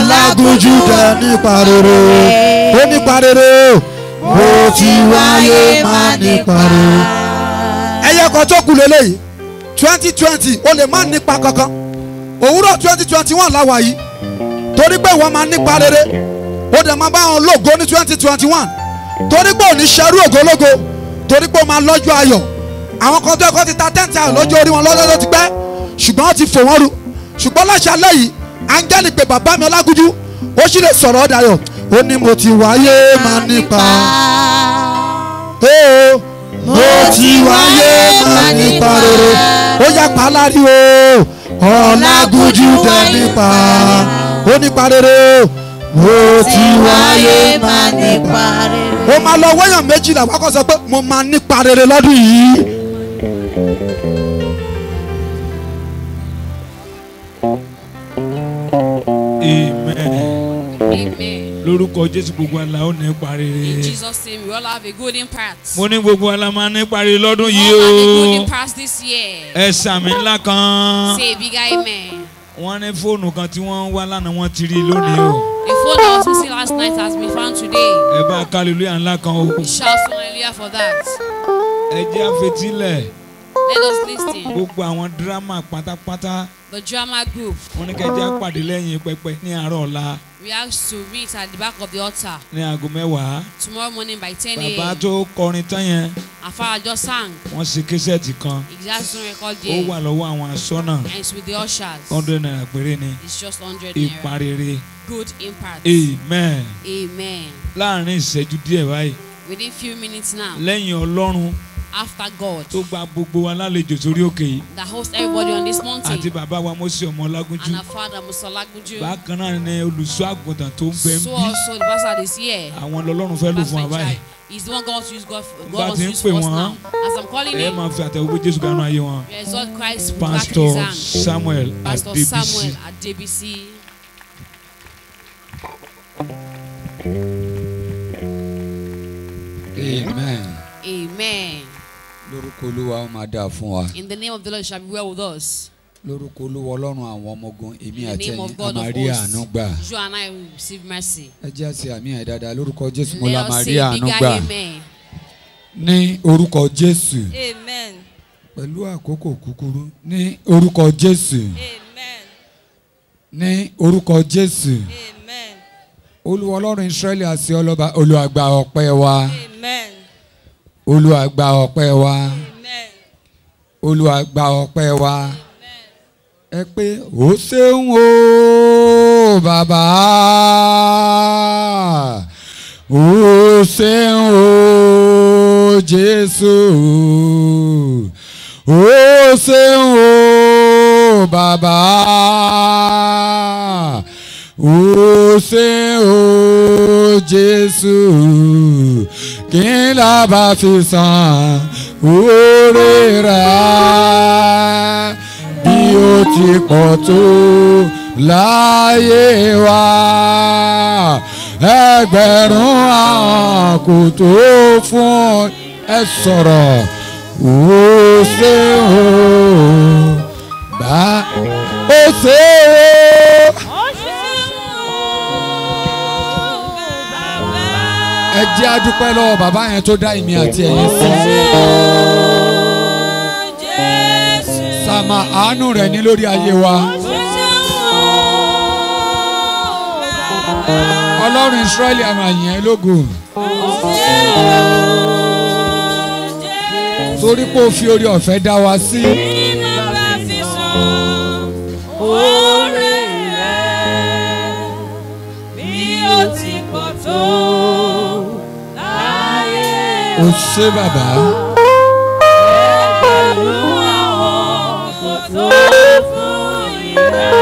Ọlágúnjú dẹ nípa rere ó nípa rere bó ti wáyé má nípa rere. ẹyẹ kan tó kù lélẹ́yìí twenty twenty o lè má nípa kankan òwúrọ̀ twenty twenty one la wà yìí torí pé wọ́n máa nípa rere ó dẹ̀ máa bá wọn lógo ní twenty twenty one torí pé òní ṣerú ògólógo torí pé ó máa lọ́jọ́ ayọ̀ àwọn kan tó ẹ̀kọ́ ti ta tẹ́ǹtì ayọ̀ lọ́jọ́ orí wọn lọ́jọ́ tó ti pẹ́ ṣùgbọ́n ó ti fò wọ́n ru ṣùgbọ́n láṣà lẹ́yìn áńgẹ́lì pe bàbá mi Ọlágúnjú ó sì lè sọ̀rọ̀ dayọ̀ ó ní mo ti wáyé máa nípa ó mo ti wáyé máa nípa rere ó yá palárí o Ọlágúnjú dẹ nípa ó nípa rere mo ti wáyé máa nípa rere. ó máa lọ wẹ́yàn méjìlá wákọ̀ sọ pé mo máa nípa rere lọ́dún yìí. lórúkọ jésù gbogbo àlà ó ní parire. in jesus name we all have a golden part. mo ní gbogbo àlà máa ní parire lọ́dún yìí o. all have a golden part this year. ẹ sàmì ńlá kan. say big amen. wọ́n ní fóònù kan tí wọ́n ń wá lánàá wọ́n ti rí lónìí o. a phone that was missing last night has been found today. ẹ bá hallelujah ńlá kan o. we shout hallelujah for that. ẹ jẹ́ àfetílẹ̀. let us lis ten. gbogbo àwọn dírámà pátápátá. The drama group. Wọ́n ní pàdé lẹ́yìn pẹpẹ ní àárọ̀ ọ̀la. We have to meet at the back of the altar. Ní aago mẹ́wàá. Tomorrow morning by ten a.m. Bàbá tó kọrin tán yẹn. Afara jọ sang. Wọ́n ṣe késẹ́ẹ̀tì kan. Exactly record day. Ó wà lọ́wọ́ àwọn aṣọ́nà. And it's with the ushers. hundred naira péré ni. It's just hundred naira. Ipa Good impact. Amen. Amen. Láàárín ìṣẹ́jú díẹ̀ báyìí. Within few minutes now. Lẹ́yìn Ọlọ́run after God. tó gba gbogbo wa sórí òkè yìí. that host everybody on this mountain. àti bàbá wa Mósè Ọmọlágúnjú. and our father Mósè Ọlágúnjú. bákan náà ni olùṣọ́ àgùntàn tó ń bẹ ń bí. so also the pastor is here. àwọn lọ́lọ́run fẹ́ lò fún wa báyìí. He's the one God use God, God wants use for us now. As I'm calling him, we exalt Christ with Pastor Samuel Pastor Samuel at DBC. Amen. Amen lórúkọ olúwa ó máa dáa fún wa. in the name of the Lord shall be well with us. lórúkọ olúwa ọlọ́run àwọn ọmọ ogun èmi àtẹ̀yìn a máa àánú gbà. you and I will receive mercy. ẹ jẹ́ àti àmì ẹ̀ dáadáa lórúkọ jésù mo la máa rí àánú gbà. ní orúkọ jésù. amen. pẹ̀lú àkókò kúkúrú ní orúkọ jésù. amen. ní orúkọ jésù. amen. olúwa ọlọ́run israẹli àti ọlọ́ba olùwàgbà ọpẹ́ wa. amen olúwa gba ọpẹ́ wa olúwa gba ọpẹ́ wa ẹ pé ó ṣeun o bàbá ó ṣeun o jésù ó ṣeun o bàbá ó ṣeun o jésù kí n lábà fi san oore rẹ̀ bí ó ti pọ̀ tó láyé wa ẹgbẹ̀rún àwọn kò tó fún ẹ sọ̀rọ̀ ó ṣe ó bá ó ṣe ó. ẹ jẹ́ adúpẹ́ lọ́wọ́ bàbá yẹn tó dá èmi àti ẹ̀yin sí. sàmà àánú rẹ̀ ní lórí ayé wa. ọlọ́run Ísírẹ́lì àmà yẹn lógo. torí pé o fi orí ọ̀fẹ́ dá wa sí. oh, rẹ̀ bí ó ti pọ̀ tó o ṣé bàbá. ẹgbẹ̀rún àwọn kò tó fún ìrẹ́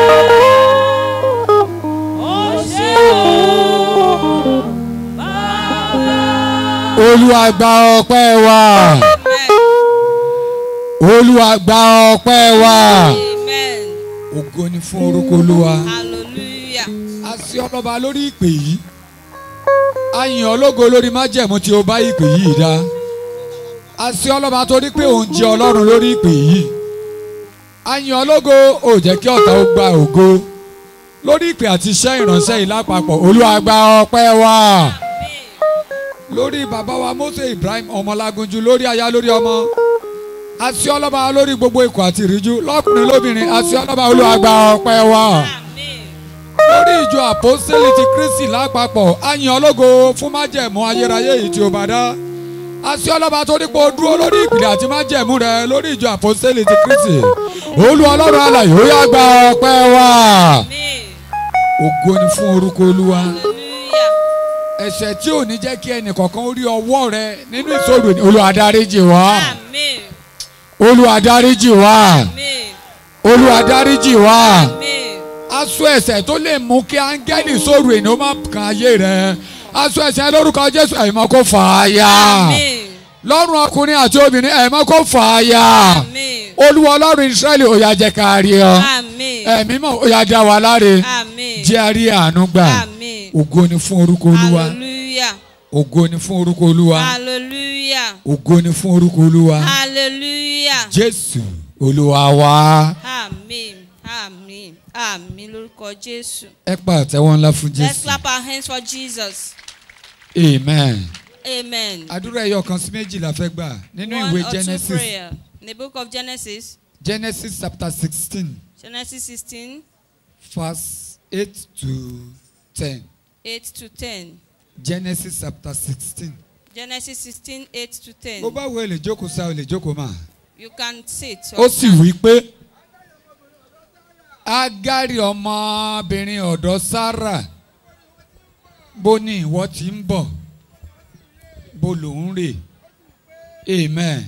o ṣé o bàbá. olúwa gba ọpẹ́ wa olúwa gba ọpẹ́ wa ògo ni fún orúkọ olúwa àṣẹ ọlọ́ba lórí ìpè yìí ayìn ológo lórí májẹ̀mú tí o bá ìpè yìí dá àṣẹ ọlọ́ba torí pé òun jẹ́ ọlọ́run lórí ìpè yìí ayìn ológo ò jẹ́ kí ọ̀tá ó gba ògo lórí ìpè àti iṣẹ́ ìránṣẹ́ yìí lápapọ̀ olúwa ọpẹ́ wa lórí bàbá wa Mósè Ibrahim Ọmọlágunjú lórí aya lórí ọmọ àṣẹ ọlọ́ba lórí gbogbo ikọ̀ àti ìríjú lọ́kùnrin lóbìnrin àṣẹ ọlọ́ba olúwa gba ọpẹ́ wa lórí ìjọ àpọ́sẹ́lì ti Kristi lápapọ̀ àyìn ológo fún májẹ̀mú ayérayé yìí tí o bá dá àṣẹ ọlọ́ba tó dípò dúró lórí ìpìlẹ̀ àti májẹ̀mú rẹ lórí ìjọ àpọ́sẹ́lì ti Kristi olú ọlọ́run alàyè ó yá gba ọpẹ́ wa ògo ni fún orúkọ olúwa ẹ̀ṣẹ̀ tí ò ní jẹ́ kí ẹnì kọ̀ọ̀kan rí ọwọ́ rẹ nínú ìṣòro olúwa dáríjì wá olúwa dáríjì wá olúwa dáríjì wá aṣọ ẹ̀ṣẹ̀ tó lè mú kí áńgẹ́lì sóru ènìyàn má kàn ayé rẹ̀ aṣọ ẹ̀ṣẹ̀ lórúkọ jésù ẹ má kó fàáyà lọ́rùn ọkùnrin àti obìnrin ẹ má kó fàáyà olúwa ọlọ́run israẹli ó yá jẹ́ ká rí ọ ẹ̀mí mọ̀ ó yá dá wa láre jẹ́ a àánú gbà ògo ni fún orúkọ olúwa ògo ni fún orúkọ olúwa ògo ni fún orúkọ olúwa jésù olúwa wa. Amen. Amen. Àmín lórúkọ Jésù. Ẹ pa àtẹ́wọ́ ńlá fún Jésù. Let's clap our hands for Jesus. Amen. Amen. Àdúrà ẹyọ kan sí méjì fẹ́ gbà nínú ìwé Genesis. One or two prayer in the book of Genesis. Genesis chapter sixteen. Genesis sixteen. Verse eight to ten. Eight to ten. Genesis chapter sixteen. Genesis sixteen eight to ten. Bó bá wo lè jókòó sa o lè jókòó mà. You can sit. Ó sì wí pé agari ọmọbìnrin ọ̀dọ́ sára bó ní ìwọ ti ń bọ̀ bó lòún rè amen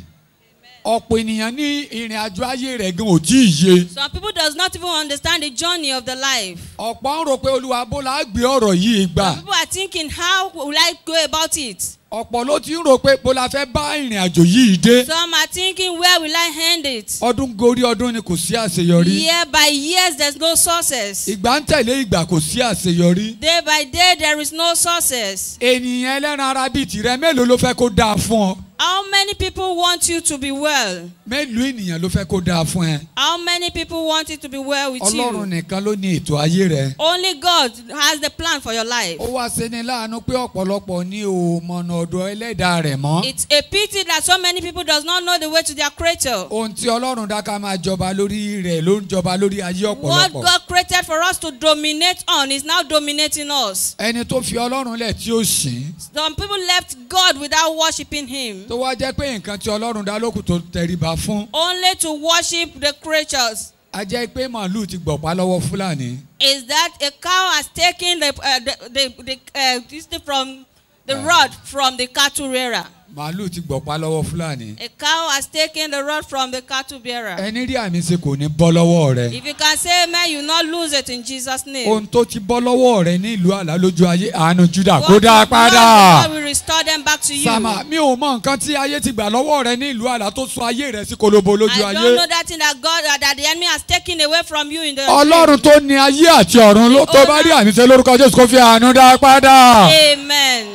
ọ̀pọ̀ ènìyàn ní ìrìn àjò ayé rẹ̀ gan ò tí ì yé. some people does not even understand the journey of the life. ọ̀pọ̀ ń rò pé olúwa bó la gbé ọ̀rọ̀ yìí gbà. some people are thinking how will I go about it ọ̀pọ̀ ló ti ń rò pé bó la fẹ́ bá ìrìn àjò yìí dé. some are thinking where will I end it. ọdún gorí ọdún ni kò sí àṣeyọrí. year by year there is no success. ìgbà ń tẹ̀lé ìgbà kò sí àṣeyọrí. day by day there is no success. ènìyàn ẹlẹ́ran ara bíi tìrẹ mélòó ló fẹ́ kó dáa fún ọ. How many people want you to be well? Mélòó ènìyàn ló fẹ́ kó dáa fún ẹ? How many people want it to be well with you? Ọlọ́run nìkan ló ní ètò ayé rẹ. Only God has the plan for your life. Ó wá ṣeni láàánú pé ọ̀pọ̀lọpọ̀ ní o mọ̀nà ọ̀dọ̀ ẹlẹ́dàá rẹ̀ mọ́. It's a pity that so many people does not know the way to their creator. Ohun tí Ọlọ́run dáká máa jọba lórí rẹ̀ ló ń jọba lórí ayé ọ̀pọ̀lọpọ̀. What God created for us to dominate on is now dominating us. Ẹni tó fi Ọlọ́run lẹ̀ tí ó sìn. Some people left God without worshiping him tó wá jẹ́ pé nǹkan tí Ọlọ́run dá lókùn tó tẹríba fún. only to worship the creatures. a jẹ́ pé màálù ti gbọ̀pá lọ́wọ́ Fúlàní. is that a cow has taken the, uh, the, the, the, uh, from the ah. rod from the cattle rearer màálù ti gbọ̀pá lọ́wọ́ Fúlàní. a cow has taken the rod from the cattle bearer. ẹni rí àmì ṣe kò ní bọ́ lọ́wọ́ rẹ. if you can say amen you not lose it in Jesus name. ohun tó ti bọ́ lọ́wọ́ rẹ ní ìlú àlá lójú ayé àánú Júdà kó dá a padà. God will restore them back to you. sàmà mi ò mọ nǹkan tí ayé ti gbà lọ́wọ́ rẹ ní ìlú àlá tó sọ ayé rẹ sí kolobo lójú ayé. I don't know that thing that God that the enemy has taken away from you in the. Ọlọ́run tó ní ayé àti ọ̀run ló tó bá rí àmì ṣe lórúkọ Jésù kó fi àánú dá a padà. Amen.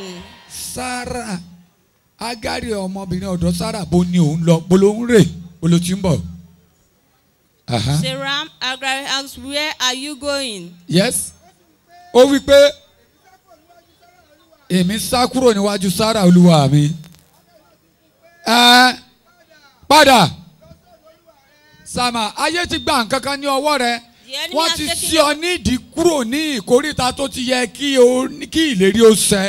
Sarah agari ọmọbìnrin ọ̀dọ̀ Sárà bo ni òun lọ bolo rè bolo ti ń bọ̀. Saram Agari asked where are you going? Yes. Ó wí pé èmi sá kúrò níwájú Sárà olúwa mi. Padà Sàmà ayé ti gba nǹkan kan ní ọwọ́ rẹ̀ wọ́n ti ṣí ọ nídìí kúrò ní ìkórìtà tó ti yẹ kí ìlérí ó ṣẹ.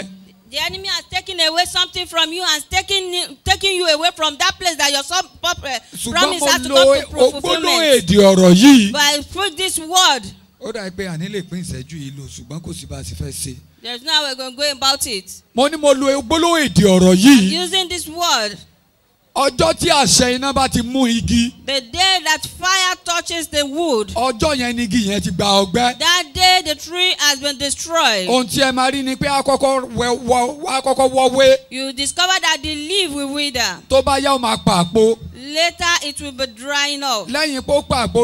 The enemy has taken away something from you and taking, taking you away from that place that your sub, eh, promise has to come to fulfillment. But through this word. Ó dàbí pé àní lè pín ìṣẹ́jú yìí lò ṣùgbọ́n kò sí bá a ti fẹ́ ṣe. There is no way we go go about it. Mo ní mo lo gbólóhùn e, èdè ọ̀rọ̀ yìí. using this word ọjọ́ tí àṣẹ iná bá ti mú igi. the day that fire touches the wood. ọjọ́ yẹn ni igi yẹn ti gba ọgbẹ́. that day the tree has been destroyed. ohun tí ẹ máa rí ni pé àkọ́kọ́ wẹ you discover that the leaf will wither. tó bá yá ó máa pa later it will be drying up. lẹ́yìn pé ó pa àpò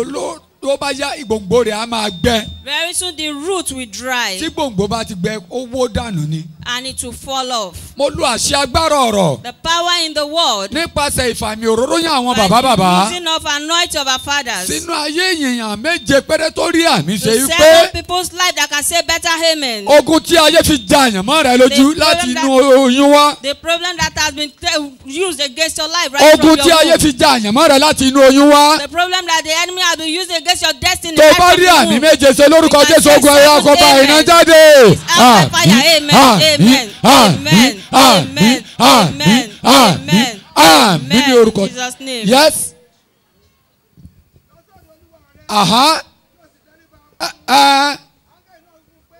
tó bá yá ìgbòǹgbò rẹ̀ á máa gbẹ. very soon the root will dry. tí gbòǹgbò bá ti gbẹ ó wó dànù ni. and it will fall off. mo lu àṣẹ agbára ọ̀rọ̀. the power in the world. nípasẹ̀ ìfàmì òróró yan àwọn bàbá bàbá. by the using of anoint of our fathers. sínú ayé èèyàn méje péré tó rí àmì ṣe wípé. to seven people's life that can say better amen. ogun tí ayé fi da àyànmọ́ rẹ lójú láti inú oyún wá. the problem that has been used against your life right ogun from your womb. ogun tí ayé fi da àyànmọ́ rẹ láti inú oyún wá. the problem that the enemy has been used against manifest your destiny. tó bá rí àmì méje ṣe lórúkọ jésù ogun ẹ̀yà ọkọ̀ bá iná jáde. àmín àmín àmín àmín àmín àmín ní orúkọ yes. Aha. Uh, uh,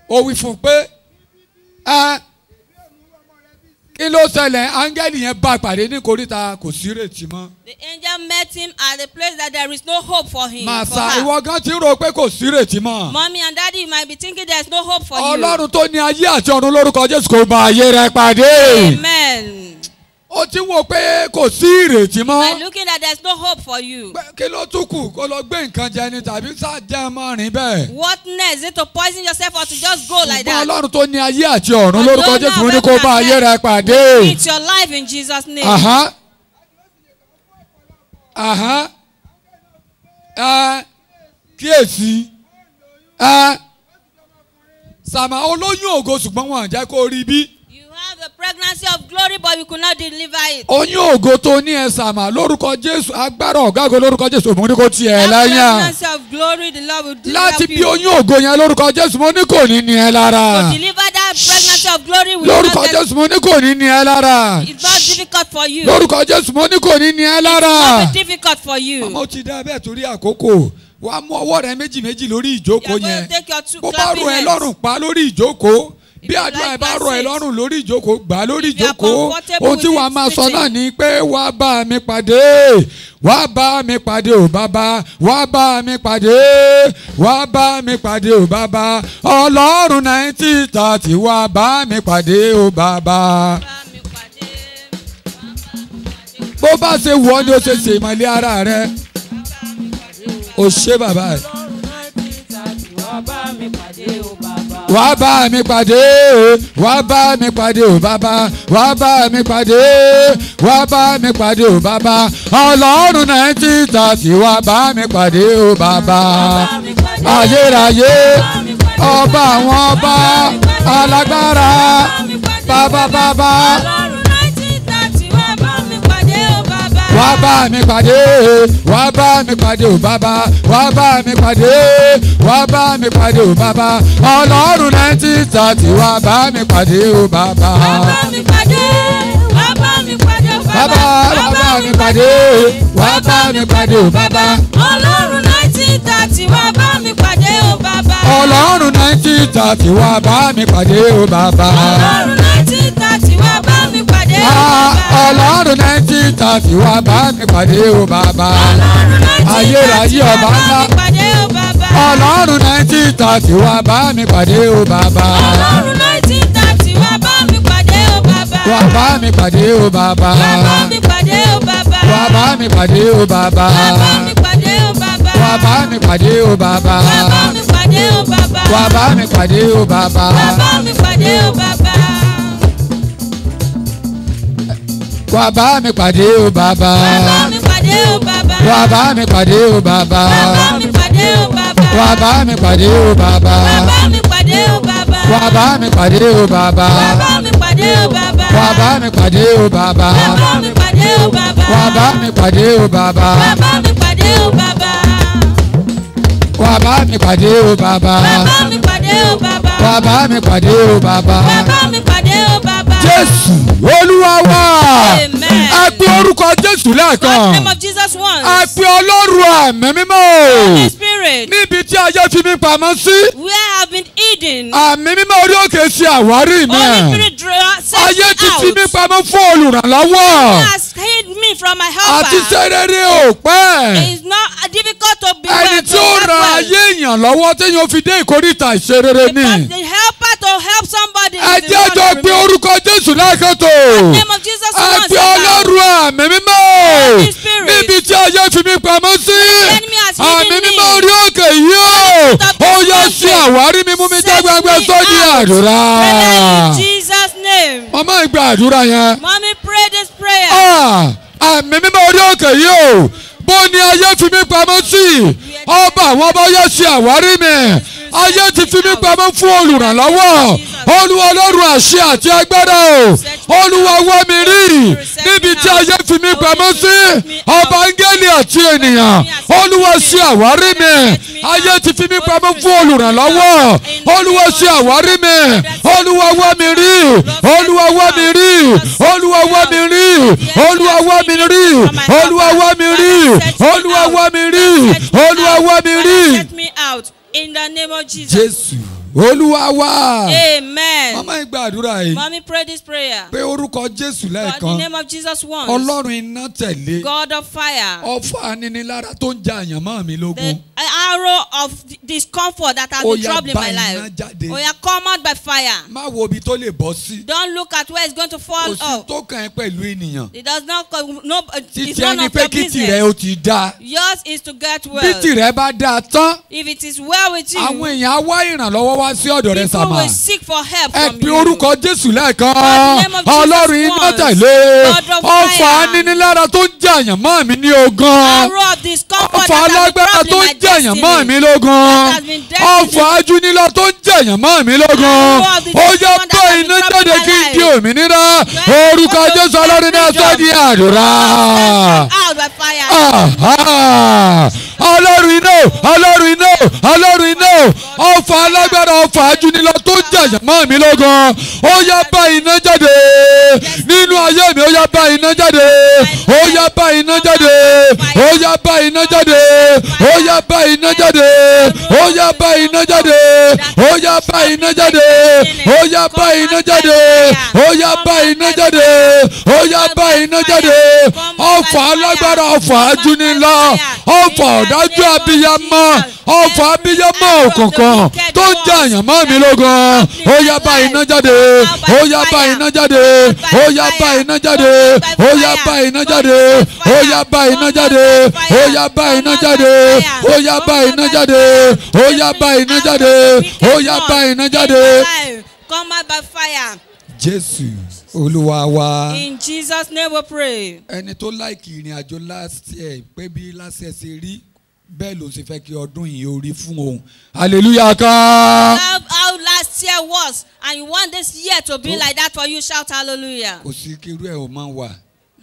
ó wí fún pé. Uh, kí ló ṣẹlẹ̀ áńgẹ́lì yẹn bá pàdé ní koríta kò sí ìrètí mọ́. the angel met him at a place that there is no hope for him. màsà ìwọ gan ti rò pé kò sí ìrètí mọ́. mommy and daddy you might be thinking there is no hope for you. ọlọ́run tó ní ayé àti ọ̀run lórúkọ jésù kò bá ayé rẹ pàdé. amen o ti wo pé kò sí ìrètí mọ́. I'm looking at there's no hope for you. kí ló tún kù kó lọ gbé nǹkan jẹ ni tàbí sá ọmọ rìn bẹ́ẹ̀. what next is it to poison yourself or to just go like that. ṣùgbọ́n Ọlọ́run tó ní ayé àti ọ̀run lórúkọ Jésù ní kó bá ayé rẹ pàdé. we meet your life in Jesus name. Aha. kíyèsí. Sàmà olóyún ògo ṣùgbọ́n wọn à kó rí bí the pregnancy of glory but we could not deliver it. oyún ògo tó ní ẹ sàmà lórúkọ jésù agbára ọ̀gágun lórúkọ jésù mo ní kó tiẹ̀ láyà. the pregnancy of glory the lord will deliver you. láti bí oyún ògo yẹn lórúkọ jésù mo ní kò ní ní ẹ lára. to deliver that pregnancy of glory will not. lórúkọ jésù mo ní kò ní ní ẹ lára. it's not difficult for you. lórúkọ jésù mo ní kò ní ní ẹ lára. it's not difficult for you. àmọ́ ti dá bẹ́ẹ̀ torí àkókò wàá mú ọwọ́ rẹ méjì méjì lórí ìjókòó yẹn bó bá rọ ẹ lọ́rùn pa lórí ìjókòó bí àdúrà ẹ bá rọ̀ ẹ́ lọ́rùn lórí ìjókòó gbà á lórí ìjókòó ohun tí wàá máa sọ náà ni pé wàá bá mi pàdé wàá bá mi pàdé ò bàbá wàá bá mi pàdé wàá bá mi pàdé ò bàbá ọlọ́run nineteen thirty wàá bá mi pàdé ò bàbá bó bá ṣe wù ọ́ ni ó ṣe ṣe ìmọ̀lẹ́ ara rẹ ò ṣe bàbá rẹ wá bá mi pàdé wá bá mi pàdé o bàbá wá bá mi pàdé wá bá mi pàdé o bàbá ọlọ́run nineteen thirty wá bá mi pàdé o bàbá ayérayé ọba àwọn ọba alágbára bàbá bàbá. wá bá mi pàdé wá bá mi pàdé ò bàbá wá bá mi pàdé wá bá mi pàdé ò bàbá ọlọ́run nineteen thirty wá bá mi pàdé ò bàbá. wá bá mi pàdé wá bá mi pàdé ò bàbá wá bá mi pàdé wá bá mi pàdé ò bàbá ọlọ́run nineteen thirty wá bá mi pàdé ò bàbá. ọlọ́run nineteen thirty wá bá mi pàdé ò bàbá. ọlọ́run nineteen ọlọ́run náìtì tàbí wá bá mi pàdé o bàbá ayérayé ọba ńlá ọlọ́run náìtì tàbí wá bá mi pàdé o bàbá wá bá mi pàdé o bàbá wá bá mi pàdé o bàbá wá bá mi pàdé o bàbá wá bá mi pàdé o bàbá wá bá mi pàdé o bàbá wá bá mi pàdé o bàbá wá bá mi pàdé o bàbá. wá bá mi pàdé o bàbá wá bá mi pàdé o bàbá wá bá mi pàdé o bàbá wá bá mi pàdé o bàbá wá bá mi pàdé o bàbá wá bá mi pàdé o bàbá wá bá mi pàdé o bàbá wá bá mi pàdé o bàbá wá bá mi pàdé o bàbá wá bá mi pàdé o bàbá. Jésù Olúwa wa. Ẹ pe orúkọ Jésù lẹ́ẹ̀kan. Ẹ pe Ọlọ́run ẹ̀mí mímọ́ spirit. níbi tí ayé fi mi pamọ́ sí. where I have been hidden. àmì mímọ́ orí òkè ṣe àwárí mi. Holy Spirit draw set me out. ayé ti fi mi pamọ́ fún olùrànlọ́wọ́. God has hid me from my helper. àti ṣe rere ò pẹ́. it is not difficult to be well. ẹni tí ó ran ayé èèyàn lọ́wọ́ téèyàn fi dé ìkórìtà ìṣe rere ni. because the helper to help somebody is the one to remember. ẹ jẹ́ jọ pé orúkọ Jésù lákàtó. the name of Jesus is one. ẹ fi ọlọ́run àmì mímọ́. Holy Spirit. níbi tí ayé fi mi pamọ́ sí. the enemy has hidden me. àmì mímọ́ orí òkè yìí o ó yọ sí àwárí mímú mi já gbangba tó àdúrà. mama gba àdúrà yẹn. mommy pray this prayer. àmì mímọ́ orí òkè yìí o bó ni ayé fi mí pamọ́ sí ọba àwọn ọba yẹ sí àwárí mi ayé ti fi mí pamọ́ fún olùrànlọ́wọ́ olúwa ọlọ́run àṣẹ àti agbára o olúwa wá mi rí níbi tí ayé fi mí pamọ́ sí ọba áńgẹ́lì àti ènìyàn olúwa ṣe àwárí mi ayé ti fi mí pamọ́ fún olùrànlọ́wọ́ olúwa ṣe àwárí mi olúwa wá mi rí olúwa wá mi rí olúwa wá mi rí olúwa wá mi rí olúwa wá mi rí olúwa wá mi rí olúwa wá mi rí. In the name of Jesus. Jésù olúwa amen. mama gba àdúrà yìí. mommy pray this prayer. pé orúkọ jésù lẹ́ẹ̀kan. God the name of Jesus once. ọlọ́run iná tẹ̀lé. God of fire. ọfọ aninilára tó ń ja àyànmọ́ mi lógun. the uh, arrow of discomfort that has been troubling my life. oya bá iná jáde. oya come out by fire. má wo ibi tó lè bọ́ sí. don't look at where it's going to fall off. òsì tó kàn ẹ́ pẹ̀lú ènìyàn. it does not no uh, it's none of your business. títí ẹni pé kí tirẹ̀ ó ti dáa. yours is to get well. bí tirẹ̀ bá dáa tán. if it is well with you. àwọn èèyàn á wá ìrànlọ́wọ́ wá sí ọ̀dọ̀ rẹ sàmà. people will seek for help from you. ẹ pe orúkọ Jésù lẹ́ẹ̀kan ọlọ́run iná tẹ̀lé ọfà anínilára tó ń jẹ́ àyàn mọ́ mi ní ogan ọfà alágbára tó ń jẹ́ àyàn mọ́ mi lógan ọfà ajúnilá tó ń jẹ́ àyàn mọ́ mi lógan ó yẹ bọ́ iná jáde kí n di òmìnira orúkọ Jésù ọlọ́run iná tó di àdúrà. ọlọ́run iná ọlọ́run iná ọlọ́run iná ọfà alágbára lọ fàájú nílọ tó jàjà mọ́ mi lọ́gàn ó yá bá iná jáde nínú ayé mi ó yá bá iná jáde ó yá bá iná jáde ó yá bá iná jáde ó yá bá iná jáde ó yá bá iná jáde ó yá bá iná jáde ó yá bá iná jáde ó yá bá iná jáde ó yá bá iná jáde ọ̀fà alágbára ọ̀fà ajúnilá ọ̀fà ọ̀dájú abiyamọ ọ̀fà abiyamọ òkùnkùn tó ń jà àyànmọ́ mi lógo ó yá bá iná jáde ó yá bá iná jáde ó yá bá iná jáde ó yá bá iná jáde ó yá bá iná jáde ó yá bá iná jáde ó yá bá iná jáde ó yá bá iná jáde ó yá bá iná jáde. come out by fire. Jésù olúwa wa. in Jesus name we pray. ẹni tó láìkì ìrìn àjò last year pé bí last year ṣe rí bẹ́ẹ̀ ló ṣe fẹ́ kí ọdún yìí ó rí fún òun hallelujah kan. how last year was and you want this year to be oh. like that for you shout hallelujah. kò sí kírú ẹ̀ ò máa wà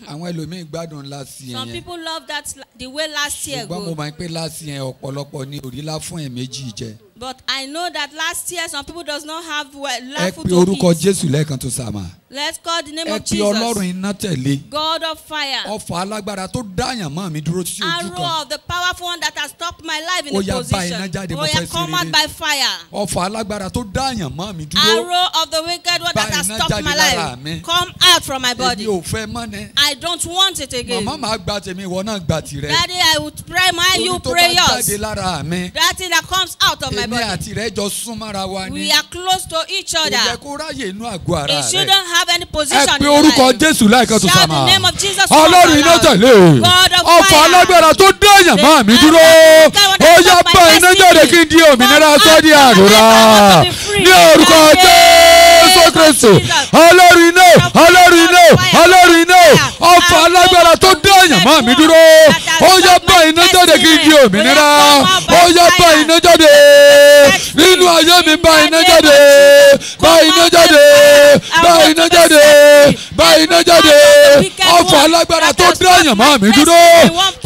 àwọn ẹlòmíín gbádùn last year yẹn. some people love that the way last year go. ṣùgbọ́n mo máa ń pè last year ọ̀pọ̀lọpọ̀ ní òrìlà fún ẹ̀ méjì jẹ. But I know that last year some people does not have well, food to eat. Ẹ pe orúkọ Jésù lẹ́ẹ̀kan tó sàmà. Let's call the name of Jesus. Ẹ pe Ọlọ́run iná tẹ̀lé. God of fire. Ọfà alágbára tó dáyàn mọ́ mi dúró sí ojú kan. Arrow of the powerful one that has stopped my life in Oya a position. Oya bá iná jáde mo fẹ́ sí rere. Oya come out by fire. Ọfà alágbára tó dáyàn mọ́ mi dúró. Arrow of the wicked one that has stopped my life. Mi. Come out from my body. Èmi ò fẹ́ mọ́ ni. I don't want it again. Màmá màá gba tèmi ìwọ náà gba tìrẹ. Daddy I would pray my new prayers. yours. Orí tó bá jáde lára mi. That thing that comes out of my body èmi àti rẹ jọ súnmọ́ra wa ni. we are close to each other. kò yẹ kó ráyè inú àgọ́ ara rẹ. it shouldn't have any position in life. ẹ pe orúkọ Jésù láìka tó sàmà. shout the name of Jesus. ọlọ́run iná tẹ̀lé o. God of fire. ọ̀pọ̀ alágbára tó dé èèyàn máa mi dúró. ó yá bá iná jáde kí n di òmìnira sọ́dí àrùrà. ní orúkọ Jésù jésù kristu ọlọ́run iná ọlọ́run iná ọlọ́run iná ọfà alágbára tó dé èèyàn mọ́ mi dúró ó yá bá iná jáde kí n di òmìnira ó yá bá iná jáde nínú ayé mi bá iná jáde bá iná jáde bá iná jáde bá iná jáde ọfà alágbára tó dé èèyàn mọ́ mi dúró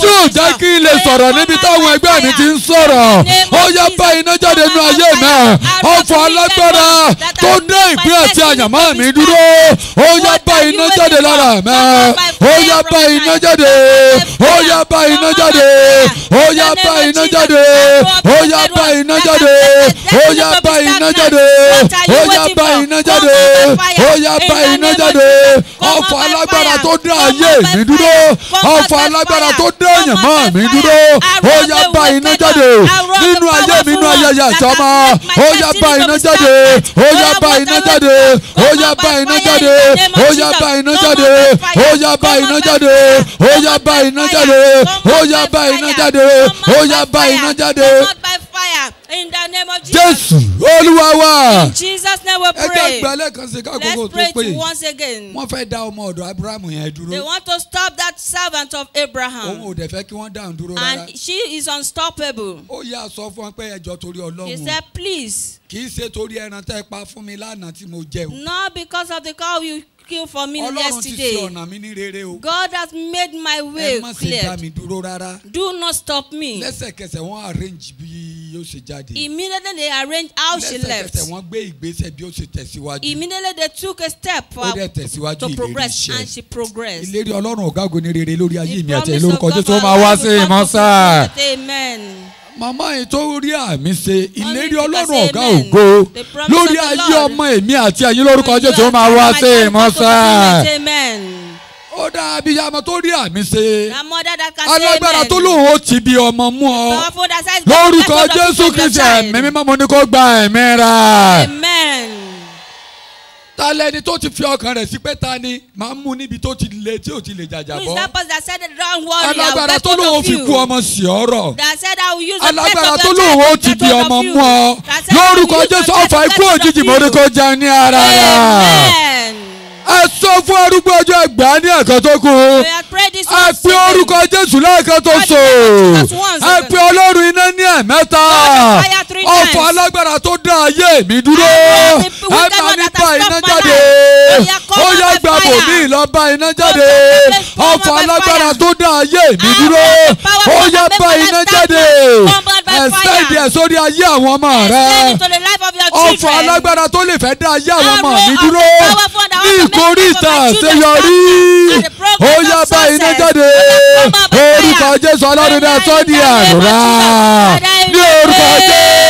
tí ò jẹ́ kí n lè sọ̀rọ̀ níbi táwọn ẹgbẹ́ mi ti ń sọ̀rọ̀ ó yá bá iná jáde nínú ayé mi ọfà alágbára tó dé ìpín àti àyànmọ́ mi dúró ó yá bá iná jáde lára mẹ́ ó yá bá iná jáde ó yá bá iná jáde ó yá bá iná jáde ó yá bá iná jáde ó yá bá iná jáde ó yá bá iná jáde ó yá bá iná jáde ọ̀fọ̀ alágbára tó dá ayé mi dúró ọ̀fọ̀ alágbára tó dá àyànmọ́ mi dúró ó yá bá iná jáde nínú ayé mi nínú ayẹyẹ àjọmọ́ ó yá bá iná jáde ó yá bá iná jáde ó yá bá iná jáde ó yá bá iná jáde ó yá bá iná jáde ó yá bá iná jáde ó yá bá iná jáde ó yá bá iná jáde in the name of Jesus. Jésù Olúwa wa. in Jesus name we pray. ẹ jẹ́ àgbà lẹ́ẹ̀kan sí ká àkókò tó pé. let's pray once again. ọmọ ọ̀dọ̀ Abrahamu yẹn dúró. they want to stop that servant of Abraham. òun ò dẹ̀ fẹ́ kí wọ́n dáhùn dúró rárá. and she is unstoppable. ó yà sọ fún ọ pé ẹjọ́ torí Ọlọ́run. he said please. kì í ṣe torí ẹran tẹ́ pa fún mi lánàá tí mo jẹ o. not because of the cow you kill for me Ọlọ́run yesterday. Ọlọ́run ti fi ọ̀nà mi ní rere o. God has made my way clear. Ẹ má ṣe dá mi dúró rárá. Do not stop me. Lẹ́sẹ̀kẹsẹ̀ wọ́n arrange bí yóò ṣe jáde. Immediately they arranged how she left. Lẹ́sẹ̀kẹsẹ̀ wọ́n gbé ìgbésẹ̀ bí ó ṣe tẹ̀síwájú. Immediately they took a step for her to progress and she progressed. Ìlérí Ọlọ́run ọ̀gágun ní rere lórúkọ Jésù máa wá sí ìmọ̀ṣá. Amen màmá yìí tó rí àmì ṣe ìlérí ọlọ́run ọ̀gá ògo lórí ayé ọmọ èmi àti ẹ̀yin lórúkọ Jésù tó máa wá sí ìmọ̀ọ́sẹ́. ó dá abiyamọ tó rí àmì ṣe alágbára tó lóun ó ti bí ọmọ mú ọ lórúkọ Jésù Kristi ẹ̀mí mímọ́ mo ní kó gba ẹ̀mí rà. Amen ta lẹni tó ti fi ọkàn rẹ̀ sí pé ta ni máa mú níbi tó ti le tí ò ti lè jàjà bọ́. alágbára tó lóun fi ku ọmọ sí ọ̀rọ̀ alágbára tó lóun ó ti di ọmọ mú ọ lórúkọ Jésù ọ̀fà ikú òjijì mórí kó jẹun ní ara rẹ̀ ẹ sọ fún arúgbó ọjọ́ ẹgbàá ní ẹ̀kan tó kù ẹ pe orúkọ jésù lẹ́ẹ̀kan tó so ẹ pe ọlọ́run iná ní ẹ̀mẹ́ta ọ̀fọ̀ alágbára tó dá ayé mi dúró ẹ máa mi pa iná jáde ó yá gba bòmí lọ́ba iná jáde ọkọ̀ alágbára tó dá ayé mi dúró ó yá gba iná jáde ẹ̀sẹ̀dì ẹ̀ sórí ayé àwọn ọmọ rẹ ọkọ̀ alágbára tó lè fẹ́ dá ayé àwọn ọmọ mi dúró ní ìkórìtà àṣeyọrí ó yá gba iná jáde orúkọ Jésù ọlọ́run náà sọ́ di àdúrà ní orúkọ Jésù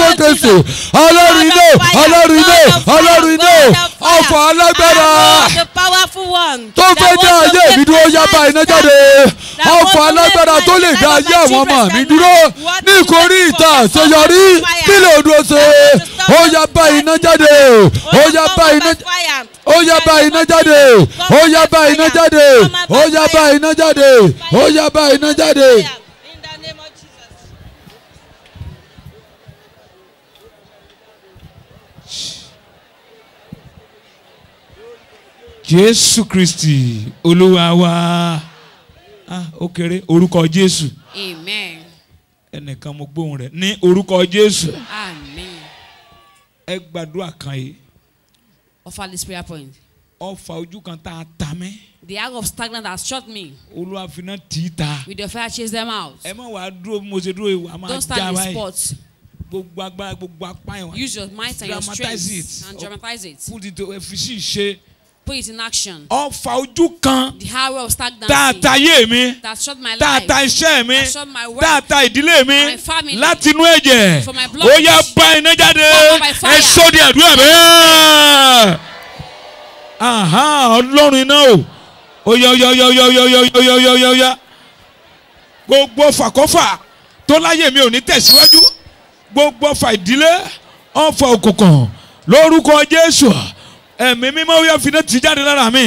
tó tẹ̀sẹ̀ ọlọ́run iná ọlọ́run iná ọlọ́run iná ọ̀fọ̀ alágbára tó fẹ́ dá ayé mi dúró yá bá iná jáde ọ̀fọ̀ alágbára tó lè dá ayé àwọn ọmọ mi dúró nítorí ìta àṣeyọrí kí lè dúró ṣe ó yá bá iná jáde ó yá iná ó yá iná jáde ó yá iná jáde ó yá iná jáde ó yá iná jáde. jésù kristi olúwa wa ah ó kéré orúkọ jésù amen ẹnìkan mo gbóhùn rẹ ní orúkọ jésù amen ẹ gbàdúrà kan yìí. offer this prayer point. ọfà ojú kan tá a ta mẹ́. the arrow of stagnant has shot me. olúwa finá tì í ta. with the fire chase them out. ẹ má wàá dúró bí mo ṣe dúró yìí máa já don't stand in spot gbogbo agbára gbogbo apá ẹ̀ wá. use your might and your strength and dramatize it. put it to efisi ṣe put it in action. ọfà ojú kan. the highway of stagnancy. tààtà yé mi. that shut my life. tààtà iṣẹ́ mi. that shut my work. tààtà ìdílé mi. my family. láti inú ẹ̀jẹ̀. for my blood. ó yá bá iná jáde. for my fire. ẹ sọ́ di àdúrà bẹ́ẹ̀. ọlọ́run iná o. ó yá ó yá ó yá ó yá ó yá ó yá ó yá gbogbo fàkọ́fà tó láyé mi ò ní tẹ̀síwájú. gbogbo fà ìdílé ọ̀fà òkùnkùn lórúkọ jésù ẹ̀mí mímọ́ ó yá fi náà tù jáde lára mi.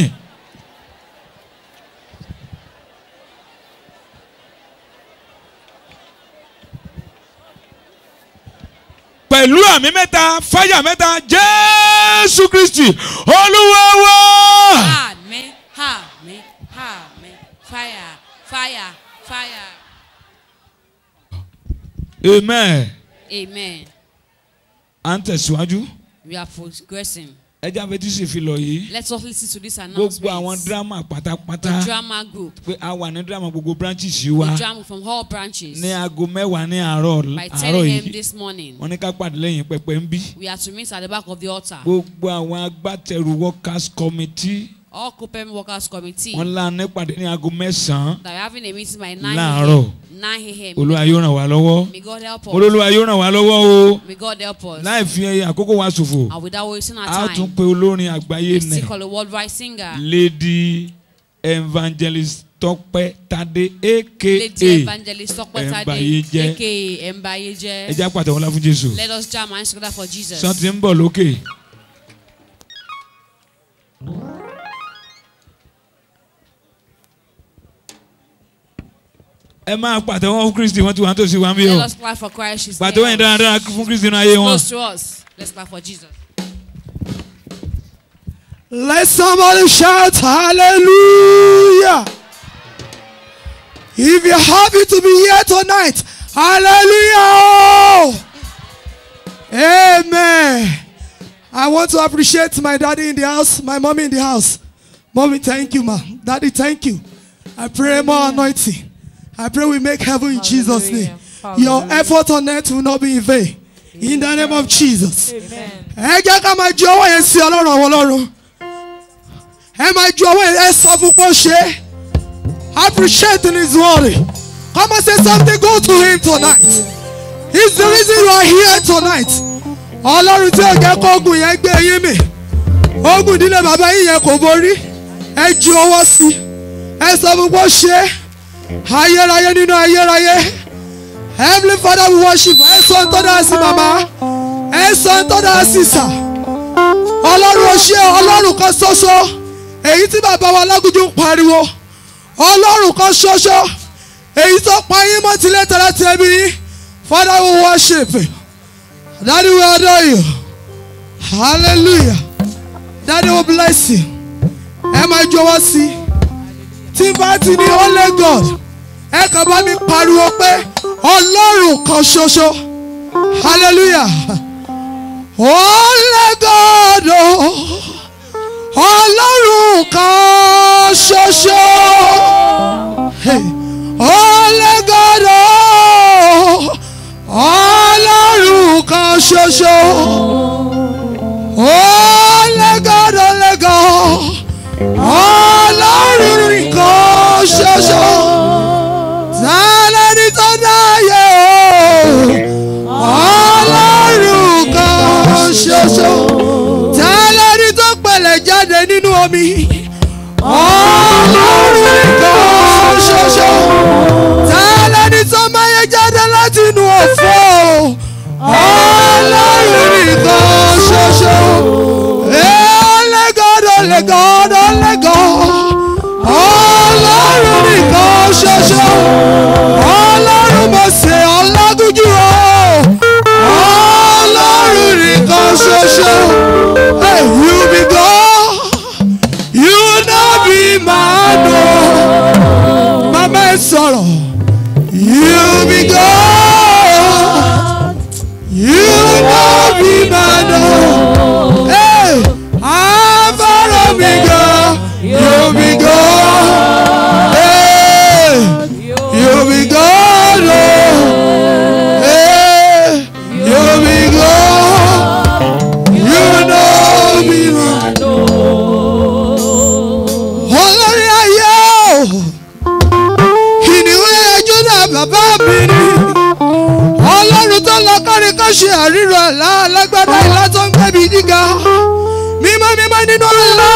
pẹ̀lú àmì mẹ́ta fáyà mẹ́ta jésù kristi olúwa wa. àmín àmín àmín fáyà fáyà fáyà. amen. amen. à ń tẹ̀síwájú. we are progressing ẹ jẹ́ àfẹ́tí sì fi lọ yìí. let's all listen to this announcement. gbogbo àwọn drama pátápátá. the drama group. pé a wà ní drama gbogbo branches yìí wa. the drama from all branches. ní aago mẹ́wàá ní àárọ̀ àárọ̀ yìí. by ten a.m. this morning. wọ́n ní ká pàdé lẹ́yìn pẹpẹ ń bí. we are to meet at the back of the altar. gbogbo àwọn agbátẹrù workers committee all Kopem workers committee. wọ́n lá nípàdé ní aago mẹ́sàn-án. they are having a meeting by nine. láàárọ̀ olúwa yóò ràn wá lọ́wọ́ olúwa yóò ràn wá lọ́wọ́ o láì fi àkókò wa ṣòfò a tún pe olórin àgbáyé nẹ lady evangelist Tọ́pẹ́ Tádé aka Ẹ̀mbáyé jẹ́ ẹja pàtàkùn láfún Jésù sọ́ọ́tì ń bọ̀ lókè. Thank you. ẹ máa pàtẹ́wọ́ fún Kristi wọ́n ti wà nítòsí wa ń bí o. Let us clap for Christ. She's fún Kristi nínú ayé wọn. us. Let's for Jesus. Let somebody shout hallelujah. If you're happy to be here tonight, hallelujah. Amen. I want to appreciate my daddy in the house, my mommy in the house. Mommy, thank you, ma. Daddy, thank you. I pray more anointing. I pray we make heaven in Jesus' name. Your effort on earth will not be in vain. In the name of Jesus. Amen. jẹ́ Appreciate his worry. Come and say something good to him tonight. He's the reason you are here tonight. Ọlọ́run tí ò jẹ́ yẹn gbé yín mì. Ogun bàbá yín yẹn kò borí. Ẹ ju ọwọ́ sí. Ẹ sọ ṣe ayérayé nínú ayérayé heavenly father we worship ẹ sọ ń tó dáa sí Mama. ẹ sọ ń tó dáa sí sà ọlọ́run ọṣẹ ọlọ́run kan ṣoṣo èyí tí bàbá wa lágùjú ń pariwo ọlọ́run kan ṣoṣo èyí tó pa yín mọ́ tilé tẹ̀lé tẹ̀mí yín father we worship daddy we adore you hallelujah daddy we bless you ẹ máa jọ̀wọ́ sí i tí bá ti ní Holy God ẹ kàn bá mi pariwo pé ọlọ́run kan ṣoṣo hallelujah Holy God ọlọ́run kan ṣoṣo Holy God ọlọ́run kan ṣoṣo Holy God lórí nǹkan ṣoṣo ta lẹni tó dáyé o ọlọ́run kan ṣoṣo ta lẹni tó pẹ̀lẹ̀ jáde nínú omi ọlọ́run kan ṣoṣo ta lẹni tó máyé jáde láti inú òfò ọlọ́run kan ṣoṣo. Hey, God, only God. nìkan ṣoṣo ọlọ́run mo ṣe ọlágúnjú o ọlọ́run nìkan ṣoṣo èyí. má ṣe àríro àlá ìlà tó ń gbẹ̀bí gíga mímọ́ mímọ́ nínú ọlá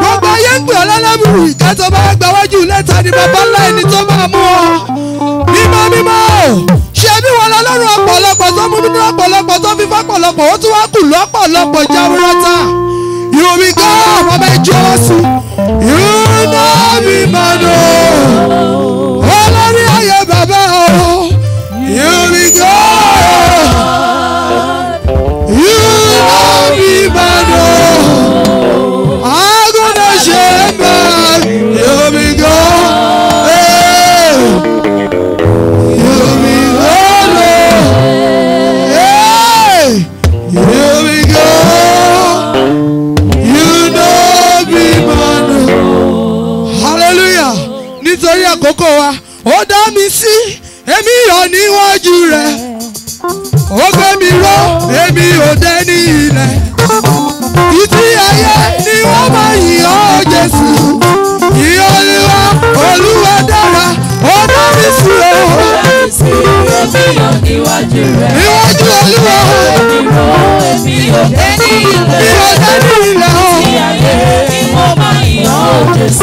gbogbo ayé ń pè ọlọ́lọ́mùrù ìka tó bá gbàwájú lẹ́ta ni bàbá ńlá tó máa mú ọ mímọ́ mímọ́ ṣe bí wọn lọ́lọ́run ọ̀pọ̀lọpọ̀ tó mú nínú ọ̀pọ̀lọpọ̀ tó fífọ́ ọ̀pọ̀lọpọ̀ ó tún wá kù lọ́pọ̀lọpọ̀ jáwúrọ́ta you be God, Baba Joseph. You know me, man. àkókò wa ó dá mi sí èmi yọ̀ níwájú rẹ̀ ó gbé mi ró èmi ò dé ní ilẹ̀ títí ayé ni wọ́n máa yìn ọ́ Jésù ìyá Olúwa Olúwa dára ó dá mi sí o. èmi yọ̀ níwájú rẹ̀ níwájú Olúwa èmi ò dé ní ilẹ̀ èmi ò dé ní ilẹ̀ o. títí ayé ni wọ́n máa yìn ọ́ Jésù.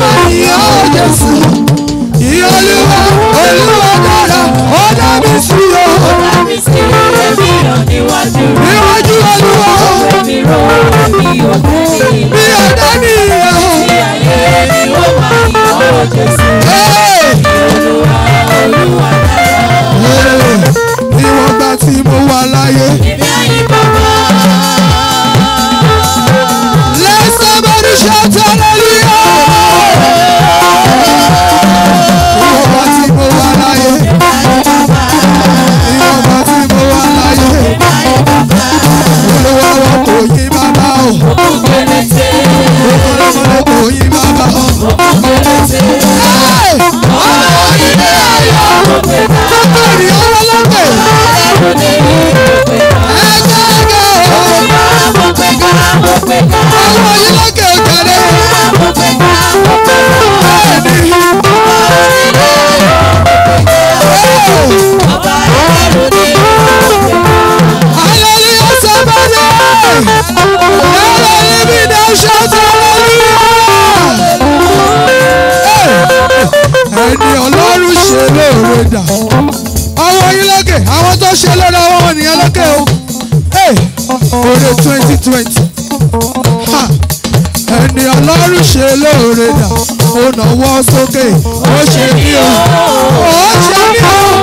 bàbá ìyá Jésù ìyá olúwa olúwa dára ó dá mi sí o. ó dá mi sí ẹbí ràn níwájú rẹ. níwájú olúwa ó. ẹbí rọ ẹbí ọ̀dẹ́ yìí. bí ọ̀dẹ́ mi yẹ o. ní ayé ẹni ó máa yọ ọ́ Jésù. ìyá olúwa olúwa dára. níwọ̀n gbà tí mo wà láyé. ìbí ayé bàbá. Let somebody shout hallelujah! Shout out! ẹni ọlọ́run ṣe lóore dà ọwọ́ yín lókè àwọn tó ṣe lóore ọwọ́ nìyẹn lókè o eh, oore twenty twenty ẹni ọlọ́run ṣe lóore dà ó nàwọ́ sókè ó ṣe ní o ó ṣe ní o.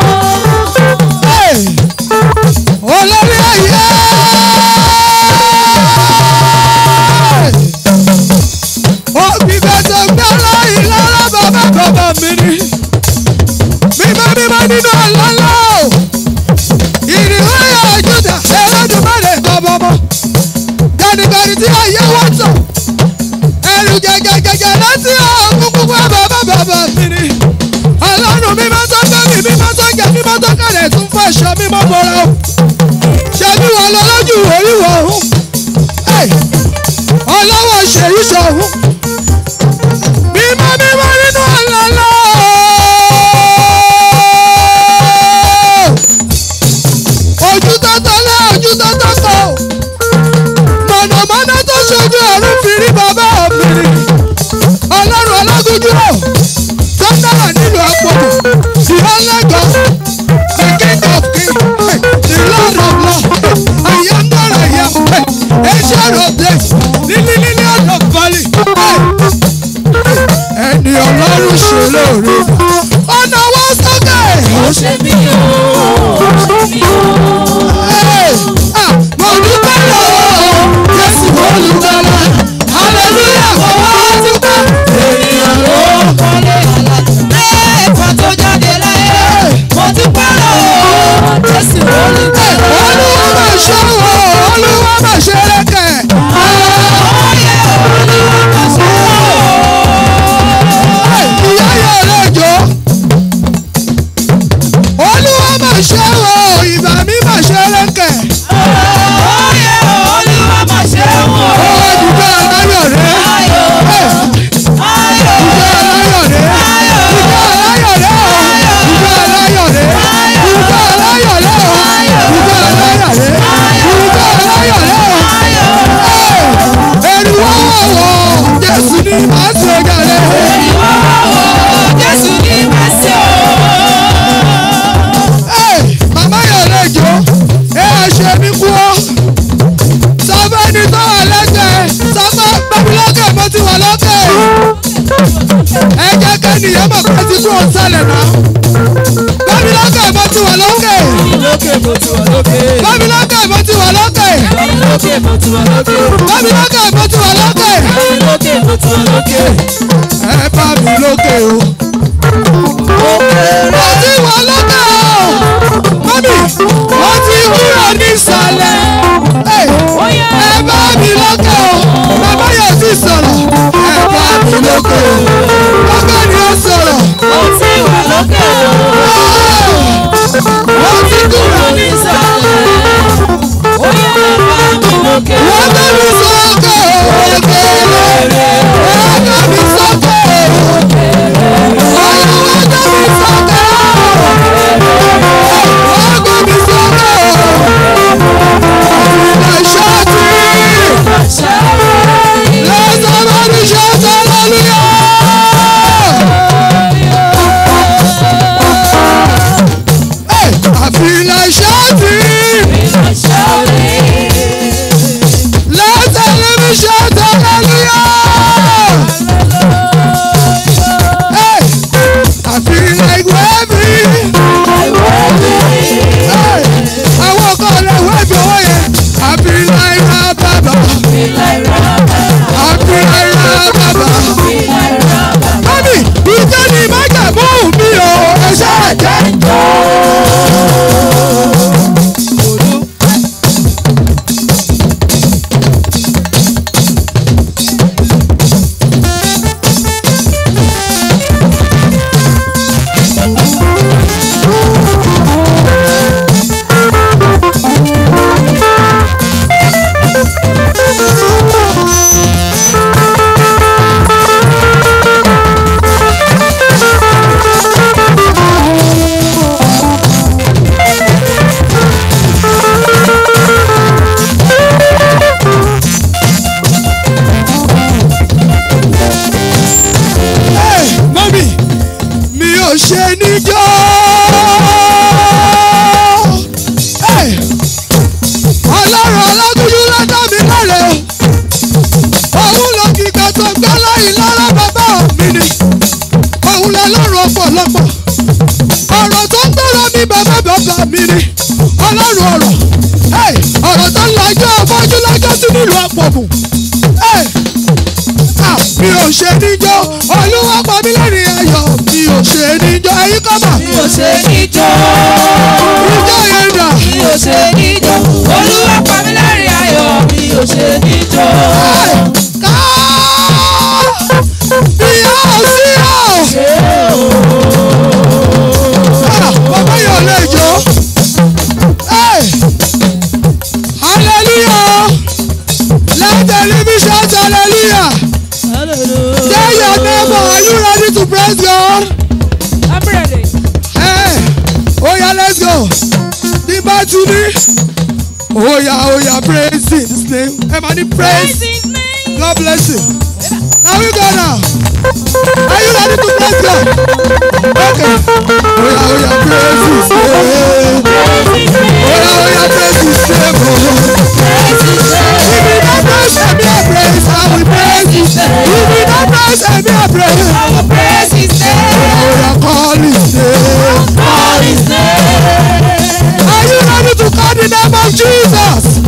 name of Jesus.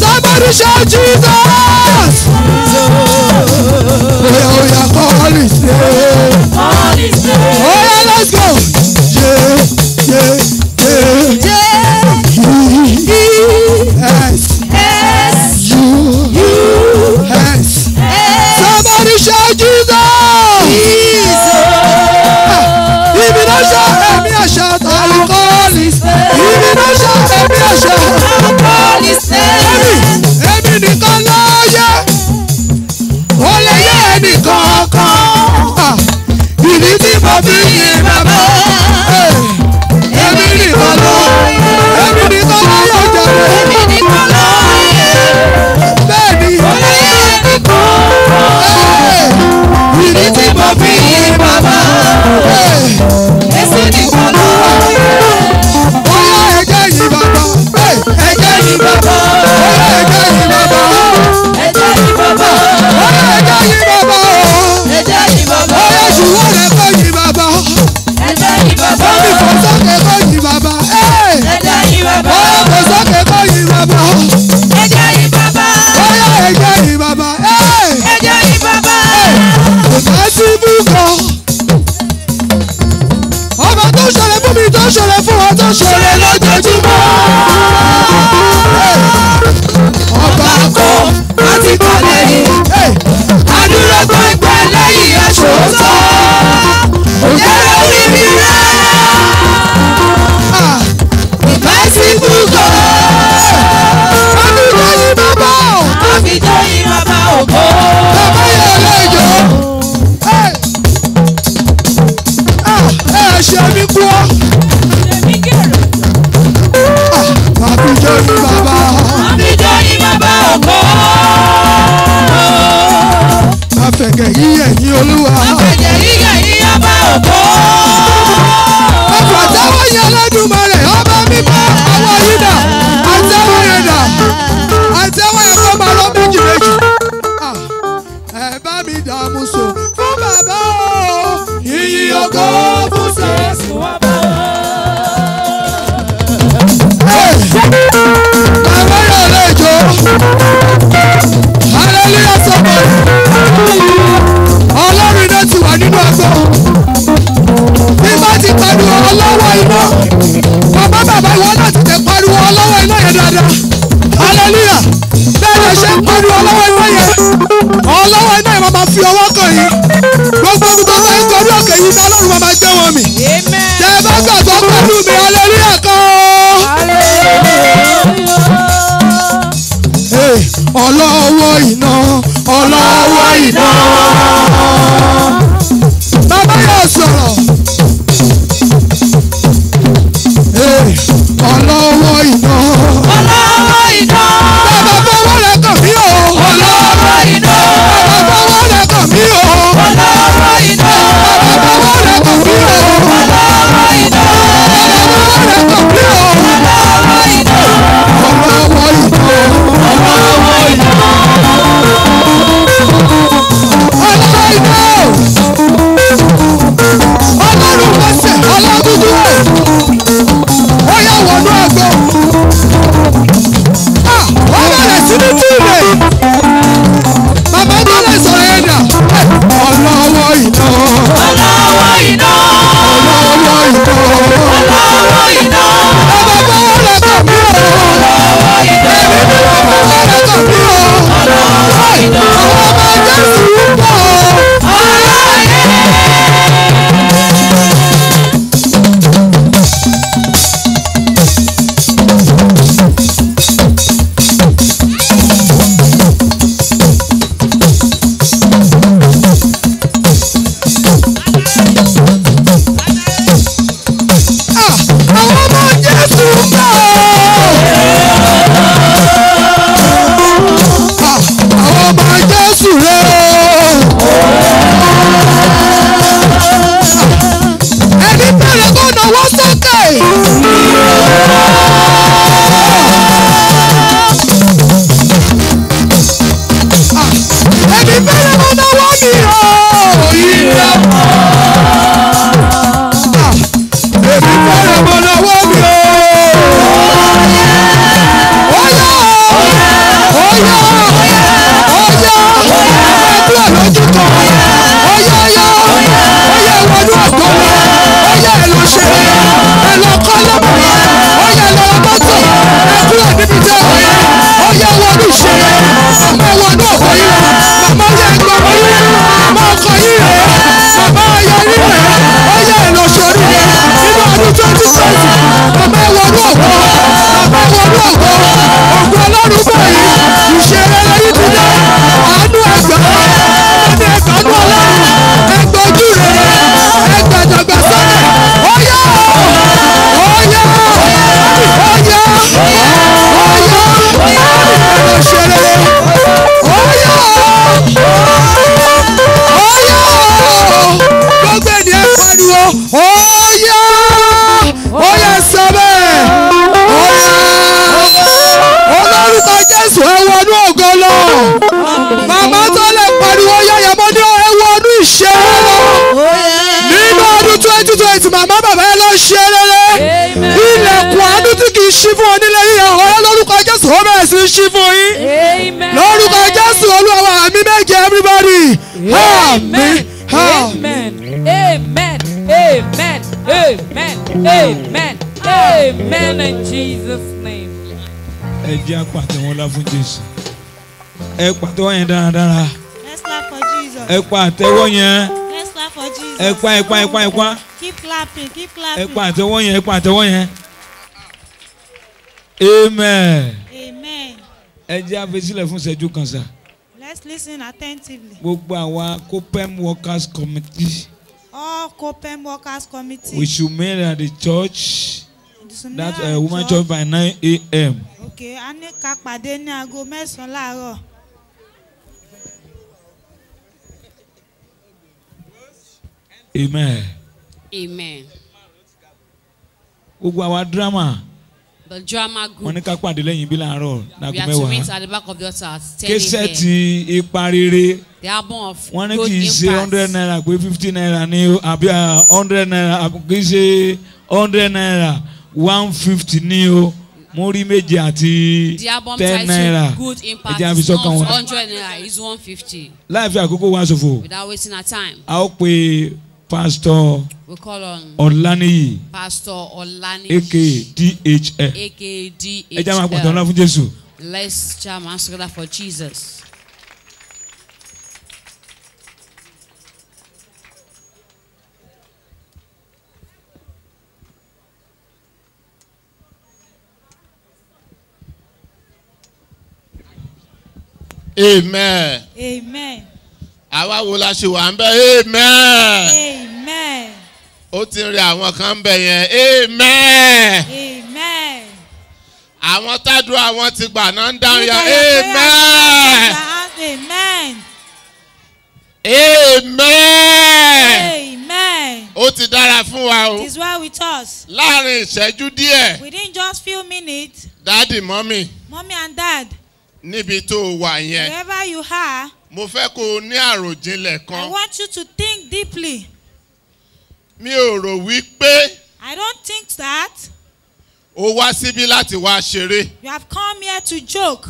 Somebody shout Jesus. Oh yeah, call oh, his name. Call his name. Oya oh, let's go. Happy New Amen. Amen. Amen. Amen. Amen. Amen. Amen. In Jesus' name. Ẹ jẹ́ àpàtẹ́wọ́n lá fún Jésù. Ẹ pàtẹ́wọ́ yẹn dáradára. Let's clap for Jesus. yẹn. Let's clap for Jesus. Ẹ pa ẹ pa ẹ pa ẹ pa. Keep clapping, keep clapping. Ẹ pàtẹ́wọ́ yẹn, yẹn. Amen. Amen. Ẹ jẹ́ àfẹsílẹ̀ fún ìṣẹ́jú kan sáà. Let's listen attentively. Gbogbo àwa COPEM workers committee. All COPEM workers committee. We should meet at the church. That uh, woman church. by nine a.m. Okay, a ní ká pàdé ní aago mẹ́sàn-án láàárọ̀. Amen. Amen. Gbogbo àwa drama the drama group. pàdé lẹ́yìn bí láàárọ̀ lágùn mẹ́wàá. we are to meet at the back of the altar at ten ipa rere. the album of good impact. wọ́n ní kì í ṣe hundred naira pé fifty naira ní àbí hundred naira kì í ṣe hundred naira one fifty ní o múrí méje àti ten naira ẹjẹ àfi sọkàn wọn. good impact is hundred naira it's one fifty. láì fi àkókò wá ṣòfò. without wasting our time. a ó Pastor we call on Olaniyi Pastor Olaniyi aka DHL aka DHL ẹ jẹ́ máa pàtàkì ọlá fún Jésù. Let's jam and together for Jesus. Amen. Amen àwa wo la ṣe wà ń bẹ amen. amen. ó ti rí àwọn kan ń bẹ yẹn amen. amen. àwọn tádùá àwọn ti gbà náà ń dáhùn yẹn amen. amen. amen. amen. ó ti dára fún wa o. it is well with us. láàrin ìṣẹ́jú díẹ̀. within just few minutes. dádì mọ́mì. mọ́mì and dad. níbi tó o wà yẹn. wherever you are. Mo fẹ́ kó o ní àròjinlẹ̀ kan. I want you to think deeply. Mi ò rò wípé. I don't think that. O wá síbí láti wá ṣeré. You have come here to joke.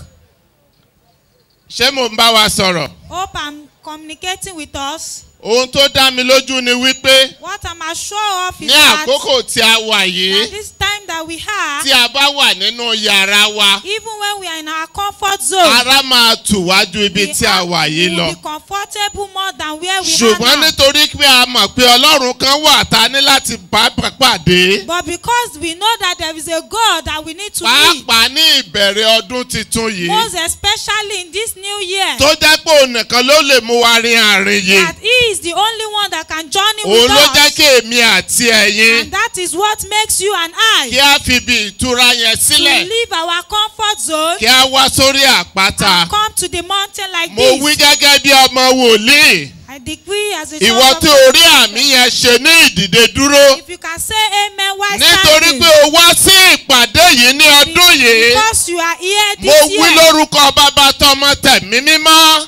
Ṣé mò ń bá wa sọ̀rọ̀? Hope I'm communicating with us. Ohun tó dá mi lójú ni wípé. What I'm assured of is that. Ní àkókò tí a wà yìí. this time that we are. Tí a bá wà nínú yàrá wa. Even when we are in our comfort zone. Ara máa tù wá ju ibi tí a wà yìí lọ. We will be comfortable more than where we Ṣùgbọ́n are now. nítorí pé a mọ̀ pé Ọlọ́run kan wà tá a ní láti bá pàdé. But because we know that there is a God that we need to meet. Pàápàá ní ìbẹ̀rẹ̀ ọdún tuntun yìí. Most especially in this new year. Tó jẹ́ pé òun nìkan ló lè mú wa rin àárín yìí is the only one that can journey with us. Òun jẹ́ kí èmi àti ẹ̀yin. And that is what makes you and I. Kí a fi ibi ìtura yẹn sílẹ̀. To leave our comfort zone. Kí a wá sórí àpáta. And come to the mountain like Mo this. Mo wí gẹ́gẹ́ bí ọmọ wòlíì. I decree as a child Ìwọ tí orí àmì yẹn ṣe ní ìdìde dúró. If you can say amen why standing. Nítorí pé o wá sí ìpàdé yìí ní ọdún yìí. Because you are here this year. Mo wí lórúkọ bàbá tọmọ tẹ̀mí mímọ́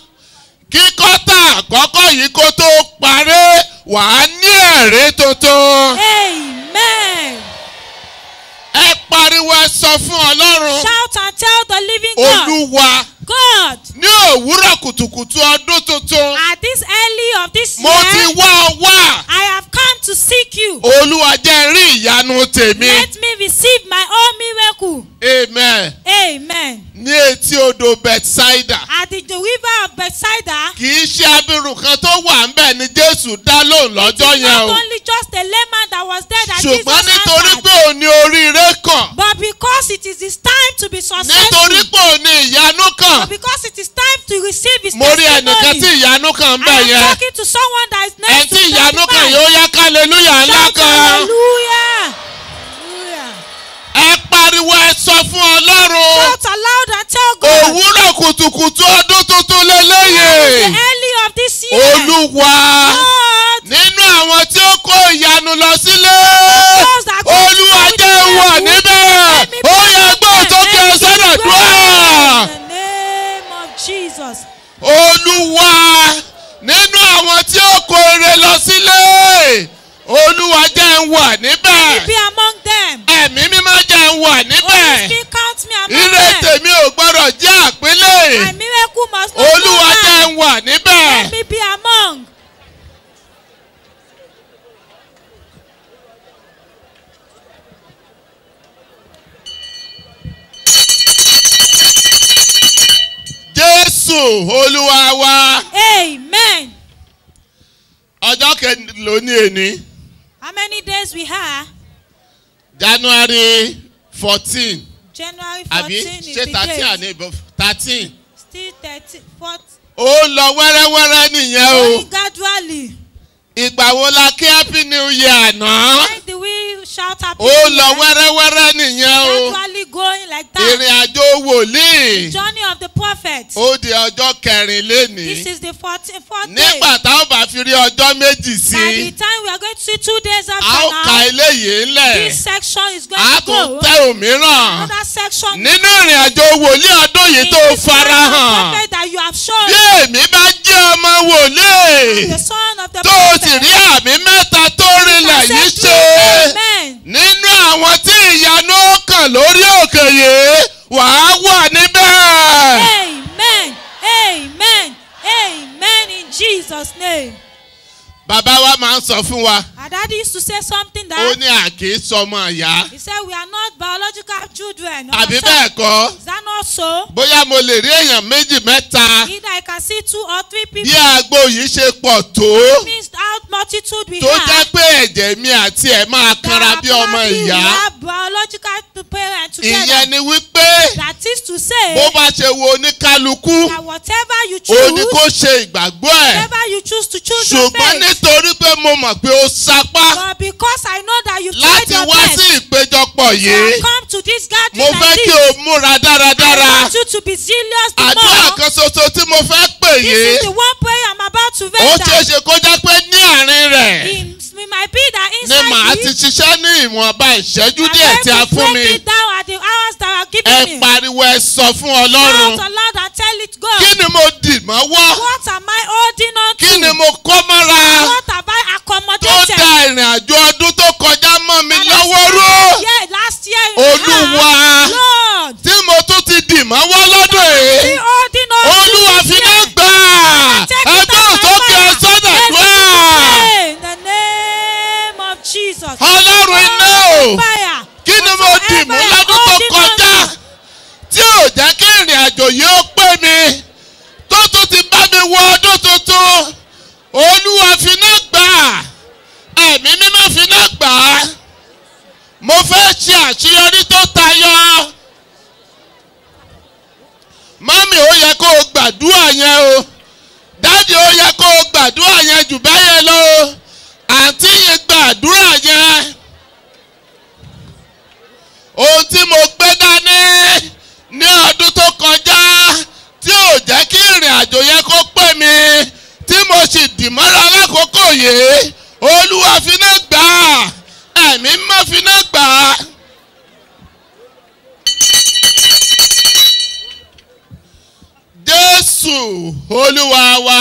kí kọ́tà àkọ́kọ́ yìí kó tó parẹ́ wà á ní èrè tuntun. amen. ẹ pariwo ẹ sọ fún ọlọ́run. shout and tell the living God. olúwa. God. ní òwúrọ̀ kùtùkùtù ọdún tuntun. at this early of this year. mo ti wá ọ wá. I have come to seek you. olúwa jẹ́ rí ìyanu tèmi. let me receive my own miracle. amen. amen ní etí odò Bethsaida. at the river of Bethsaida. kì í ṣe abirùn kan tó wà ń bẹ̀ ni Jésù dá lóhùn lọ́jọ́ yẹn o. it is not only just a layman that was there that Jesus answered. ṣùgbọ́n nítorí pé òun ni oríire kàn. but because it is his time to be successful. nítorí pé òun ni ìyanu kàn. but because it is time to receive his testimony. mo rí ẹnìkan tí ìyanu kàn bẹ̀ yẹn. I am talking to someone that is next to testify. ẹ̀ tí ìyanu kàn yóò yá hallelujah ńlá kan. hallelujah pariwo sọ fún ọlọ́run. shout aloud and tell God. òwúrọ̀ kùtùkùtù ọdún tuntun lélẹ́yè. the early of this year. olúwa nínú àwọn tí ó kó ìyanu lọ sílé. olúwa jẹ́ wà níbẹ̀. ó yẹ gbọ́ tó kí ẹ sọ́dọ̀ dúrà. in the name of Jesus. olúwa nínú àwọn tí ó kó ire lọ sílé olúwa jẹ́ ń níbẹ̀. be among them. ẹ̀mí mímọ́ jẹ́ níbẹ̀. ilé tèmi ò gbọ́dọ̀ jẹ́ àpínlẹ̀. olúwa tẹ́ ń wà níbẹ̀. jésù olúwa wa. amen. ọjọ́ kẹlóní èní. how many days we have? january fourteen. January fourteen is the date. Àbí ṣé thirteen àní ìbọn thirteen. Still thirteen fourteen. Ó lọ wẹ́rẹ́wẹ́rẹ́ nìyẹn o. Going gradually. Ìgbà wo la kí happy new year àná? When do we shout happy new year? Ó lọ wẹ́rẹ́wẹ́rẹ́ nìyẹn o. going like that. Ìrìn àjò wòlíì. journey of the prophet. Ó di ọjọ́ kẹrin lénìí. This is the fourth fourth day. Nígbà táwọn bá fi rí ọjọ́ méjì sí. By the time we are going to two days after now. A ó ka eléyìí ńlẹ̀. This section is going a to tẹ òmíràn. Another section. Nínú ìrìn àjò wòlíì ọdún yìí tó farahàn. this way the prophet that you have shown. Bí èmi bá jẹ́ ọmọ wòlíì tó o sì rí àmì mẹ́ta tó rinlẹ̀ yìí ṣe nínú àwọn tí ìyanu kàn lórí òkè yìí wàá wà níbẹ̀. amen amen amen in Jesus name. bàbá wa máa ń sọ fún wa. My daddy used to say something that. Ó ní àkè sọmọ ìyá. He said we are not biological children. Àbí bẹ́ẹ̀ kọ́. Is that not so? Bóyá mo lè rí èèyàn méjì mẹ́ta. Either I can see two or three people. Bí àgbo yìí ṣe pọ̀ tó. That means how multitude we have. Tó jẹ́ pé ẹ̀jẹ̀ mi àti ẹ̀ máa kanra bí ọmọ ìyá. That our blood biological parents together. Ìyẹn ni wípé. That is to say. Bó bá ṣe wo oníkálukú. That whatever you choose. O ní kó ṣe ìgbàgbọ́ ẹ̀. Whatever you choose to choose your faith. Ṣùgbọ́n nítorí pé mo mọ̀ pé ó sá apá. but because I know that you tried your best. láti wá sí ìpéjọpọ̀ yìí. to come to this gathering like this. mo fẹ́ kí o múra dáradára. I want you to be serious tomorrow. àdúrà kan ṣoṣo tí mo fẹ́ pè yìí. this is the one prayer I'm about to render. ó ṣeé ṣe kó jẹ́ pé ní àárín rẹ̀. in me might be that inside me. ni màá ti ṣiṣẹ́ ní ìwọ̀nba ìṣẹ́jú díẹ̀ tí a fún mi. I will break it down at the hours that are given me. ẹ pariwo ẹ sọ fún ọlọ́run. shout aloud and tell it God. kí ni mo dì mọ́ wọ́. what am I holding on to. kí ni mo kọ́ mọ́ra. what have I accommodated. tó da ìrìn àjò ọdún tó kọjá mọ́ mi lọ́wọ́ ró. last year we had. olúwa tí mo tún ti dì mọ́ wọ́ lọ́dọ̀ yìí. o kí ni mo dì mú lọ́dún tó kọjá tí ò jẹ́ kí ìrìn àjò yìí ó pé mi tó tún ti bá mi wọ ọdún tuntun olúwa finá gbà ẹ̀mí mímọ́ finá gbà mo fẹ́ ṣe àṣeyọrí tó tayọ mọ́mì ó yẹ kó o gbàdúrà yẹn o dáàdì ó yẹ kó o gbàdúrà yẹn jù báyẹn lọ àǹtí yẹn gbàdúrà yẹn ohun tí mo gbé dání ní ọdún tó kọjá tí ò jẹ́ kí ìrìn àjò yẹn kó pè mí tí mo sì dì mọ́ra lákòókò yìí olúwa fi náà gbà ẹ̀mí mọ́ fi náà gbà á. jésù olúwa wa.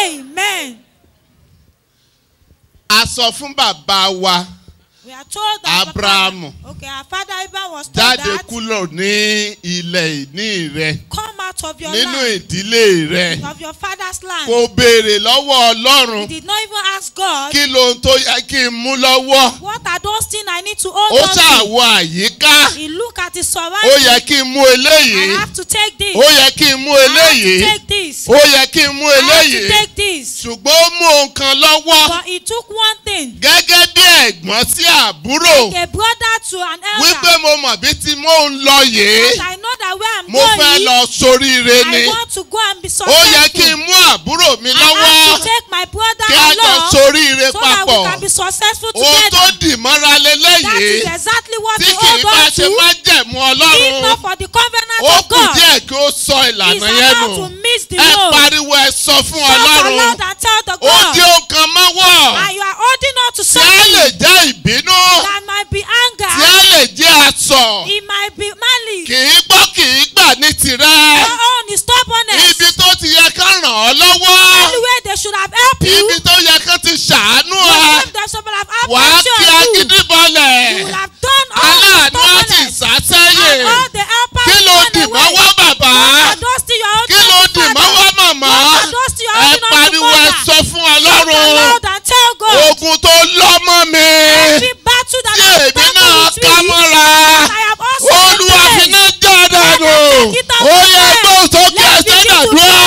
amen. a sọ fún bàbá wa abrahamu okay our father abraham that jáde kúrò ní ilẹ̀ ìní rẹ come out of your nínú ìdílé rẹ of your father's land kò béèrè lọ́wọ́ ọlọ́run he did not even ask God tó yẹ kí n mú lọ́wọ́ what are those things I need to hold ó ṣàwọ àyíká look at his surroundings ó yẹ kí n mú eléyìí I have to take this ó yẹ kí n mú eléyìí I have to take this ó yẹ kí n mú eléyìí I have to take this ṣùgbọ́n ó mú nǹkan lọ́wọ́ but he took one thing gẹ́gẹ́ bí ẹ̀gbọ́n sí à àbúrò. like a brother to an elder. wípé mo mọ̀ bí tí mo ń lọ yìí. but I know that where I'm going. mo fẹ́ lọ soríire ni. I want to go and be successful. ó yẹ kí n mú àbúrò mi lọ́wọ́. I have to take my brother along. kí a jọ soríire papọ̀. so that we can be successful together. ohun tó dì mọ́ra lélẹ́yìí. that is exactly what we all go to. tí kì í bá ṣe má jẹ̀mú Ọlọ́run. if not for the covenant of God. ó kù díẹ̀ kí ó sọ ìlànà yẹn nù. is about to miss the road. ẹ pariwo ẹ sọ fún Ọlọ́run. shout aloud and tell the God. ó di ọkàn mọ́wọ́. and you are holding on to something. kí á lè jẹ́ ìbínú ìbínú. There might be anger. Tí a lè jẹ́ aṣọ. It might be malice. Kì í gbọ́ kì í gbà ní tirẹ̀. Your own is stubbornness. Ibi tó ti yẹ ká ràn ọ́ lọ́wọ́. Anywhere they should have helped you. Ibi tó yẹ ká ti ṣàánú ẹ. Your time they should have helped you. Wàá kí agídí bọ́lẹ̀. You will have done all the stubbornness. Aláàánú á ti sá sẹ́yìn. And all the helpers went away. Kí ló dì mọ́wọ́ bàbá? Kí ló dì mọ́wọ́ màmá? Ẹ pariwo ẹ sọ fún Ọlọ́run. Ogun tó lọ́mọ mi tí èmi náà ká mọ́ra olúwa fi náà jáde nù ó yẹ gbó sókè ẹsẹ̀ dàdúrà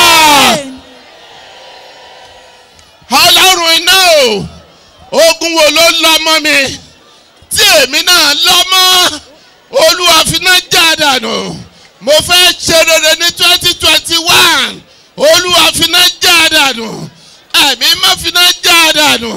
ọlọ́run iná o ogun wo ló lọ mọ́ mi tí èmi náà lọ mọ́ olúwa fi náà jáde nù mo fẹ́ ṣe rere ní twenty twenty fi náà jáde nù ẹ̀mí má fi náà jáde nù.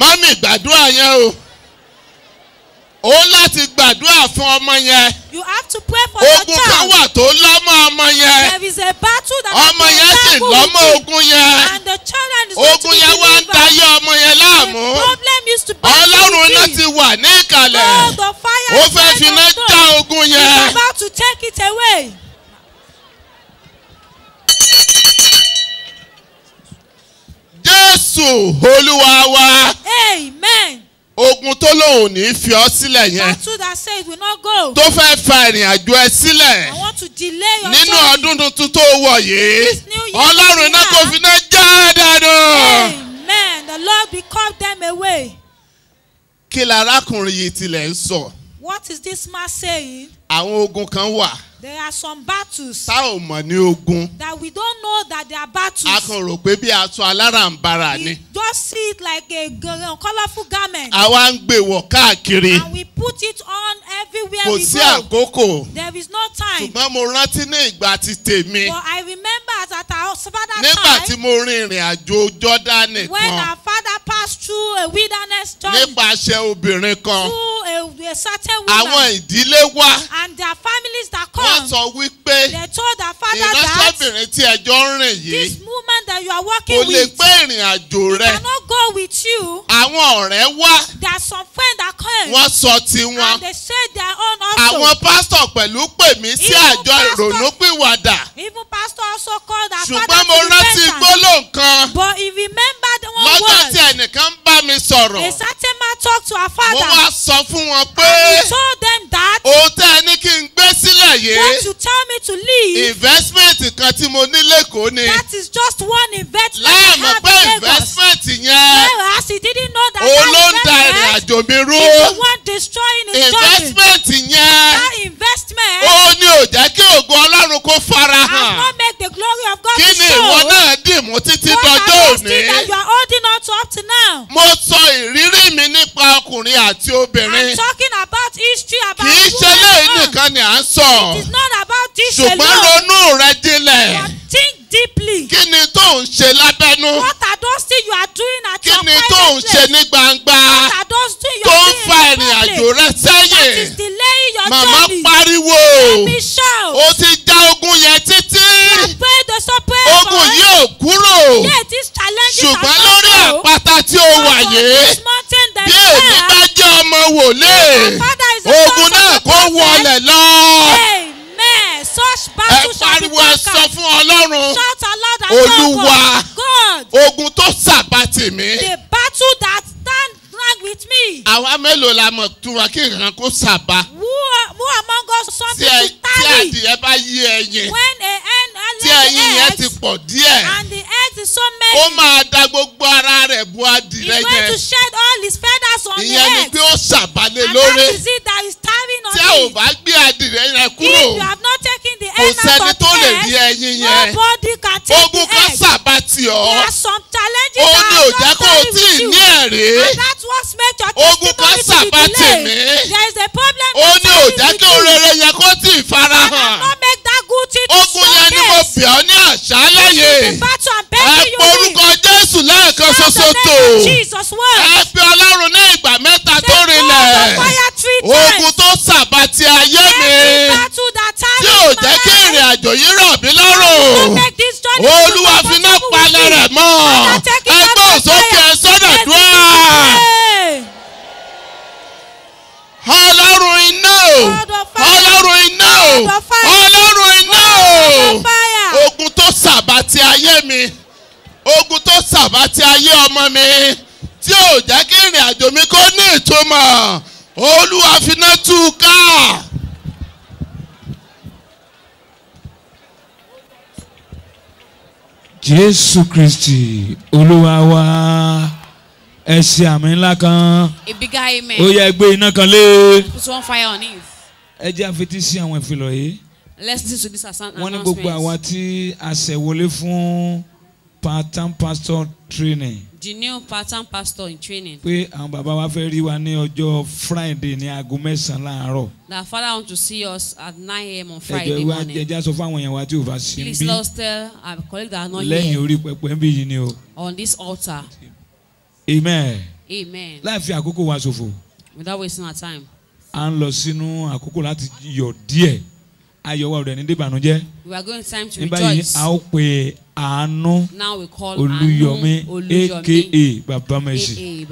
mọ́mì gbàdúrà yẹn o ó láti gbàdúrà fún ọmọ yẹn. you have to pray for your child. ogun kan wà tó lọ́mọ ọmọ yẹn. there is a battle that ọmọ yẹn sì lọ́mọ ogun yẹn. and the children is going to ogun yẹn wá ń dayé ọmọ yẹn láàmú. the problem is to be delivered. ọlọ́run náà ti wà ní ìkàlẹ̀. Oh, the fire ó fẹ́ fi náà já ogun yẹn. is about to take it away. Jésù Olúwa wa. Amen. Ogun tó lòun ní fi ọ sílẹ̀ yẹn. Battle that say We will not go. Tó fẹ́ fa ìrìn àjò ẹ sílẹ̀. I want to delay your journey. Nínú ọdún tuntun tó wọ̀ yìí. Ọlọ́run iná kò fi náà já dànù. Amen. The Lord be call them away. Kí larákùnrin yìí tilẹ̀ ń sọ? What is this man saying? Àwọn ogun kan wà. There are some battles. Tá ò mọ̀ ní ogun. That we don't know that there are battles. A kàn rò pé bí aṣọ alárànbarà ni. We just see it like a colourful garment. Àwa ń gbé káàkiri. And we put it on everywhere we go. Kò sí àkókò. There is no time. Ṣùgbọ́n mo rántí ní ìgbà ti tèmi. But I remember as at our father time. Nígbà tí mo rin ìrìn àjò Jọ́dánì kan. When our father passed through a wilderness journey. Nípasẹ̀ obìnrin kan. Through a, a certain woman. Àwọn ìdílé wá. And their families that come. Wọ́n wá sọ wípé ìránṣẹ́bìnrin tí ẹjọ́ ń rìn yìí. this woman that you are working with. kò lè pé ìrìn àjò rẹ. cannot go with you. àwọn ọ̀rẹ́ wá. there are some friends that came. wọ́n sọ tiwọn. and they said their own also. àwọn pásítọ̀ pẹ̀lú pè mí sí àjọ ìrònúpìwàdà. even pastor also called our father to repent. ṣùgbọ́n mo rántí gbólóhùn kan. but he remembered one word. lọ́jọ́ tí ẹnìkan bá mi sọ̀rọ̀. talked to our father. mo wá sọ fún wọn pé. and he told them that. òun tẹ́ ẹ ní kí n gbé sílẹ̀ yìí. What you tell me to leave. Investment kan tí mo ní Lẹ́kọ̀ọ́ ni. That is just one investment I have in Lagos. Láàmú pé investment yẹn. Whereas he didn't know that that investment. Olóńda ìrìn àjò mi rú. Is the one destroying his journey. Investment yẹn. That investment. Ó ní ò jẹ́ kí ògùn Ọlọ́run kó fara hàn. Has not make the glory of God to show. Kí ni ìwọ náà dì mú títí dọjọ́ òní? What are you still that you are holding? up to now. Mo sọ ìrírí mi nípa ọkùnrin àti obìnrin. I'm talking about history about women. Kì í ṣe nìkan ni à ń sọ. It is not about this alone. Ṣùgbọ́n ronú rẹ jinlẹ̀. But think deeply. Kí ni tó ń ṣe lábẹ́nú? What are those things you are doing at Kí your private place? Kí ni tó ń ṣe ní gbangba? What are those things you are doing in public? Tó ń fa ìrìn àjò rẹ sẹ́yìn. That is delaying your Mama journey. Màmá pariwo. Let me shout. O ti já ogun yẹn títí. You Ogun yóò kúrò. Ṣùgbọ́n lórí àpá àpáta tí ó wà yìí bí èmi bá jẹ́ ọmọ wòlé ogun náà kó wọlé lọ. ẹ pariwo ẹ sọ fún ọlọ́run olúwa ogun tó sàbàtì mi. the battle that stand drag with me. àwa mélòó la mọ̀ tura kí nǹkan kó sàbà. who among us something to tarry. tí adìyẹ bá yé ẹyin. when a hen lay the eggs. tí ẹyin yẹn ti pọ̀ díẹ̀. and the eggs is so many. ó máa da gbogbo ara rẹ̀ bu adìyẹ yẹn. he going to shed all his feathers on the eggs. ìyẹn ni pé ó sàbà lórí. and that is it that is tarrying on me. tí a ò bá gbé adìyẹ yẹn kúrò. if you have not taken the hen out of the egg. kò sẹ́ni tó lè rí ẹyin yẹn. nobody can take the egg. ogun kan sàbà tì ọ́. there are some challenges that are not very with you. ó ní òjá kó o tí ì ní ẹ̀rí. and that's what make your testimony to be delayed. Ogun kan sàpàtì mi. There is a problem. Ó ní òjákè orere yẹ kó tì í farahàn. And I no make that good thing to show case. Ogun yẹn ni mo bẹ̀ ọ́ ní àṣálẹ̀ yìí. Ẹ pe orúkọ Jésù lẹ́ẹ̀kan ṣoṣo tò. Ẹ pe Ọlọ́run ní ìgbà mẹ́ta tó rinlẹ̀. Ogun tó sàpàtì ayé mi. Tí ò jẹ́ kí ìrìn àjò yìí rọ̀ mí lọ́rùn. Olúwa fi náà palẹ̀ rẹ̀ mọ́. Ẹ ọlọ́run iná o ogun tó sàbà ti ayé mi ogun tó sàbà ti ayé ọmọ mi tí ò jẹ́ kí ìrìn àjò mi kó ní ìtumọ̀ olúwa finá tú u ká. jésù kristi olúwa wa ẹ ṣe àmì ńlá kan ó yẹ gbé iná kan lé. put one fire on it ẹ jẹ́ àfetí sí àwọn ìfilọ̀ yìí. let's listen to this announcement. wọ́n ní gbogbo àwa tí a ṣẹ̀ wọlé fún part-time pastor training. the new part-time pastor in training. pé àwọn bàbá wa fẹ́ rí wa ní ọjọ́ friday ní aago mẹ́sàn-án láàárọ̀. the father want to see us at nine a.m. on friday morning. ẹ jẹ́ sọ fún àwọn èèyàn wa tí ò bá sí bí. please let us tell our colleagues that are not here. lẹ́yìn orí pẹpẹ ń bí yìí ni o. on this altar. amen. amen. láì fi àkókò wa ṣòfò. without wasting our time à ń lọ sínú àkókò láti yọ̀ díẹ̀ ayọ̀ rẹ̀ ní dìbànújẹ́. we are going time to rejoice. níbàyí a ó pe àánú olúyọmí aka bàbá mẹ́sì.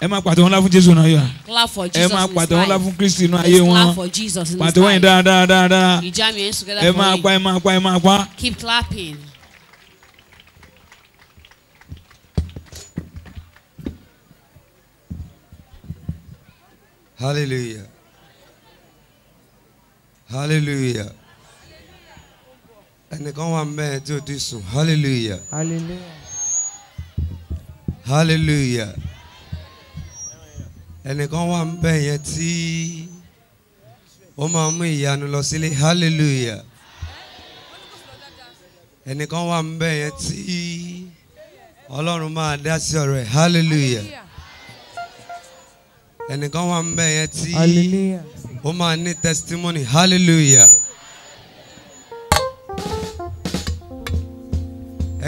ẹ máa pàtẹ́wọ́n ńlá fún jésù náà yà. clap for jesus ẹ máa pàtẹ́wọ́n ńlá fún kristi náà ayé wọn. clap for jesus in his life. pàtẹ́wọ́n yìí dáadáa dáadáa. ìjà mi ẹ̀ ń sùn kẹ́lá fún yìí. ẹ máa pa ẹ máa pa ẹ máa pa. keep clapping. Hallelujah. Hallelujah. Ẹnìkan wà mẹ́ẹ̀ tí o ti sùn. Hallelujah. Hallelujah. Hallelujah. Ẹnìkan wà mẹ́ẹ̀ yẹn tí ó máa mú ìyanu lọ sílé. Hallelujah. Ẹnìkan wà mẹ́ẹ̀ yẹn tí Ọlọ́run máa dá sí ọ̀rọ̀ ẹ̀. Hallelujah. Hallelujah ẹnìkan wà ń bẹ yẹn tí ó máa ní testimony hallelujah.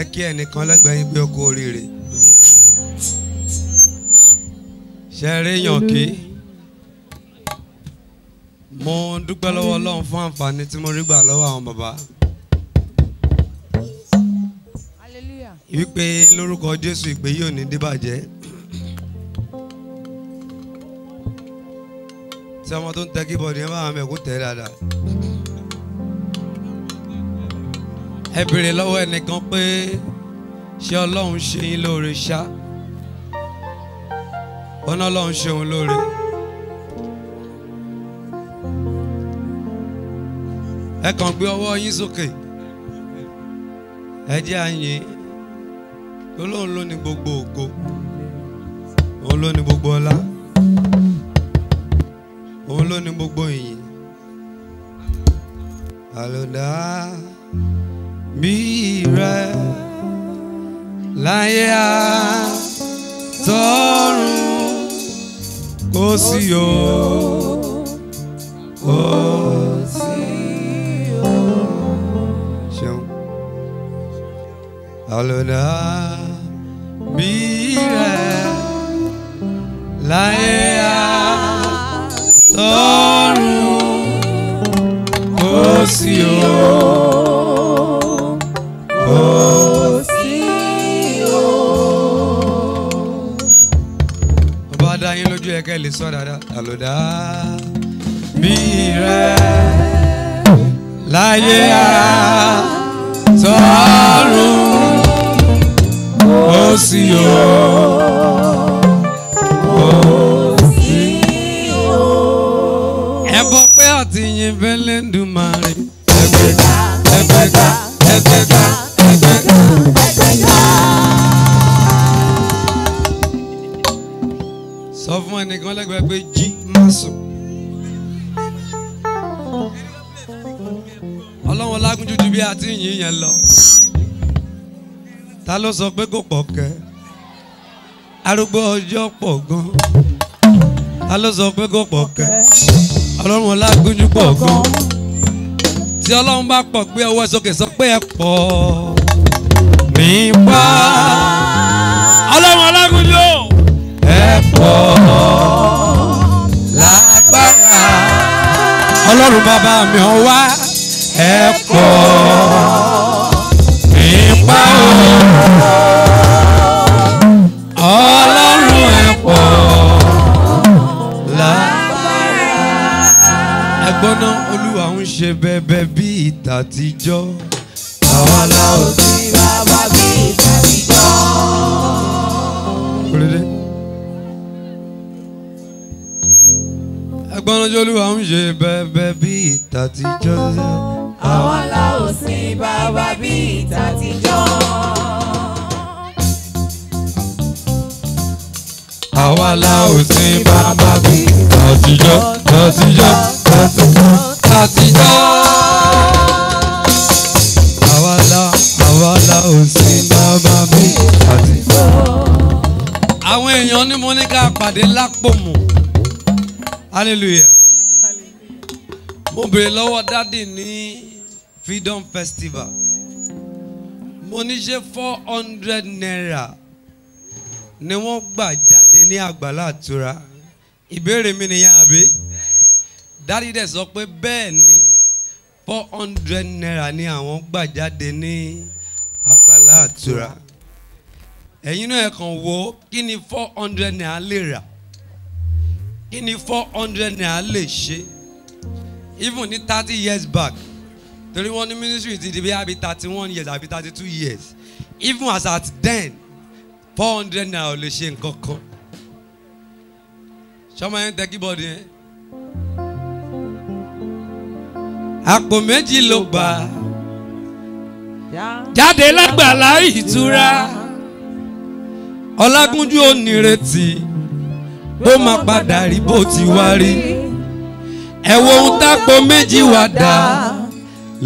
ẹ kí ẹnìkan lẹ́gbẹ̀ẹ́ yín pé ó kú oríire. ṣe eré yàn kí mo dúpẹ́ lọ́wọ́ Ọlọ́run fún àǹfààní tí mo rí gbà lọ́wọ́ àwọn bàbá. wípé lórúkọ Jésù ìpè yìí ò ní débàjẹ́. tí ọmọ tó ń tẹ kíbọ̀dù yẹn máa mẹ́kún tẹ̀ dáadáa. ẹ béèrè lọ́wọ́ ẹnìkan pé ṣé ọlọ́run ṣe yín lóore ṣá ọ̀nà ọlọ́run ṣe òun lóore. ẹ kàn gbé ọwọ́ yín sókè ẹ jẹ́ àyìn olóhùn ló ní gbogbo ògo òun ló ní gbogbo ọlá òun ló ní gbogbo ìyìn àlòdà bí rẹ láyé àtọ́run kò sí o kò bí rẹ láyé àtọ́run sọ́run kò sí o kò sí o. tó bá dá yín lójú ẹ̀kẹ́ lè sọ dáadáa ta yín bẹ́lẹ̀ dùmarè. ẹgbẹ́ga ẹgbẹ́ga ẹgbẹ́ga ẹgbẹ́ga ẹgbẹ́ga. sọ fún ẹnìkan lẹ́gbẹ̀ẹ́ pé jí má sùn. ọlọ́run lágúnjú ju bí a ti yìn yẹn lọ. ta ló sọ pé kò pọ̀ kẹ́ arúgbó ọjọ́ pọ̀ gan-an ta ló sọ pé kò pọ̀ kẹ́ ọlọ́run ọlágbójú pọ̀ gan tí ọlọ́run bá pọ̀ gbé ọwọ́ sókè sọ pé ẹ pọ̀ mí wá ọlọ́run ọlágbójú ẹ pọ̀ lágbára ọlọ́run bàbá mi ọ wá ẹ pọ̀ mí wá o. gbọ́ná olúwa ń ṣe bẹ̀bẹ̀ bí ìtàtijọ́. àwa la ò sí bàbá bí ìtàtijọ́. ẹgbọ́njọ́ olúwa ń ṣe bẹ̀bẹ̀ bí ìtàtijọ́. àwa la ò sí bàbá bí ìtàtijọ́. àwa la ò sí bàbá bí ìtàtijọ́ àwọn èèyàn ní mo ní ká pàdé lápòmù hallelujah mo béèrè lọ́wọ́ dádì ní freedom festival mo ní ṣe four hundred naira ni wọ́n gbà jáde ní àgbàlá àtura ìbéèrè mi nìyá àbí dárí dẹ̀ sọ pé bẹ́ẹ̀ ni four hundred naira ni àwọn gbà jáde ní àgbàlá àtura ẹ̀yin náà kàn wò ó kí ni four hundred naira lè rà kí ni four hundred naira lè ṣe even ní thirty years back torí wọ́n ní ministry ti di bí àbí thirty one years àbí thirty two years even as at then four hundred naira ò lè ṣe nǹkan kan ṣọmọ yẹn tẹ keyboard yẹn. àpò méjì ló gbà jáde lágbàlá ìtura Ọlágúnjú ò nírètí bó máa padà rí bó ti wá rí ẹ wo ohun tápò méjì wá dá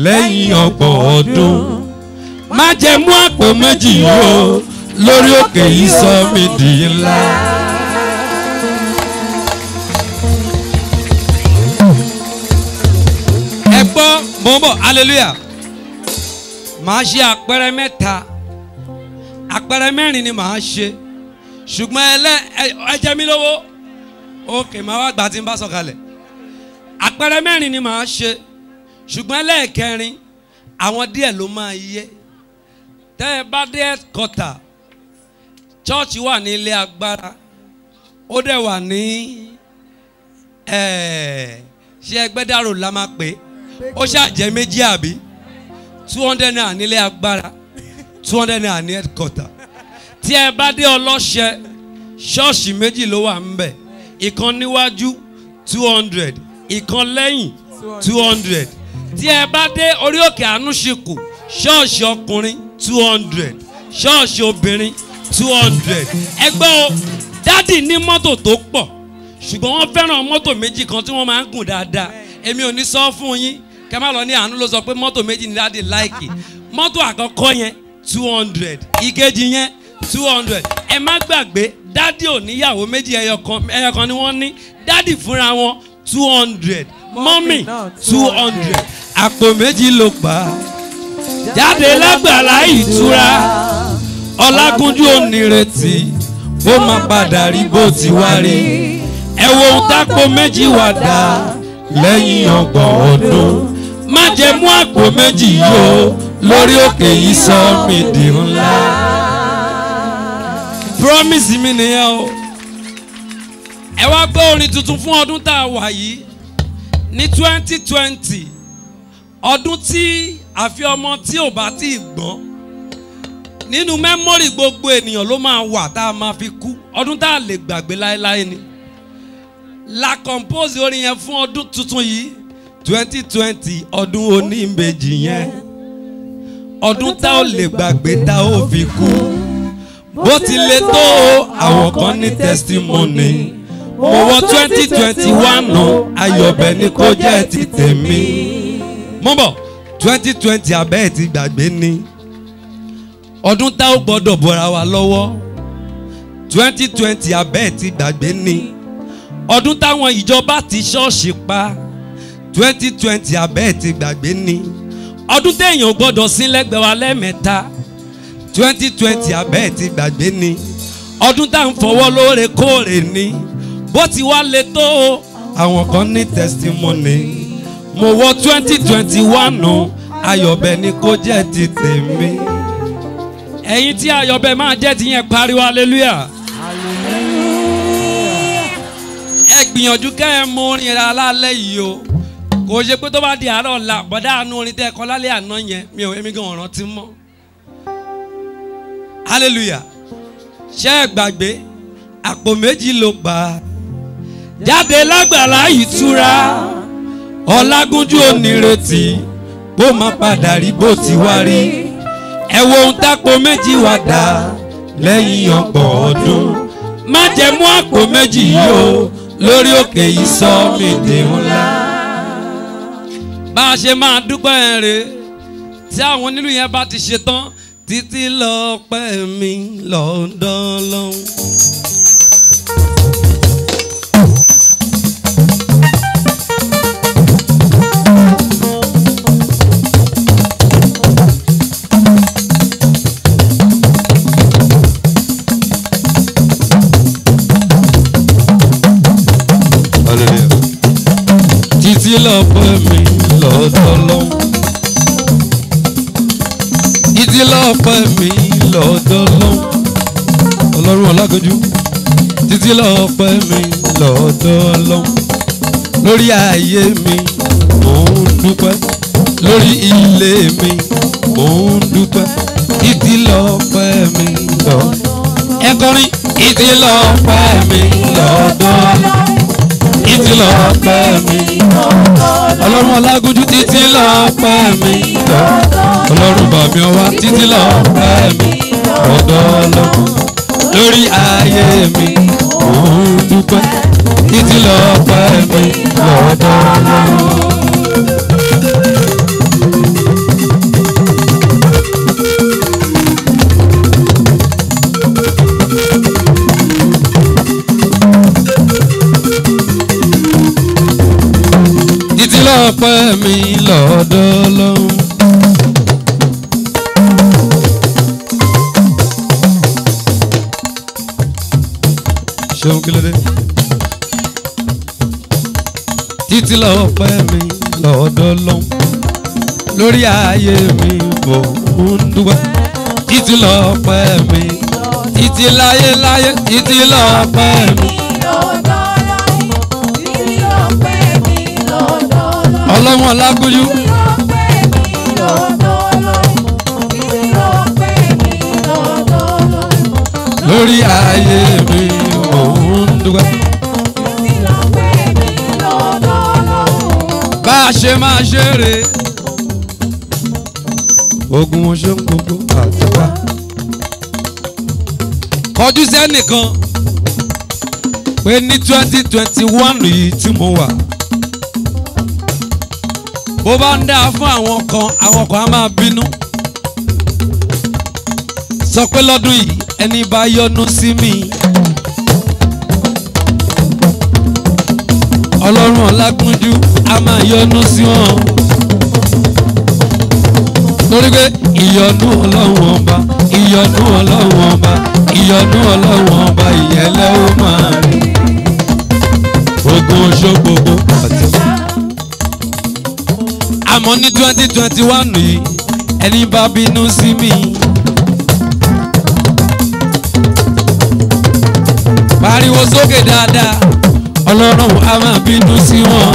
lẹ́yìn ọ̀pọ̀ ọdún má jẹ mú àpò méjì yìí o lórí òkè yìí sọ mí di ńlá. gbọ́ mò ń bọ̀ hallelujah màá ṣe àpẹẹrẹ mẹ́ta àpẹẹrẹ mẹ́rin ni màá ṣe ṣùgbọ́n ẹlẹ́ ẹ jẹ mí lówó ok màá wá gbà tí n bá sọ̀kalẹ̀ àpẹẹrẹ mẹ́rin ni màá ṣe ṣùgbọ́n ẹlẹ́ẹ̀kẹrin àwọn díẹ̀ ló máa yẹ tẹ́ ẹ bá dé ẹ̀kọ́tà chọ́ọ̀chì wà ní ilé agbára ó dẹ̀ wà ní ṣé ẹgbẹ́ dàrò la máa pè é ó ṣàjẹ́ méjì àbí two hundred naira nílé agbára two hundred naira ní headquarter tí ẹ bá dé ọlọ́ṣẹ ṣọ́ọ̀ṣì méjì ló wà ń bẹ̀ ìkan níwájú two hundred ìkan lẹ́yìn two hundred tí ẹ bá dé orí òkè ànúṣekù ṣọ́ọ̀ṣì ọkùnrin two hundred ṣọ́ọ̀ṣì obìnrin two hundred ẹgbẹ́ o dádì ní mọ́tò tó pọ̀ ṣùgbọ́n wọ́n fẹ́ràn mọ́tò méjì kan tí wọ́n máa ń gùn dáadáa èmi ò ní sọ fún yín kẹ má lọ ní àánú ló sọ pé mọ́tò méjì ní dáàdi láìkì mọ́tò àkọ́kọ́ yẹn two hundred ìkejì yẹn two hundred ẹ má gbàgbé dáàdi ò níyàwó méjì ẹyọ kan ni wọ́n ní dáàdi fúnra wọn two hundred mọ́mì two hundred àpò méjì ló pa jáde lágbàlá ìtura ọlágúnjú onírètí ó máa padà rí bó ti wá rí ẹ wo ohun tápò méjì wà dá lẹ́yìn ọgbọ̀n ọdún má jẹ mú àgbò méjì yìí lórí òkè yìí sọ mí di ńlá. promise mi nìyẹn o ẹ wá gbọ́ orin tuntun fún ọdún tá a wà yìí ní twenty twenty ọdún tí àfi ọmọ tí ò bá tí ì gbọ́n nínú mẹ́mórì gbogbo ènìyàn ló máa wà tá a máa fi kú ọdún tá a lè gbàgbé láéláé ni la compose orin yẹn fún ọdún tuntun yìí 2020 twenty ọdún oníbejì yẹn ọdún tá ò lè gbàgbé tá ò fi kú bó ti lè tó àwọn kan ní testimony mo wọ 2021 twenty one ayọ̀bẹ ni kò jẹ́ ti tèmi mo bọ̀ twenty twenty abẹ́ ti gbàgbé ni ọdún tá ò gbọ́dọ̀ bọ́ra wa lọ́wọ́ twenty twenty abẹ́ ti gbàgbé ni ọdún táwọn ìjọba ti ṣọ́ọ̀ṣì pa twenty twenty abẹ́ ti gbàgbé ni. ọdún téèyàn ò gbọ́dọ̀ sí lẹ́gbẹ̀ẹ́ wa lẹ́ẹ̀mẹ́ta. twenty twenty abẹ́ ti gbàgbé ni. ọdún tá à ń fọwọ́ lóòrèkóòrè ni. bó ti wá le tó àwọn kan ní testimony. mo wọ twenty twenty one o ayọ̀bẹ ni kò jẹ́ ti tèmi. ẹ̀yin tí ayọ̀bẹ máa jẹ́ ti yẹn pariwo hallelujah. ẹ gbìyànjú kẹ́ ẹ mú orin rẹ̀ alálẹ́ yìí o kò ṣe pé tó bá di àárọ̀ ọ̀la bọ̀dá àánú orin tẹ́ ẹ̀kọ́ lálẹ́ àná yẹn mi ò èmi gan ọ̀ràn ti mọ́ hallelujah ṣé ẹ gbàgbé àpò méjì ló gbà á jáde lágbàlá ìtura ọlágúnjú onírètí bó máa padà rí bó ti wá rí ẹ wo ohun tápò méjì wá dá lẹ́yìn ọgbọ̀n ọdún má jẹ́ mú àpò méjì yìí o lórí òkè yìí sọ mí di ńlá bá a ṣe máa dúpẹ́ rèé tí àwọn onílù yẹn bá ti ṣe tán títí lọ́pẹ́ mi lọ́dọ́ lọ́hùn. Hallelujah. Títí mi lọ́dọ̀ lọ́n. ìdílọ́pẹ́ mi lọ́dọ̀ lọ́n. ọlọ́run ọlágojú ìdílọ́pẹ́ mi lọ́dọ̀ lọ́n. lórí ayé mi mò ń dúpẹ́ lórí ilé mi mò ń dúpẹ́ ìdílọ́pẹ́ mi lọ́dọ̀. ẹ kọrin ìdílọ́pẹ́ mi lọ́dọ̀ títí lọ pẹ́ mi. ọlọ́run alágójú títí lọ pẹ́ mi. ọlọ́run bàmí ọwá títí lọ pẹ́ mi. ọ̀dọ́ ọlọ́run lórí ayé mi. òun dúpẹ́ títí lọ pẹ́ mi. ọ̀dọ́ ọlọ́run. ọpẹ́ mi lọ́dọ̀ Ọlọ́run. ṣeun kí ló dé. títí lọ́pẹ́ mi lọ́dọ̀ Ọlọ́run lórí ayé mi mò ń dúpẹ́ títí lọ́pẹ́ mi títí láyé láyé títí lọ́pẹ́ mi. ọlọ́mọ lágúnjú. lórí ayé mi òun dúpẹ́. bá a ṣe máa ṣeré ogun wọn ṣe ń gbogbo àtàwà. kọjú sẹ́nìkan pé ní twenty twenty one yìí tí mo wà bó bá ń dáa fún àwọn kan àwọn kan á máa bínú sọ pé lọ́dún yìí ẹni bá yọ́nú sí mi ọlọ́run ọ̀làkúnjú á máa yọ́nú sí wọn torí pé ìyọ́nú ọlọ́run ọba ìyọ́nú ọlọ́run ọba ìyọ́nú ọlọ́run ọba ìyẹlẹ́ máa rí ogun oṣó gbogbo ọ̀tí àmọ́ ní twenty twenty one yìí ẹni bá bínú sí mi. pariwo sókè dáadáa ọlọ́run á máa bínú sí wọn.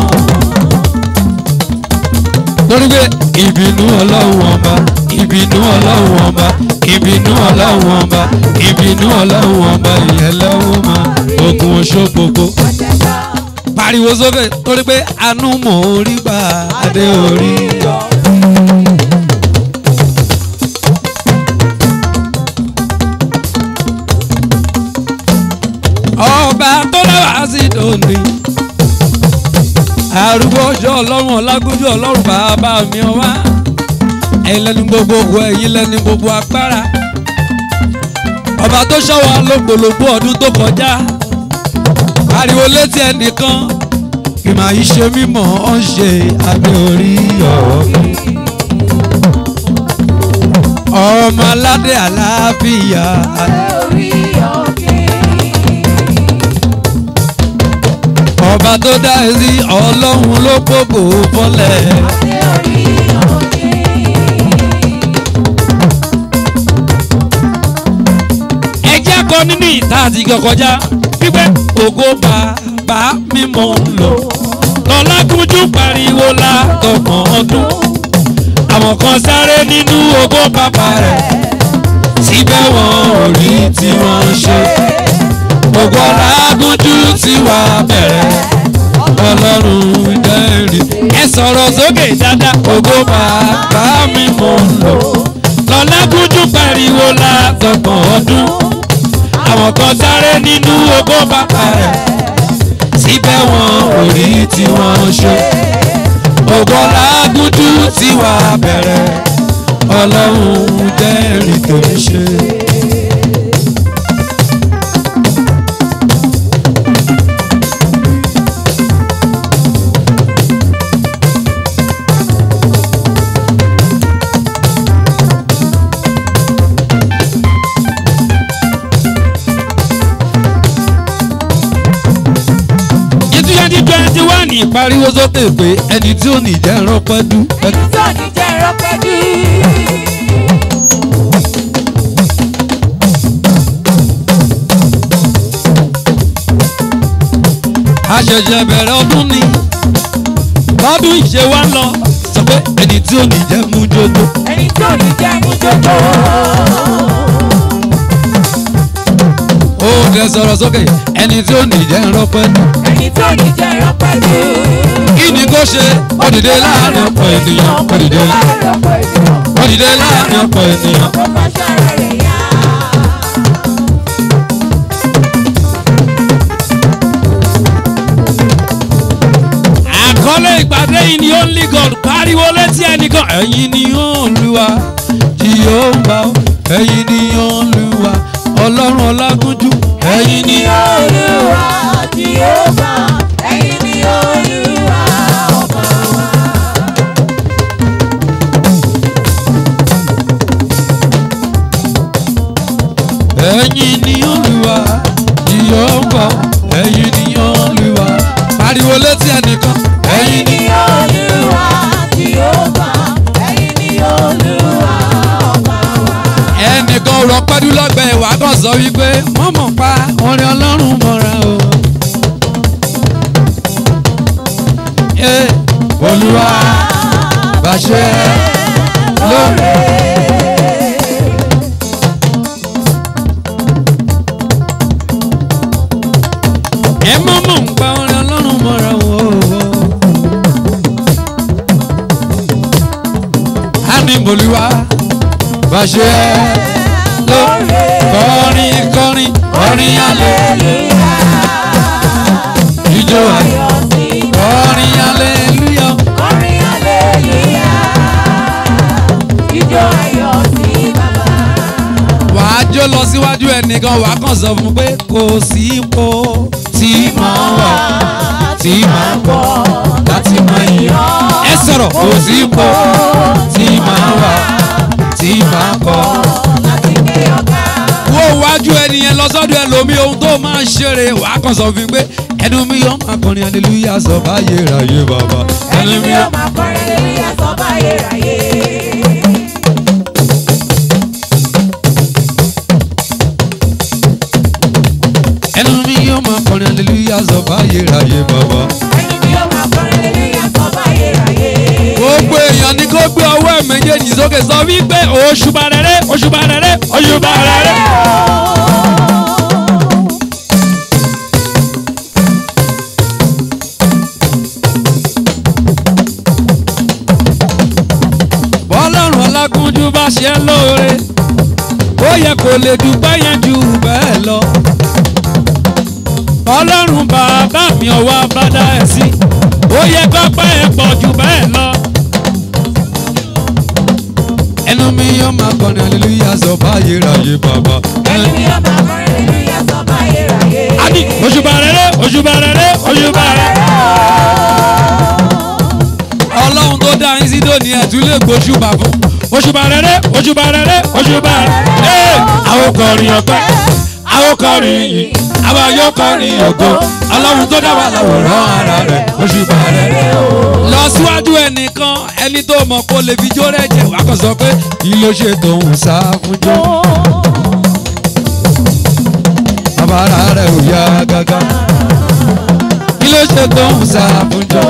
lórí pé ìbínú ọlọ́run ọba ìbínú ọlọ́run ọba ìbínú ọlọ́run ọba ìbínú ọlọ́run ọba ìyẹn lọ́wọ́ máa ogun oṣó gbogbo pariwo sókè torí pé àánú mò ń rí gbà adé orí yọ. ọba tó lọ́wọ́ sí dòní arúgbó ọjọ́ ọlọ́run ọlágójú ọlọ́run bàbá mi ọwá ẹ̀yin lẹ́ni gbogbo ògùn ẹ̀yin lẹ́ni gbogbo agbára ọba tó ṣọ́ wa ọdún tó kọjá ariwo létí ẹnìkan ìmọ̀ ìṣe mímọ́ ọ ṣe abẹ́ orí ọ̀ọ́bí. ọmọ aládé àlàáfíà. ọba tó dá sí ọlọ́run ló gbogbo fọ́lẹ̀. ẹ jẹ́ kọ́ ìta àti ìgbà kọjá ògo bàbá mímọ́ lọ. Tọ́lákúnjú pariwo látọkàn ọdún àwọn kan sáré nínú ògo bàbá rẹ̀ síbẹ̀ wọn ò rí tí wọ́n ń ṣe ògo Ọlágúnjú ti wá bẹ̀rẹ̀ Ọlọ́run jẹ́rìí ẹ sọ̀rọ̀ sókè dáadáa ògo bàbá mi mò ń lò Tọ́lákúnjú pariwo látọkàn ọdún àwọn kan sáré nínú ògo bàbá rẹ̀ fẹ́ wọn òrí tí wọ́n ṣe ògo lágúdú tí wàá bẹ̀rẹ̀ ọlọ́run jẹ́rìí tó ń ṣe. ẹ̀yin pariwo sókè pé ẹni tí ò ní jẹ́ rọ́pẹ́ dú. ẹni tí ò ní jẹ́ rọ́pẹ́ dú. a ṣẹ̀ṣẹ̀ bẹ̀rẹ̀ ọdún ni lọ́dún ìṣe wa ń lọ sọ pé ẹni tí ò ní jẹ́ mú ẹni tí ò ní jẹ́ mú ó dẹ sọ̀rọ̀ sókè ẹni tí ò ní jẹ́ rọ́pẹ́ dú ẹni tó ní jẹran ṣe ó láàrin ọ̀pọ̀ ènìyàn ó láàrin ọ̀pọ̀ ènìyàn àkọlé ìpàdé yìí ni only God pariwo létí ẹnìkan ẹ̀yin ni Olúwa Jèhófà ẹ̀yin ni Olúwa ọlọ́run ọlágúnjú ẹ̀yin ni Olúwa. ṣe lóore kọrin kọrin kọrin aleluya ijó ayọ̀ kọrin aleluya kọrin aleluya ijó ayọ̀ sí bàbá. wàá jó lọ síwájú ẹnìkan wàá kàn sọ fún pé kò sí ipò tí mò wà tí mò ń láti mọ ìyọ́. ẹ sọ̀rọ̀ kò sí máa ṣeré wà á kàn sọ fún mi pé ẹnu mi yóò máa kọrin hallelujah sọ báyé ráyé bàbá. ẹnu mi yóò máa kọrin hallelujah sọ báyé ráyé. ẹnu mi yóò máa kọrin hallelujah sọ báyé ráyé bàbá. ẹnu mi yóò máa kọrin hallelujah sọ báyé ráyé. gbogbo èèyàn ni kó gbé ọwọ́ ẹ̀ méjèèjì sókè sọ wípé òṣùbà rẹ̀ rẹ̀ òṣùbà rẹ̀ rẹ̀ òṣùbà rẹ̀ rẹ̀. jù báyẹn jù bẹ́ẹ̀ lọ. ọlọ́run bàbá mi ọwọ́ abádá ẹ̀ sí ó yẹ pápá ẹ̀ pọ̀ jù bẹ́ẹ̀ lọ. ẹnu mi yóò máa kọrin aleluya sọ báyé ráyé bàbá. ẹnu mi yóò máa kọrin aleluya sọ báyé ráyé. àbí òṣùbà rẹ̀ rẹ̀ òṣùbà rẹ̀ rẹ̀ òṣùbà rẹ̀ tún lè gbójúbà fún. òṣùbà rere òṣùbà rere òṣùbà rere. àwọn kọrin ọpẹ́ àwọn kọrin yìí àwa yóò kọrin ògo ọlọ́run tó dá wa láwòrán ara rẹ̀ òṣùbà rere lọ síwájú ẹnìkan ẹni tó mọ̀ kó lè fi jó rẹ̀ jẹ wàá kàn sọ pé kí ló ṣe tòun sá fún jó. bàbá rẹ̀ ò yá gágá kí ló ṣe tòun sá fún jó.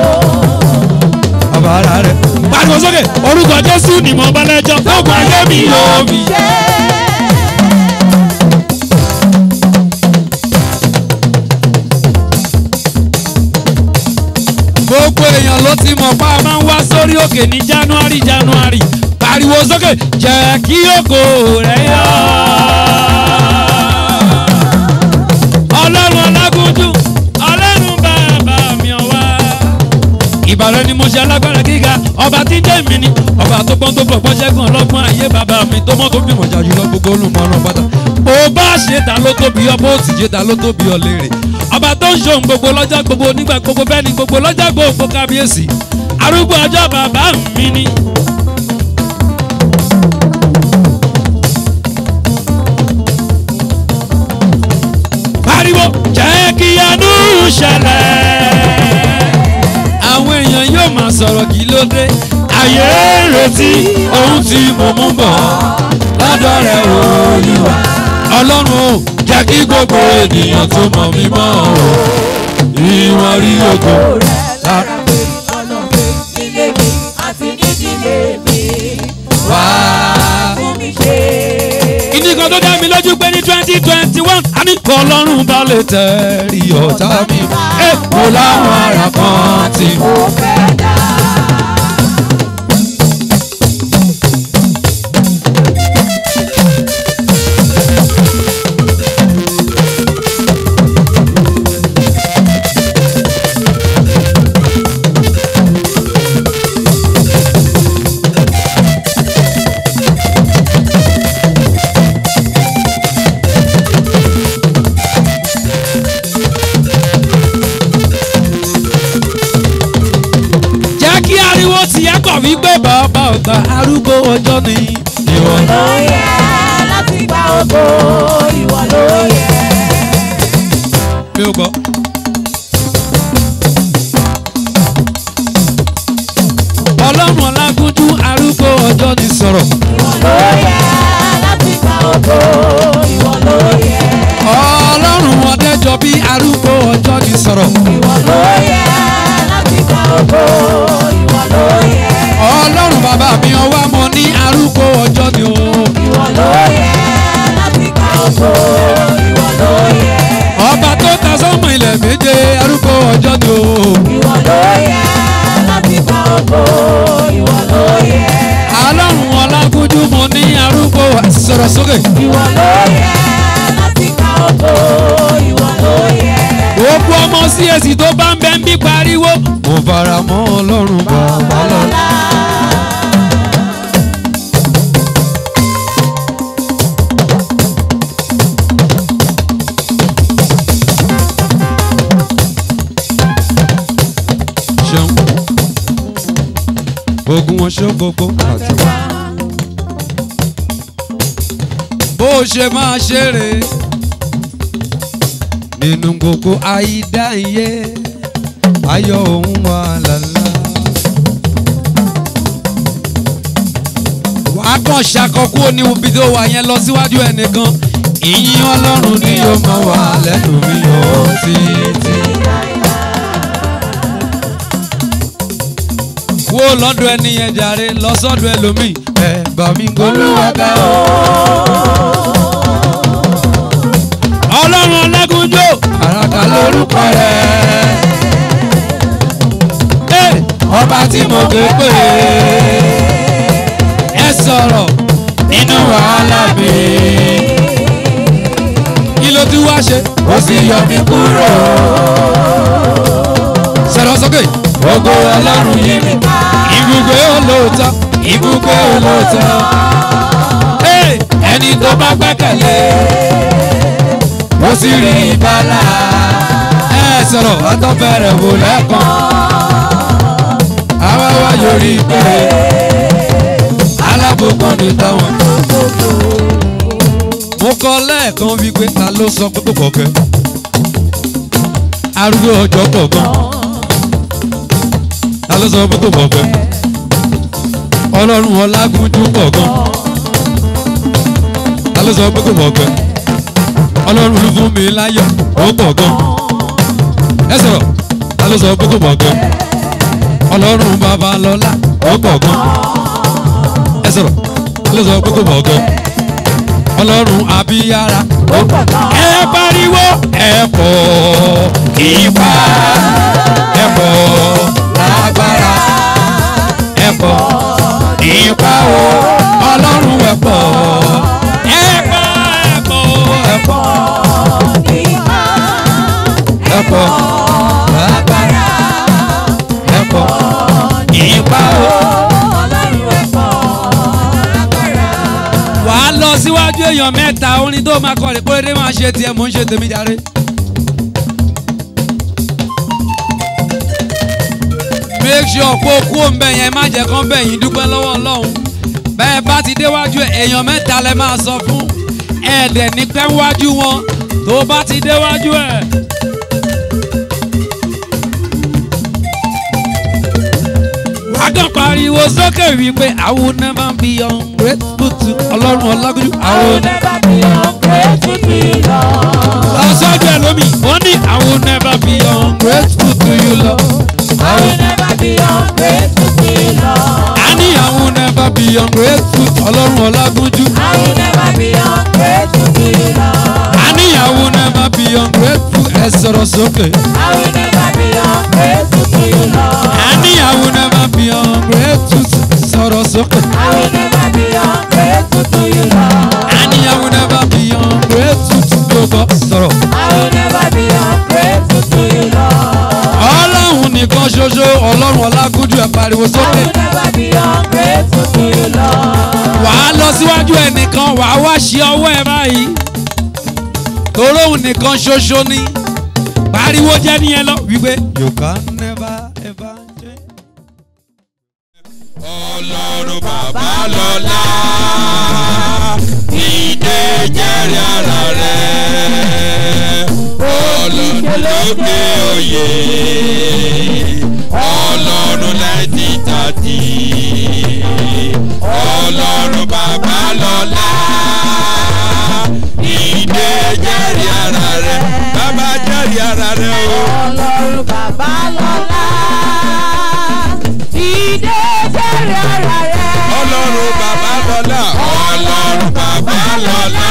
bàbá rẹ̀ ò yá gágá pariwo sókè orúkọ Jésù ni mo bá lẹ́jọ́ gbogbo ayé mi yóò mi. gbogbo èèyàn ló ti mọ̀ pa máa ń wá sórí òkè ní January January pariwo sókè jẹ́ kí ògo rẹ̀ yọ. ọba tí jẹ́mi ni ọba tó gbọ́n tó fọ̀gbọ́n ṣẹ́gun ọlọ́gbọ́n ayé bàbá mi tó mọ́ tó bímọ jà jùlọ gbogbo olùmọ̀ràn pátá. bó bá ṣe ta ló tóbi ọ bó sì ṣe ta ló tóbi ọ léèrè. ọba tó ń ṣohun gbogbo lọ́jà gbogbo nígbà gbogbo bẹ́ẹ̀ ni gbogbo lọ́jà gbogbo kábíyèsí arúgbó ọjọ́ bàbá mi ni. pariwo jẹ́ kí àánú ṣẹlẹ̀ sọ̀rọ̀ kí ló dé. ayé retí ohun tí mo mú bọ̀ lọ́dọ̀ rẹ̀ Olúwa. ọlọ́run o jẹ́ kí gbogbo ènìyàn tó mọ̀ mí mọ́ o. ìwọ̀n rí ògo lára mi. ọ̀nà mi nílé mi àti nídìílé mi. wá fún mi ṣe. ìní kan tó dá mi lójú pé ní twenty twenty one a ní kọ́ ọlọ́run bá lè tẹ̀rí ọ̀tá mi. ẹ kò láwọn ará kan tí mo fẹ́. fara mọ́ ọlọ́run bàbá lọ́lá. ṣeun ogun ọṣọ gbogbo àtẹwà bó ṣe máa ṣeré nínú gbogbo àìdáyé ayọ̀ òun wà lálá. wàá kàn ṣàkọkú òní ibi tó wà yẹn lọ síwájú ẹnìkan ìyìn ọlọ́run ni yóò máa wà lẹ́nu mi yóò títí. wo lọ́dọ̀ ẹni yẹn jàre lọ sọ́dọ̀ ẹlòmíì ẹ gbà mí gbólúwa ga o. ọlọ́run ọlẹ́gunjó. àràkà lórúkọ rẹ̀. ọba tí mo ké pè é ẹ sọ̀rọ̀ nínú wàhálà mi kí ló ti wá ṣe ó sì yọ mí kúrò sọ̀rọ̀ sókè ògo ọlọ́run yìí mi ibùgbé olóòótọ́ ibùgbé olóòótọ́ ẹni tó bá gbẹ́kẹ̀lé mo sì rí ìbálà ẹ sọ̀rọ̀ ọtọ́ fẹ́rẹ̀ wò lẹ́kàn àwa wá yọrí pé alábòpọ̀ ní táwọn. mo kọ lẹ́ẹ̀kan wípé ta ló sọ pé kò kọ̀kẹ́ arúgbó ọjọ́ kọ̀ọ̀kan ta ló sọ pé kò kọ̀kẹ́ ọlọ́run ọlágúnjú kọ̀ọ̀kan ta ló sọ pé kò kọ̀kẹ́ ọlọ́run ló fún mi láyọ̀ ó kọ̀ọ̀kan ẹ sọ̀rọ̀ ta ló sọ pé kò ọlọ́run babalọ́lá ọgbọ̀gán ẹ sọ̀rọ̀ ló sọ pé kò mọ̀gán ọlọ́run abiyara ẹ pariwo ẹ pọ̀ ipa ẹ lágbára ẹ pọ̀ ipa pa o. wàá lọ síwájú èèyàn mẹ́ta orin tó máa kọ́ rẹ̀ pé dédé máa ṣe tiẹ̀ mò ń ṣe tèmi jàre. make sure pé o kú òǹbẹ̀ yẹn má jẹ́ kán bẹ̀ yín dúpẹ́ lọ́wọ́ ọlọ́run bẹ́ẹ̀ bá ti déwájú èèyàn mẹ́ta lẹ máa sọ fún ẹ̀ẹ́dẹ̀ ní pẹ́ wájú wọn tó bá ti déwájú ẹ̀. gbọ́dọ̀ pariwo sókè wípé I will never be ungrateful to ọlọ́run ọlágójú. I will never be ungrateful to you Lord. lọ́sọ́jú ẹ̀ lómi wọ́n ní I will never be ungrateful to you Lord. I will never be ungrateful to you Lord. a ní I will never be ungrateful to ọlọ́run ọlágójú. I will never be ungrateful to you Lord. I will never be ungrateful. Ẹ sókè. I will never be ungrateful to you, Lord. A I will never be ungrateful. Sọ̀rọ̀ I will never be ungrateful to you, Lord. A I will never be ungrateful to I will never be ungrateful to you, Lord. Ọlọ́run nìkan ṣoṣo Ọlọ́run Ọlágúdú ẹ̀ pariwo sókè. I will never be ungrateful to you, Lord. Wàá lọ síwájú ẹnìkan, wàá wá ṣe ọwọ́ ẹ báyìí toróhùn nìkan ṣoṣo ni pariwo jẹ́ ní ẹ lọ wípé you can never ever change. ọlọ́run bàbá lọ́lá ìdè jẹ́rìí ara rẹ̀ ọlọ́run ló gbé oyè ọlọ́run lẹ́tí tàdí ọlọ́run bàbá lọ́lá. lórí ara rẹ o. ọlọ́run bàbá lọ́lá ìdè sórí ara rẹ. ọlọ́run bàbá lọ́lá. ọlọ́run bàbá lọ́lá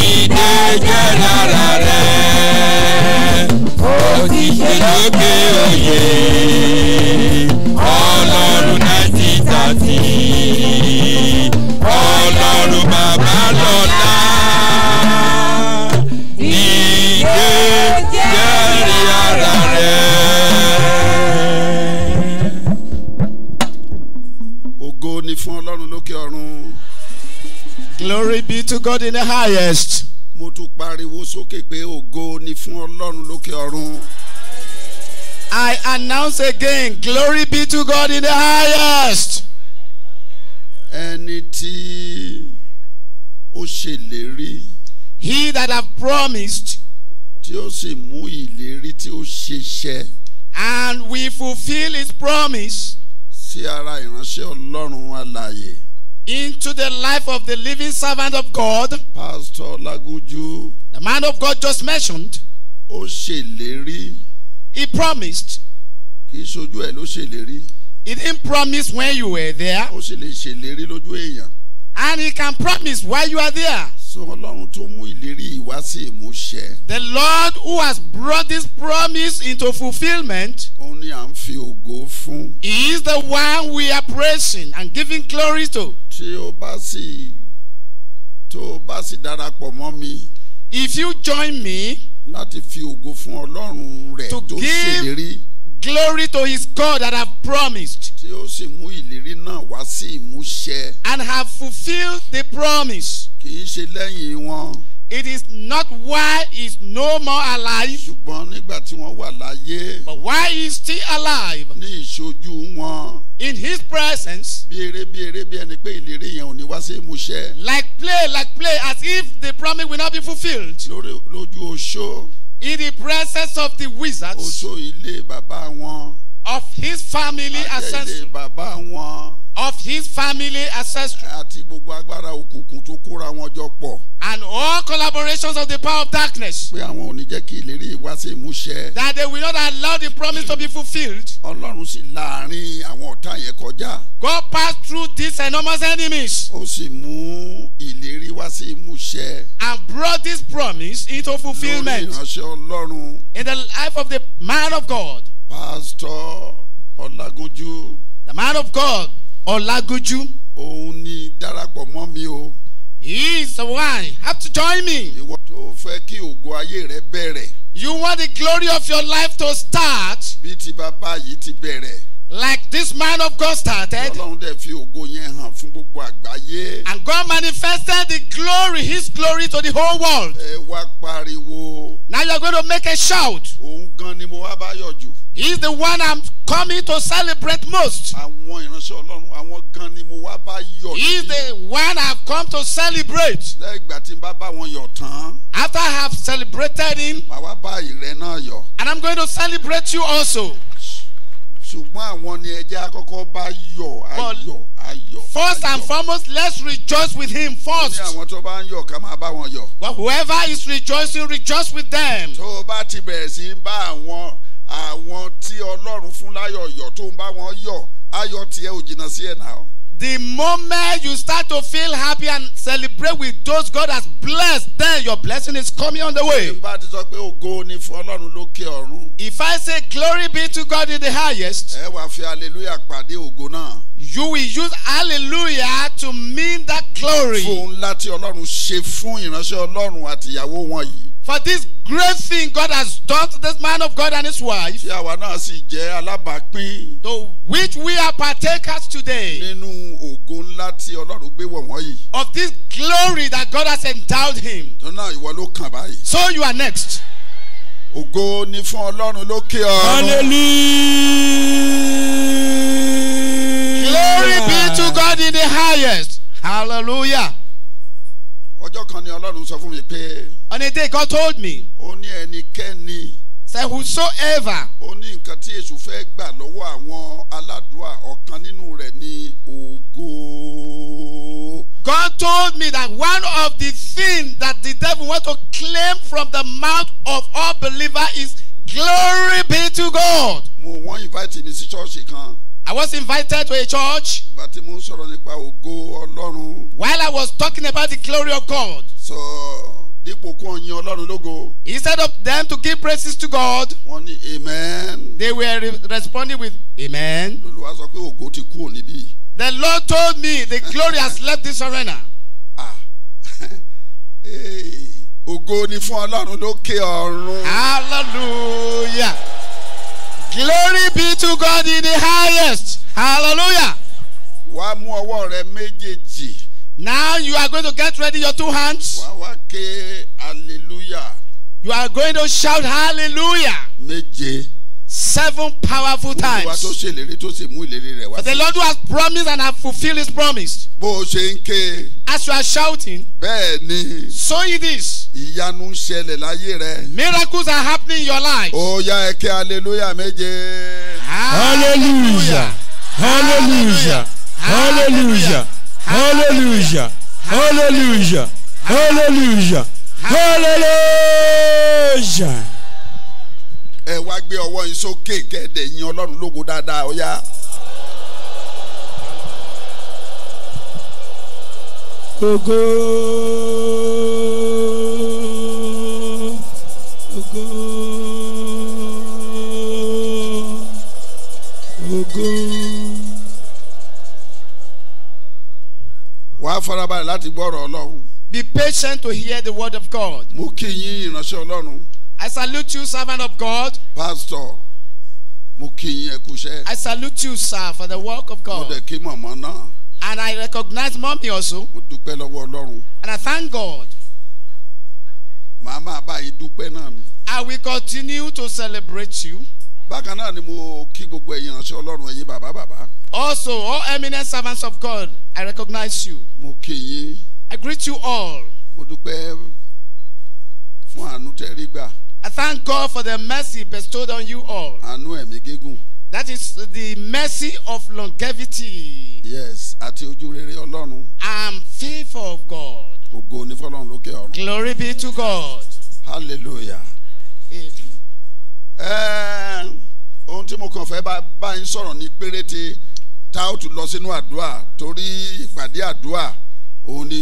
ìdè jẹ́ lára rẹ. ó ti ṣe lókè òye. God in the highest. Mo tún pariwo sókè pé ògo ni fún Ọlọ́run lókè ọ̀run. I announce again, glory be to God in the highest. Ẹni tí ó ṣèlérí. He that have promised. Tí ó sì mú ìlérí tí ó ṣe ṣẹ. And we fulfil his promise. Sí ara ìránṣẹ́ Ọlọ́run alààyè into the life of the living servant of God. Pastor Laguju, The man of God just mentioned. Ó ṣèlérí. He promised. Kì í ṣojú ẹ̀ ló ṣèlérí. He didn't promise when you were there. Ó sì lè ṣèlérí lójú èèyàn. And he can promise while you are there. So Ọlọ́run tó mú ìlérí ìwá sí ìmúṣẹ. The Lord who has brought this promise into fulfilment. Òun ni à ń fi ògo fún. He is the one we are praising and giving glory to tí o bá sì tó o bá sì darapọ̀ mọ́ mi. if you join me. láti fi ògo fún ọlọ́run rẹ̀ tó ṣèlérí. glory to his God that have promised. tí ó sì mú ìlérí náà wá sí ìmúṣẹ. and have fulfilled the promise. kì í ṣe lẹ́yìn wọn. It is not why he is no more alive. Ṣùgbọ́n nígbà tí wọ́n wà láyé. But why he is still alive. Ní ìṣojú wọn. In his presence. Bí eré bí eré bí ẹni pé ìlérí yẹn ò ní wá sí ìmúṣẹ. Like play like play as if the promise will not be fulfilled. Lórí lójú oṣó. In the presence of the wizards. Oṣó ilé bàbá wọn. Of his family and sense. ilé bàbá wọn of his family ancestry. àti gbogbo agbára òkùnkùn tó kóra wọn jọ pọ̀. and all collaborations of the power of darkness. pé àwọn ò ní jẹ́ kí ìlérí wá sí ìmúṣẹ. that they will not allow the promise to be fulfilled. ọlọ́run sì láàrin àwọn ọ̀tá yẹn kọjá. God passed through these enormous enemies. ó sì mú ìlérí wá sí ìmúṣẹ. and brought this promise into fulfilment. lórí ìránṣẹ́ ọlọ́run. in the life of the man of God. pastor ọlágúnjú. the man of God. Ọlágójú. Òun ni darapọ̀ mọ́ mi o. He is the one have to join me. Ìwọ tó fẹ́ kí ògo ayé rẹ bẹ̀rẹ̀. You want the glory of your life to start. Bí ti bàbá yìí ti bẹ̀rẹ̀. Like this man of God started. Ọlọ́run dẹ̀ fi ògo yẹn hàn fún gbogbo àgbáyé. And God manifested the glory, his glory to the whole world. Ẹ wá pariwo. Now you are going to make a shout. Òun gan ni mo wá bá yọjú. He is the one I'm coming to celebrate most. Àwọn ìránṣẹ́ Ọlọ́run àwọn gan ni mo wá bá yọ̀. He is the one I've come to celebrate. Lẹ́yìn ìgbà tí n bá bá wọn yọ̀ tán. After I have celebrated him. Màá wá bá ìrẹ náà yọ̀. And I'm going to celebrate you also ṣùgbọ́n àwọn ni ẹjẹ́ àkọ́kọ́ bá yọ̀ ayọ̀ ayọ̀. first and foremost let's rejoice with him first. ní àwọn tó bá ń yọ̀ ká máa bá wọn yọ̀. but whoever is rejoicing rejoice with them. tó o bá ti bẹ̀rẹ̀ sí bá àwọn àwọn tí ọlọ́run fún láyọ̀ yọ̀ tó ń bá wọn yọ̀ ayọ̀ tiẹ̀ ò jìnnà sí ẹ̀ náà. The moment you start to feel happy and celebrate with those God has blessed, then your blessing is coming on the way. If I say glory be to God in the highest, you will use hallelujah to mean that glory for this great thing God has done to this man of God and his wife. Tí náà sì jẹ́ alábàápín. To which we are partakers today. Nínú ògo ńlá tí Ọlọ́run gbé wọ̀ wọ́n Of this glory that God has endowed him. Tó ìwọ ló kàn báyìí. So you are next. Ògo ni fún Ọlọ́run lókè ọ̀run. Hallelujah. Glory be to God in the highest. Hallelujah ọjọ́ kan ni ọlọ́run sọ fún mi pé. on a day God told me. ó ní ẹnikẹ́ni. say whosoever. ó ní nǹkan tí èṣù fẹ́ gbà lọ́wọ́ àwọn aládùúrà ọ̀kan nínú rẹ̀ ní ògo. God told me that one of the things that the devil want to claim from the mouth of all believers is glory be to God. mo wọ́n invite mi sí ṣọ́ọ̀ṣì kan. I was invited to a church. Ìgbà mo ń sọ̀rọ̀ nípa ògo Ọlọ́run. While I was talking about the glory of God. So dípò kún ọyìn Ọlọ́run lógo. Instead of them to give praises to God. Wọ́n ní amen. They were re responding with amen. Olúwa sọ pé ògo ti kú òní bí. The Lord told me the glory has left this arena. Ah. Ògo ni fún Ọlọ́run lókè ọ̀run. Hallelujah. Glory be to God in the highest. Hallelujah. Wá mú ọwọ́ rẹ méjèèjì. Now you are going to get ready your two hands. Wá wá ké hallelujah. You are going to shout hallelujah. Méje seven powerful times. olúwa tó ṣe ìlérí tó sì mú ìlérí rẹ̀ wá. but the lord has promised and has fulfilled his promise. bó o ṣe ń ké. as you are shouting. bẹ́ẹ̀ so it is. ìyanu ń ṣẹlẹ̀ láyé rẹ. miracles are happening in your life. ó yá ẹ kí hallelujah méje. hallelujah hallelujah hallelujah hallelujah hallelujah hallelujah hallelujah ẹ wá gbé ọwọ́ yín sókè kẹ́ẹ̀dẹ̀ yín ọlọ́run lógo dáadáa ọ̀yá. ògo ògo ògo. wàá farabalẹ̀ láti gbọ́ ọ̀rọ̀ ọlọ́run. Be patient to hear the word of God. mo kí yín ìránṣẹ́ ọlọ́run. I salute you, servant of God. Pastor, I salute you, sir, for the work of God. And I recognize mommy also. And I thank God. I will continue to celebrate you. Also, all eminent servants of God, I recognize you. I greet you all. I thank God for the mercy bestowed on you all. That is the mercy of longevity. Yes, àti ojú rere Ọlọ́run. And of God. Glory be to God. Hallelujah. Eh, ohun tí mo kàn lọ sínú àdúrà torí ìpàdé àdúrà òun ni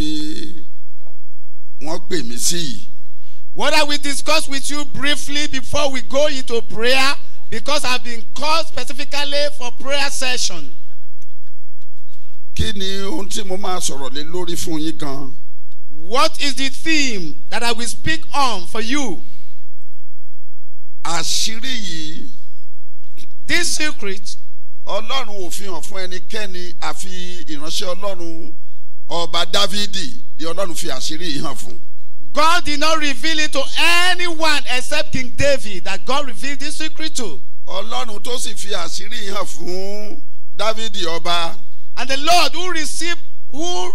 wọ́n pè mí sí yìí. What I will discuss with you briefly before we go into prayer, because I've been called specifically for prayer session. What is the theme that I will speak on for you? Ashiri, yìí. This secret. Ọlọ́run ò fi hàn fún ẹnikẹ́ni àfi ìránṣẹ́ Ọlọ́run ọba Dávidi ni Ọlọ́run fi àṣírí yìí hàn fún. God did not reveal it to anyone except King David that God revealed this secret to. Ọlọ́run tó sì fi àṣírí hàn fún Dávidi ọba. And the Lord who received who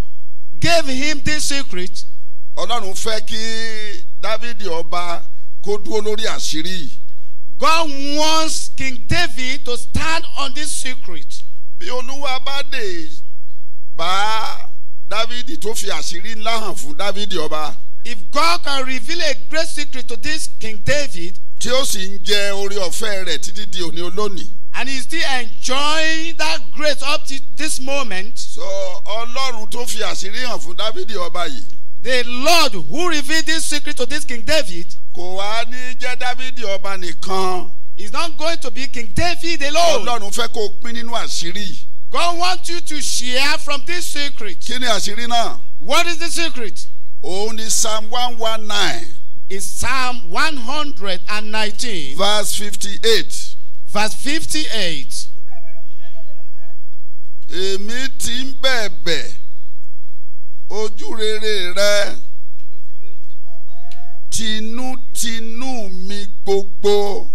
gave him this secret. Ọlọ́run fẹ́ kí Dávidi ọba kó dúró lórí àṣírí God wants King David to stand on this secret. Bí Olúwa bá dé bá Dávidi tó fi àṣírí ńlá hàn fún Dávidi ọba. If God can reveal a great secret to this King David. Tí ó sì ń jẹ orí ọ̀fẹ́ rẹ̀ títí di òní olónìí. And he still enjoying that grace up to this moment. So Ọlọ́run tó fi àṣírí hàn fún Dáfídì ọba yìí. The Lord who revealed this secret to this King David. Kò wá ní jẹ́ Dáfídì ọba nìkan. He's not going to be King David alone. Ọlọ́run fẹ́ kó o pín nínú àṣírí. God wants you to share from this secret. Kí ni àṣírí náà? What is the secret? Only Psalm one one nine. Is Psalm one hundred and nineteen. Verse fifty-eight. Verse fifty-eight. Èmi ti ń bẹ̀bẹ̀ ojú rere rẹ tinútinú mi gbogbo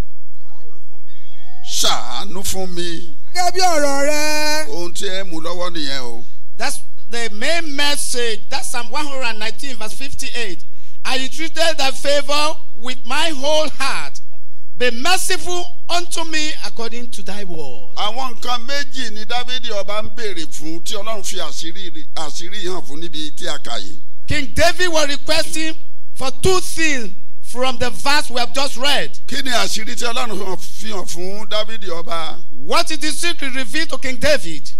ṣàánú fún mi. Gẹ́gẹ́ bí ọ̀rọ̀ rẹ. Ohun tí ẹ mú lọ́wọ́ nìyẹn o. That's the main message. That's Psalm 119, verse 58. I entreated thy favor with my whole heart. Be merciful unto me according to thy word. Àwọn nǹkan méjì ni Dávídì ọba ń béèrè fún tí Ọlọ́run fi àṣírí hàn fún níbi tí a kà yìí. King David was requesting for two things from the verse we have just read. Kí ni àṣírí tí Ọlọ́run fi hàn fún Dávídì ọba? What is the secret revealed to King David?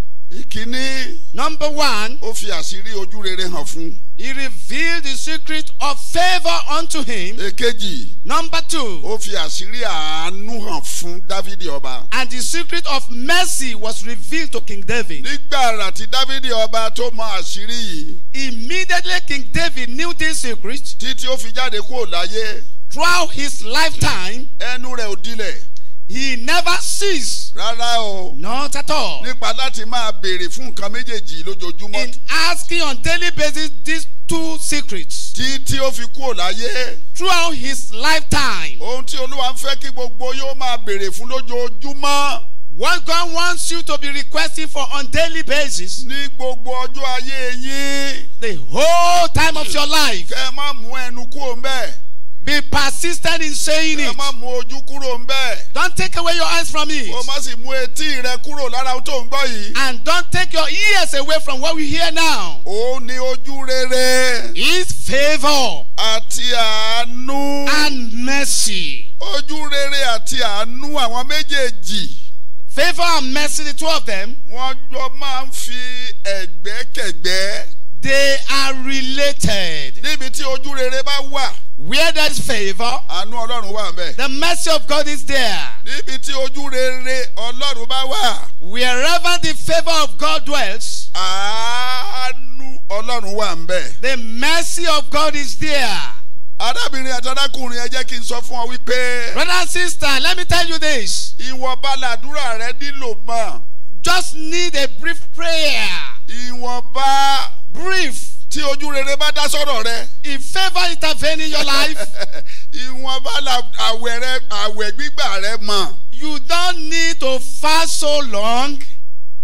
ìkíní. number one. ó fi àṣírí ojú rere hàn fún. he revealed the secret of favour unto him. èkejì. number two. ó fi àṣírí àánú hàn fún dávidi ọba. and the secret of mercy was revealed to king david. nígbàrà tí dávidi ọba tó mọ àṣírí yìí. immediately king david knew this secret. títí ó fi jáde kúrò láyé. throughout his lifetime. ẹnu rẹ̀ ò dilẹ̀ he never cease. rárá o. not at all. nípa láti máa béèrè fún nǹkan méjèèjì lójoojúmọ́. in asking on daily basis these two secrets. tí tí ó fi kúrò láyé. throughout his lifetime. ohun tí olúwa ń fẹ́ kí gbogbo yóò máa béèrè fún lójoojúmọ́. What God wants you to be requesting for on daily basis. Ní gbogbo ọjọ́ ayé yín. The whole time of your life. Kẹ́ ẹ má mú ẹnu kúrò mbẹ́. Be persistent in saying it. Ẹ má mú ojú kúrò ń bẹ́ẹ̀. Don't take away your eyes from it. O má sì mú etí rẹ kúrò lára tó ń gbọ́ yìí. And don't take your ears away from what we hear now. Ó ní ojú rere. His favour. Àti àánú. And mercy. Ojú rere àti àánú àwọn méjèèjì. Favour and mercy, the two of them. Wọ́n jọ máa ń fi ẹ̀gbẹ́kẹ̀gbẹ́. They are related. Níbi tí ojú rere bá wà. Where there is favour. Àánú Ọlọ́run wà ń bẹ̀. The mercy of God is there. Níbi tí ojú rere Ọlọ́run bá wà. Wherever the favour of God dwells. Àánú Ọlọ́run wà ń bẹ̀. The mercy of God is there. arábìnrin àtàrákùnrin ẹ jẹ́ kí n sọ fún ọ wípé. brother and sister let me tell you this. ìwọ̀nba làdúrà rẹ nílò mọ̀. just need a brief prayer. ìwọ̀nba. brief tí ojú rere bá dá sọ̀rọ̀ rẹ. if favour intervene in your life. ìwọ̀nba àwẹ̀ rẹ àwẹ̀ gbígbà rẹ mọ̀. you don't need to fast so long.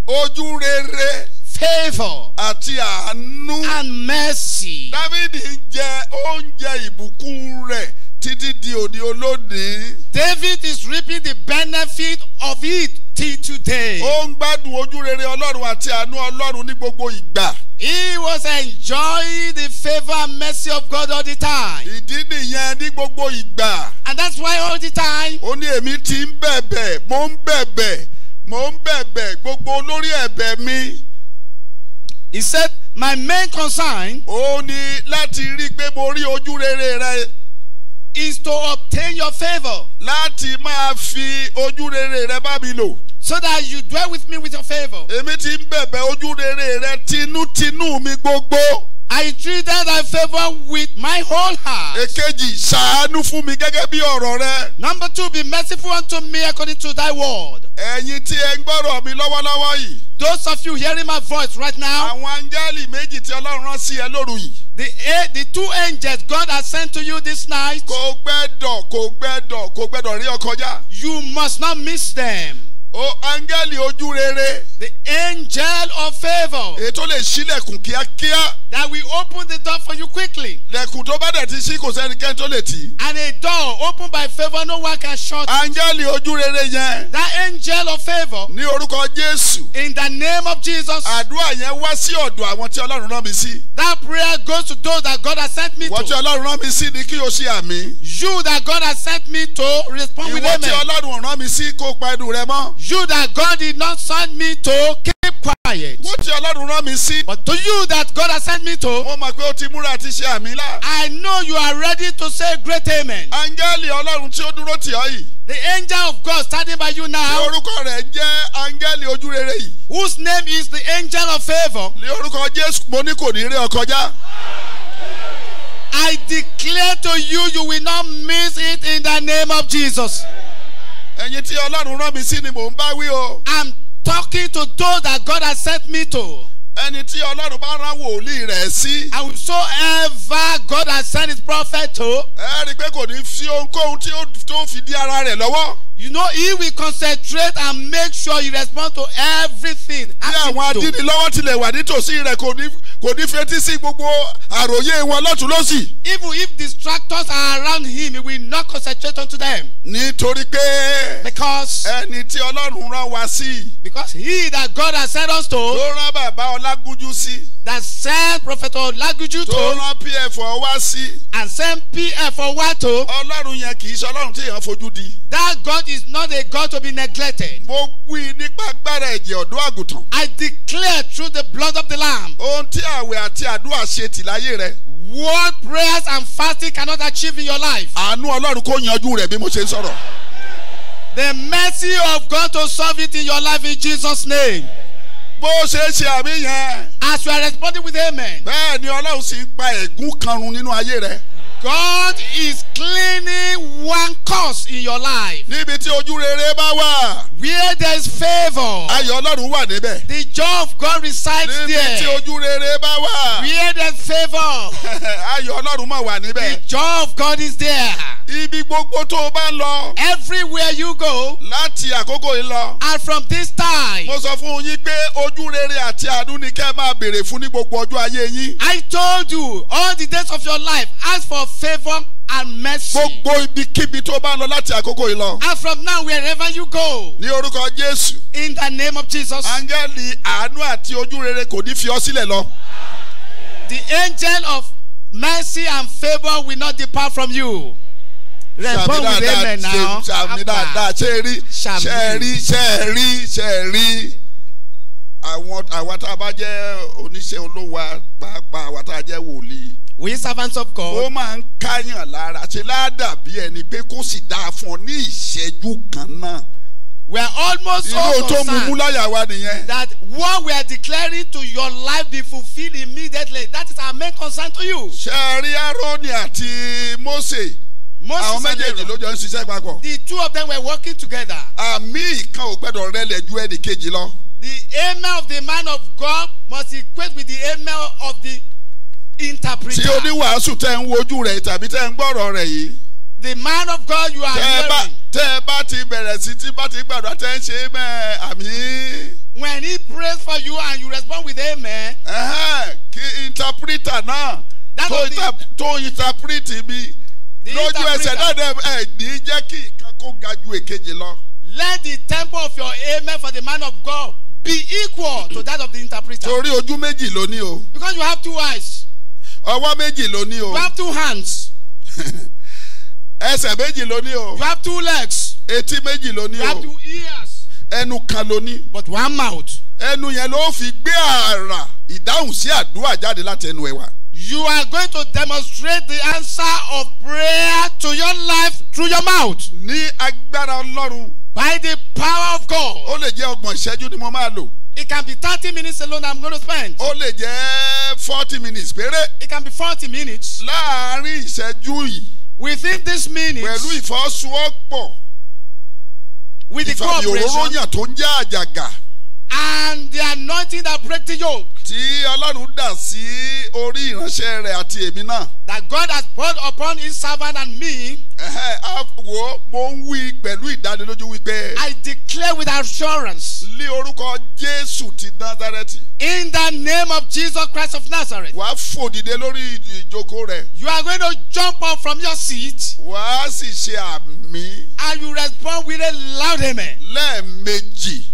ojú rere. favour. àti àánú. and mercy. dávidi jẹ oúnjẹ ìbùkún rẹ̀ títí di òde olónìí. David is reaping the benefit of it till today. ó ń gbádùn ojú rere Ọlọ́run àti àánú Ọlọ́run ní gbogbo ìgbà. He was enjoying the favour and mercy of God all the time. Ìdí nìyẹn ní gbogbo ìgbà. And that's why all the time. Ó ní èmi ti ń bẹ̀bẹ̀, mo ń bẹ̀bẹ̀, mo ń bẹ̀bẹ̀, gbogbo olórí ẹ̀bẹ̀ mi. He said, my main concern. Ó ní láti rí i pé mo rí ojú rere rẹ. Is to obtain your favour. Láti máa fi ojú rere rẹ bá mi lò so that you dwell with me with your favour. èmi ti ń bẹ̀bẹ̀ ojú rere rẹ tinútinú mi gbogbo. I treated thy favour with my whole heart. Èkejì, ṣàánú fún mi gẹ́gẹ́ bí ọ̀rọ̀ rẹ. Number two, be merciful unto me according to thy word. Ẹ̀yin tí ẹ ń gbọ́rọ̀ mi lọ́wọ́lọ́wọ́ yìí. Those of you hearing my voice right now. Àwọn áńgẹ́lì méjì tí Ọlọ́run rán sí ẹ lóru yìí. The eight, the two angels God has sent to you this night. Kò gbẹ́dọ̀, kò gbẹ́dọ̀, kò gbẹ́dọ̀ rí ọkọjá. You must not miss them. O áńgẹ́lì ojú rere. The angel of favour. Èyí lè ṣílẹ̀kùn kíákíá. That will open the door for you quickly. Lẹ̀kùn tó bá dẹ̀ ti ṣí kò sẹ́nikẹ́ni tó lè tì. And a door opened by favour no one can shut it. ojú rere yẹn. That angel of favour. Ní orúkọ Jésù. In the name of Jesus. Àdúrà yẹn wá sí ọ̀dọ̀ àwọn tí Ọlọ́run rán mi sí. That prayer goes to those that God has sent me to. Wọ́n tí Ọlọ́run rán mi sí ni kí o ṣe àmì. You that God has sent me to respond with amen. Ìwọ tí Ọlọ́run rán mi sí kó pa ẹnu rẹ mọ́. You that God did not send me to keep quiet. Mo ti Ọlọ́run rán mi sí. But to you that God has sent me to. Mo mọ̀ pé o ti múra àti ṣe àmì lá. I know you are ready to say great amen. Áńgẹ́lì Ọlọ́run tí ó dúró tì ọ́ yìí. The angel of God standing by you now. orúkọ rẹ̀ jẹ́ áńgẹ́lì ojúrere yìí. Whose name is the angel of favour. Ní orúkọ Jésù mo ní kò ní rí ọ I declare to you, you will not miss it in the name of Jesus. Yeah ẹ̀yin tí ọlọ́run rán mi sí ni mò ń bá wí o. I'm talking to those that God has sent me to. Ẹni tí Ọlọ́run bá rán wòlíì rẹ̀ sí. And whosoever God has sent his prophet to. Ẹ rí i pé kò ní fi ohunkóhun tí ó fi dí ara rẹ̀ lọ́wọ́. You know he will concentrate and make sure he respond to everything. Bí àwọn adínilọ́wọ́ tilẹ̀ wà nítòsí rẹ̀ kò ní kò ní fetí sí gbogbo àròyé wọn lọ́tún even if distractors are around him he will not concentrate unto them. nítorí pé. because. ẹni tí ọlọ́run rán wa sí. because he that God has sent us to. tó rán bàbá ọlágúnjú sí. that sent prophet ọlágúnjú to. tó rán pf ọwá sí. and sent pf ọwá to. ọlọ́run yẹn kì í ṣe ọlọ́run tí èèyàn fojú di. that God is not a God to be neglected. mo wí nípa agbára ẹ̀jẹ̀ ọ̀dọ́ àgùntàn. I declare through the blood of the lamb. ohun tí àwẹ̀ àti àdúrà ṣe tì láyé rẹ. What prayers and fasting cannot achieve in your life. Àánú Ọlọ́run kò yanjú rẹ̀ bí mo ṣe ń sọ̀rọ̀. The mercy of God to solve it in your life in Jesus' name. Bó ṣe ṣe àmì yẹn. As you are responding with amen. Bẹ́ẹ̀ ni Ọlọ́run sì ń pa ègún kan nínú ayé rẹ. God is cleaning one course in your life. Níbi tí ojú rere bá wà. Where there is favour. Ayọ̀ Ọlọ́run wà níbẹ̀. The job of God resides Níbi there. Níbi tí ojú rere bá wà. Where there is favour. Ayọ̀ Ọlọ́run máa wà níbẹ̀. The job of God is there. Ibi gbogbo tó o bá lọ. Everywhere you go. Láti àkókò yìí lọ. And from this time. Mo sọ fún yín pé ojú rere àti àánú ni kẹ́ máa béèrè fún ní gbogbo ọjọ́ ayé yín. I told you all the days of your life ask for favour and mercy. Gbogbo ibikíbi tó bá lọ láti àkókò yìí lọ. And from now wherever you go. Ní orúkọ Jésù. In the name of Jesus. Áńgẹ́lì àánú àti ojú rere kò ní fi ọ sílẹ̀ lọ. The angel of mercy and favour will not depart from you respond with amen now. sàmì dáadáa ṣe rí ṣe àwọn àwa tá a bá jẹ́ oníṣẹ́ olówó pàápàá àwa tá a jẹ́ wòlíì. we servants of God. ó máa ń káyàn lára ṣe ládàbí ẹni pé kó sì dáa fún ọ ní ìṣẹ́jú kan náà. we are almost all concerned. that what we are declaring to your life be fulfilled immediately that is our main concern to you. ṣe rí aaroni àti mose àwọn méjèèjì ló jọ ń ṣiṣẹ́ papọ̀. the two of them were working together. àmì ìkan ò gbẹ́dọ̀ rẹ́lẹ̀ ju ẹnì kejì lọ. the amen of the man of God must equate with the amen of the interpreter. tí oníwàásù tẹ́ ń wojú rẹ̀ tàbí tẹ́ ń gbọ́rọ̀ rẹ̀ yìí. the man of God you are hearing. tẹ́ ẹ bá ti bẹ̀rẹ̀ sí tí bá ti gbàdúrà tẹ́ ń ṣe mẹ́ àmì. when he prays for you and you respond with amen. kí interpreter náà tó interpret mi lójú ẹsẹ̀ náà dẹ̀ ní jẹ́ kí ìkan kó ga ju èkejì lọ. let the temple of your amen for the man of God be equal to that of the interpreter. torí ojú méjì ló ní o. because you have two eyes. ọwọ́ méjì ló ní o. you have two hands. ẹsẹ̀ méjì ló ní o. you have two legs. etí méjì ló ní o. you have two ears. ẹnu kan ló ní. but one mouth. ẹnu yẹn ló fi gbé àrà ìdáhùn sí àdúrà jáde láti ẹnu ẹ wá. You are going to demonstrate the answer of prayer to your life through your mouth. Ní agbára Ọlọ́run. By the power of God. Ó lè jẹ́ ọgbọ̀n ìṣẹ́jú ni mo máa lò. It can be thirty minutes alone I'm going to spend. Ó lè jẹ́ forty minutes péré. It can be forty minutes. Láàárín ìṣẹ́jú yìí. Within this minute. Pẹ̀lú ìfọ́sowọ́pọ̀. With the cooperation. Ìfàmì òróró yàn tó ń jẹ́ àjàgà and the anointing that break the yoke. tí ọlọ́run dà sí orí ìránṣẹ́ rẹ̀ àti èmi náà. that God has poured upon his servant and me. ẹ̀hẹ́ wo mo ń wí pẹ̀lú ìdánilójú wípé. I declare with assurance. lé orúkọ Jésù ti Nazareth. in the name of Jesus Christ of Nazareth. wàá fò lórí ìjókòó rẹ. you are going to jump up from your seat. wàá sì ṣe àmì. and you respond with a loud amen. lẹ́ẹ̀mejì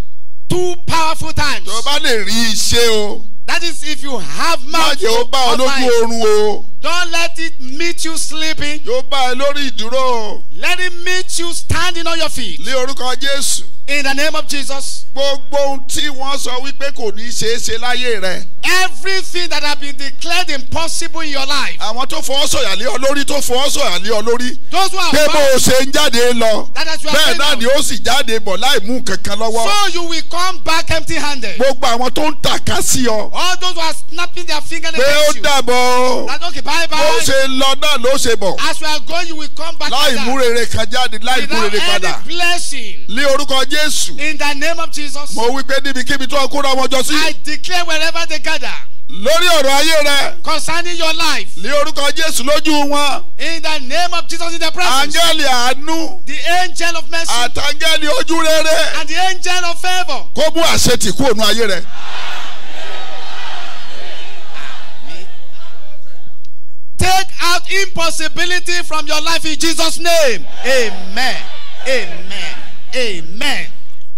two powerful times. tó o bá lè rí iṣẹ́ o. that is if you have mouth to offer. má jẹ́ o bá olójú oorun o. Don't let it meet you sleeping. Yóò bá ẹ lórí ìdúró. Let it meet you standing on your feet. Ní orúkọ Jésù. In the name of Jesus. Gbogbo ohun tí wọ́n sọ wípé kò ní ṣeé ṣe láyé rẹ. Everything that has been declared impossible in your life. Àwọn tó fọwọ́ sọ̀yà lé ọ lórí tó fọwọ́ sọ̀yà lé ọ lórí. Those who are found. Pé bó o ṣe ń jáde lọ. That is your favour. Bẹ́ẹ̀ náà ni ó sì jáde bọ̀ láì mú kankan lọ́wọ́. So you will come back empty handed. Gbogbo àwọn tó ń tàka sí ọ. All those who are snapping their fingers against you. Pé ó dàbọ̀. That okay bye bye bye. ó ṣe lọ náà ló ṣe bọ̀. as we are going you will come back. láì mú rere kan jáde láì mú rere padà. without any blessing. lé orúkọ Jésù. in the name of Jesus. mo wí pé níbikíbi tó kóra wọn jọ sí. I declare wherever they gather. lórí ọ̀rọ̀ ayé rẹ. concerning your life. lé orúkọ Jésù lójú wọn. in the name of Jesus in the presence. angeli àánú. the angel of mercy. àtàngẹ́lì ojú rere. and the angel of favour. kó mú àṣetì kúrò nú ayé rẹ. Yeah. Take out impossibility from your life in Jesus' name. Amen. Amen. Amen.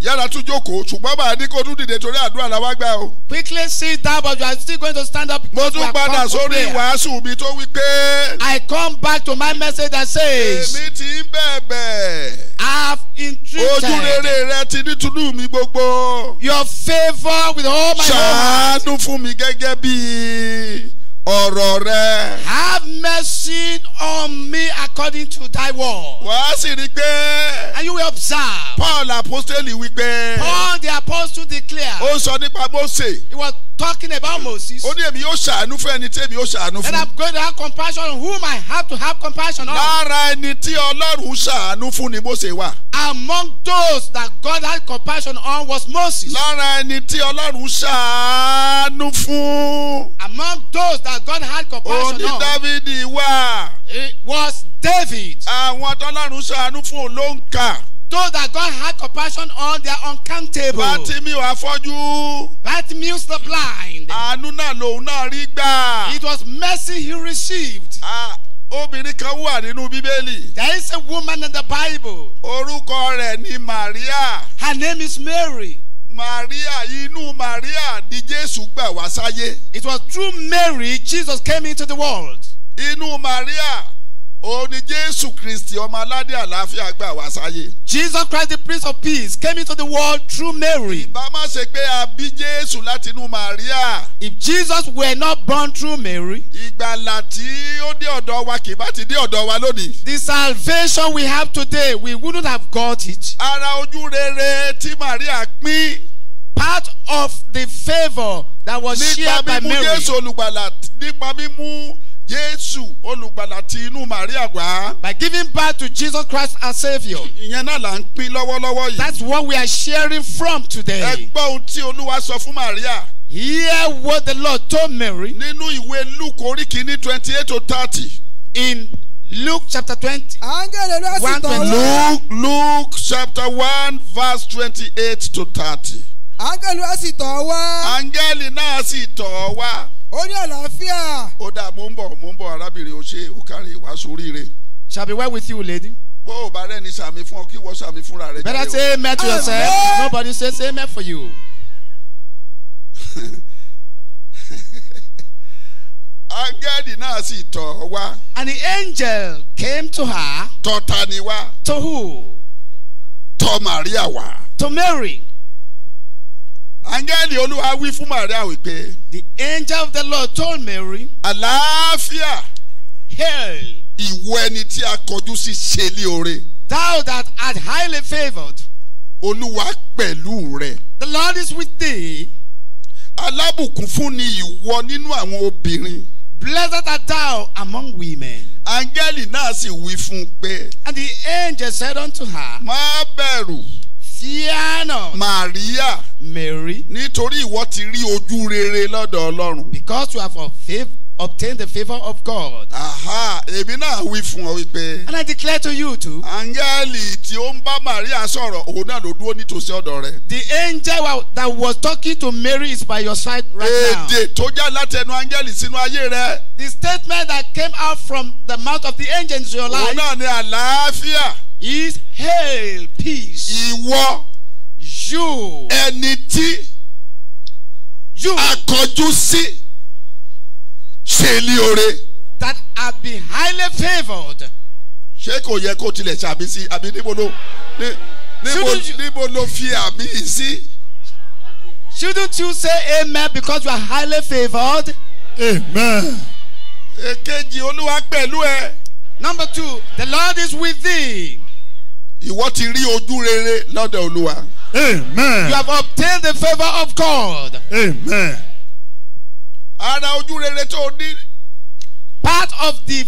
Yára tún jókòó ṣùgbọ́n bàá ní kó tún dìde torí àdúrà làwọn gbà o. Quickly sit down but you are still going to stand up. Mo tún padà sórí ìwàásù mi tó wí pé. I come back to my message that says. Èmi ti ń bẹ̀bẹ̀. I have entreated. Ojú rẹ ti nítúnú mi gbogbo. Your favour with all my heart. Ṣàánú fún mi gẹ́gẹ́ bíi ọ̀rọ̀ rẹ. have mercy on me according to thy word. wàá sì rí i pé. and you will observe. Paul apostoli wípé. Paul the apostle declare. ó sọ nípa Mósè. he was talking about Moses. ó ní èmi yóò ṣàánú fún ẹni tí èmi yóò ṣàánú fún. and I'm going to have compassion on whom I have to have compassion on. lára ẹni tí Ọlọ́run ṣàánú fún ni Mósè wà. among those that God had compassion on was Moses. lára ẹni tí Ọlọ́run ṣàánú fún. among those that that God had compassion on. Òní Dávidi wà. It was David. Àwọn tọ́lọ́run ṣàánú fún olóńkà. Those that God had compassion on, their uncountable. Bartimaeus afọ́jú. Bartimaeus the blind. Àánú náà lòun náà rí gbà. It was mercy he received. obìnrin kan wà nínú bíbélì. there is a woman in the bible. orúkọ rẹ̀ ni maria. her name is mary. Maria inú Maria ni Jésù gbà wá sáyé. It was through Mary Jesus came into the world. Inú Maria òun ni jésù kristi ọmọ aládé àlàáfíà gbà wá sáyé. jesus christ the prince of peace came into the world through mary. ìbá ṣe pé a bí jésù láti inú maria. if jesus were not born through mary. ìgbàlà tí ó dé ọ̀dọ̀ wa kì bá ti dé ọ̀dọ̀ wa lónìí. the Salvation we have today we wouldn't have got it. ara ojú rere tí maria pín. part of the favour that was shared by mary. nípa mímú jésù olùgbàlà nípa mímú. Jésù olùgbàlà ti inú Màríà wá. By giving birth to Jesus Christ our saviour. Ìyẹn náà là ń pín lọ́wọ́lọ́wọ́ yìí. That's what we are sharing from today. Ẹ gbọ́ ohun tí Olúwa sọ fún Màríà. Hear what the Lord told Mary. Nínú ìwé Luke orí twenty eight to thirty. In Luke chapter twenty. Áńgẹ̀lẹ̀ ló Luke Luke chapter one verse twenty-eight to thirty. Áńgẹ̀lẹ̀ ló sì tọ̀ wá. Áńgẹ̀lì náà sì tọ̀ wá ó ní àlàáfíà. ó dáa mò ń bọ̀ mò ń bọ̀ arábìnrin o ṣe o kárí ìwàásù oríire. shall be well with you lady. bó o bá rẹ́ni sàmì fún ọ kí wọ́n sàmì fúnra rẹ. better say amen to yourself nobody says amen for you. angẹ́lì náà sì tọ̀ ọ́ wá. and the angel came to her. tọ̀ ni wá. to who? tọ̀ Maria wá. to Mary. Áńgẹ́lì Olúwa wí fún Màríà wípé. The angel of the Lord told Mary. Àlàáfíà. Hail. Ìwọ ẹni tí a kọjú sí ṣe ní oore. Thou that art highly favoured. Olúwa pẹ̀lú rẹ. The Lord is with thee. Alábùkún fún ni ìwọ nínú àwọn obìnrin. Blessed art thou among women. Áńgẹ́lì náà sì wí fún un pé. And the angel said unto her. Má bẹ̀rù. Christiana. Maria. Mary. Nítorí ìwọ ti rí ojú rere lọ́dọ̀ Ọlọ́run. Because you have faith obtain the favour of God. Aha, èmi náà wí fún ọ wípé. And I declare to you too. Angeli tí ó ń bá Màríà sọ̀rọ̀ òun náà ló dúró nítòsí ọ̀dọ̀ rẹ. The angel that was talking to Mary is by your side right now. Èdè tó já látẹnu áńgẹ́lì sínú ayé rẹ. The statement that came out from the mouth of the angel is your life. Òun náà ni àlàáfíà is hail peace. Ìwọ. You. Ẹni tí. You. Akọjú sí. Ṣe ní oore. That have been highly favoured. Ṣé kò yẹ kó tilẹ̀ ṣàmì sí àbí níbo ló níbo níbo ló fi àmì sí? Shouldn't you say amen because you are highly favoured? Amen. Èkejì Olúwa pẹ̀lú ẹ. Number two, the Lord is with thee ìwọ ti rí ojú rere lọ́dọ̀ olúwa. amen. you have obtained the favour of God. amen. ara ojú rere tó o ní. part of the.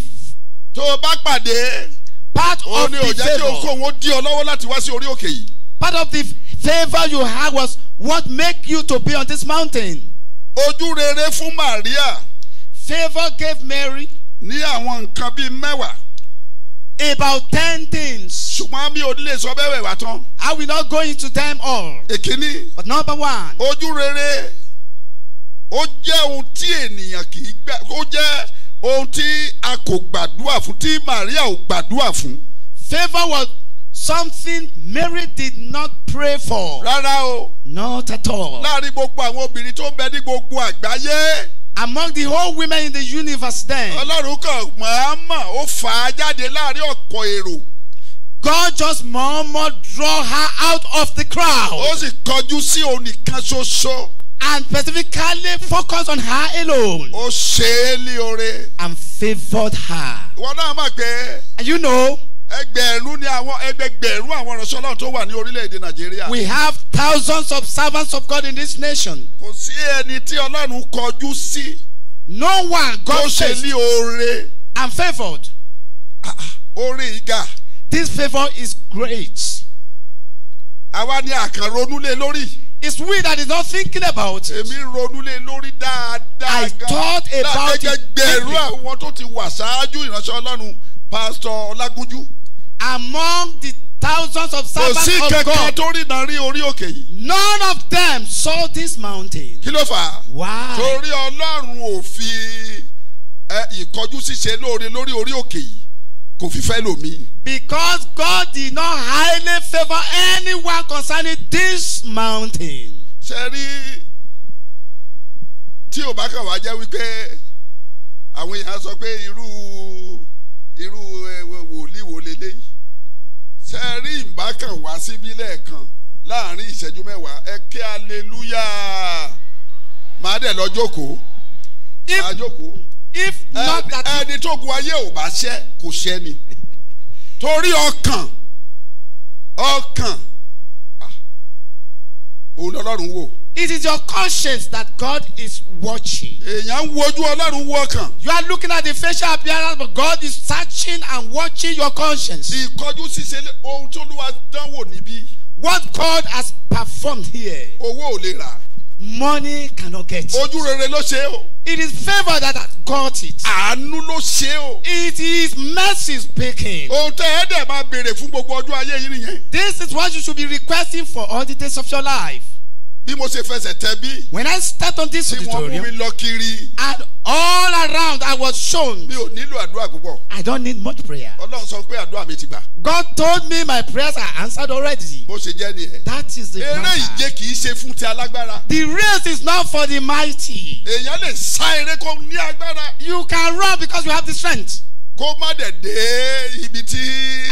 tó o bá pàdé. part of the favour. o ní òjá tí o kó òun dí ọ lọ́wọ́ láti wá sí orí òkè yìí. part of the favour you had was what make you to be on this mountain. ojú rere fún Maria. favour gave Mary. ní àwọn nǹkan bíi mẹ́wàá about ten things. ṣùgbọ́n mi ò lè sọ bẹ́ẹ̀ wá tán. I will not go into them all. èkíní. but number one. ojú rere ó jẹ́ ohun tí ènìyàn kì í gbà ó jẹ́ ohun tí a kò gbàdúrà fún tí Maria ò gbàdúrà fún. favour was something Mary did not pray for. rárá o. not at all. láàrin gbogbo àwọn obìnrin tó ń bẹ ní gbogbo àgbáyé among the whole women in the universe then. ọlọ́run kan mọ̀ọ́mọ̀ ó fà á jáde láàrin ọ̀pọ̀ èrò. God just mọ̀ọ́mọ̀ draw her out of the crowd. ó sì kọjú sí òun ṣoṣo. and specifically focus on her alone. ó ṣe é lé oore. and favoured her. ìwọ náà mọ̀ pé. you know ẹgbẹ̀rún ni àwọn ẹgbẹgbẹ̀rún àwọn ìránṣẹ́ ọlọ́run tó wà ní orílẹ̀-èdè nàìjíríà. we have thousands of servants of God in this nation. kò sí ẹni tí ọlọ́run kọjú sí. no one God faced. tó ṣe ní oore. and favoured. Ah, ah, oore yìí ga. this favour is great. àwa ni àkànronú lé lórí. It's we that is not thinking about it. Èmi ronú lé lórí dáadáa. I thought about it. Láti ẹgbẹ̀rún àwọn tó ti wà ṣáájú ìránṣẹ́ Ọlọ́run Pásítọ̀ Ọlágúnjú among the thousands of servants of God. Kò sí kẹ̀kẹ́ tó rí náà orí òkè yìí. None of them saw this mountain. Kí ló fà á? Why? Torí Ọlọ́run ò fi ìkọjú ṣíṣe lóore lórí orí òkè yìí kò fi fẹ́ lòmíì. Because God did not highly favour anyone concerning this mountain. Ṣé rí tí ò bá kàn wá jẹ́ wípé àwọn èèyàn sọ pé irú irú wòlíì ṣe rí ìbákan wá síbí lẹ́ẹ̀kan láàrin ìṣẹ́jú mẹ́wàá ẹ kí aleluya màá dẹ̀ lọ jókòó màá jókòó if not that ẹni tó gun ayé ò bá ṣẹ́ kò ṣẹ́ ni torí ọkàn ọkàn ah, òun lọ́lọ́run wò. It is your conscience that God is watching. Èèyàn ń wojú Ọlọ́run wo ọkàn. You are looking at the facial appearance but God is searching and watching your conscience. Ìkọjú ṣíṣe ohun tó lù wá dánwò níbí. What God has performed here. Owó ò lè rà. Money cannot get it. Ojú rere ló ṣe o. It is favour that has got it. Àánú ló ṣe o. It is mercy speaking. Ohun tẹ ẹ dẹ̀ máa béèrè fún gbogbo ọjọ́ ayé yìí nìyẹn. This is what you should be requesting for all the days of your life bí mo ṣe fẹsẹ̀ tẹ bí. when I start on this auditorium. tí wọ́n mú mi lọ kiri. and all around I was shown. mi ò nílò àdúrà púpọ̀. I don't need much prayer. Ọlọ́run sọ pé àdúrà mi ti gbà. God told me my prayers are answered already. bó ṣe jẹ́ nìyẹn. that is the matter. eré ìje kì í ṣe fún ti alágbára. the race is not for the mighty. èèyàn lè sá eré kó ní agbára. you can run because you have the strength kó má dẹ̀ ibi tí.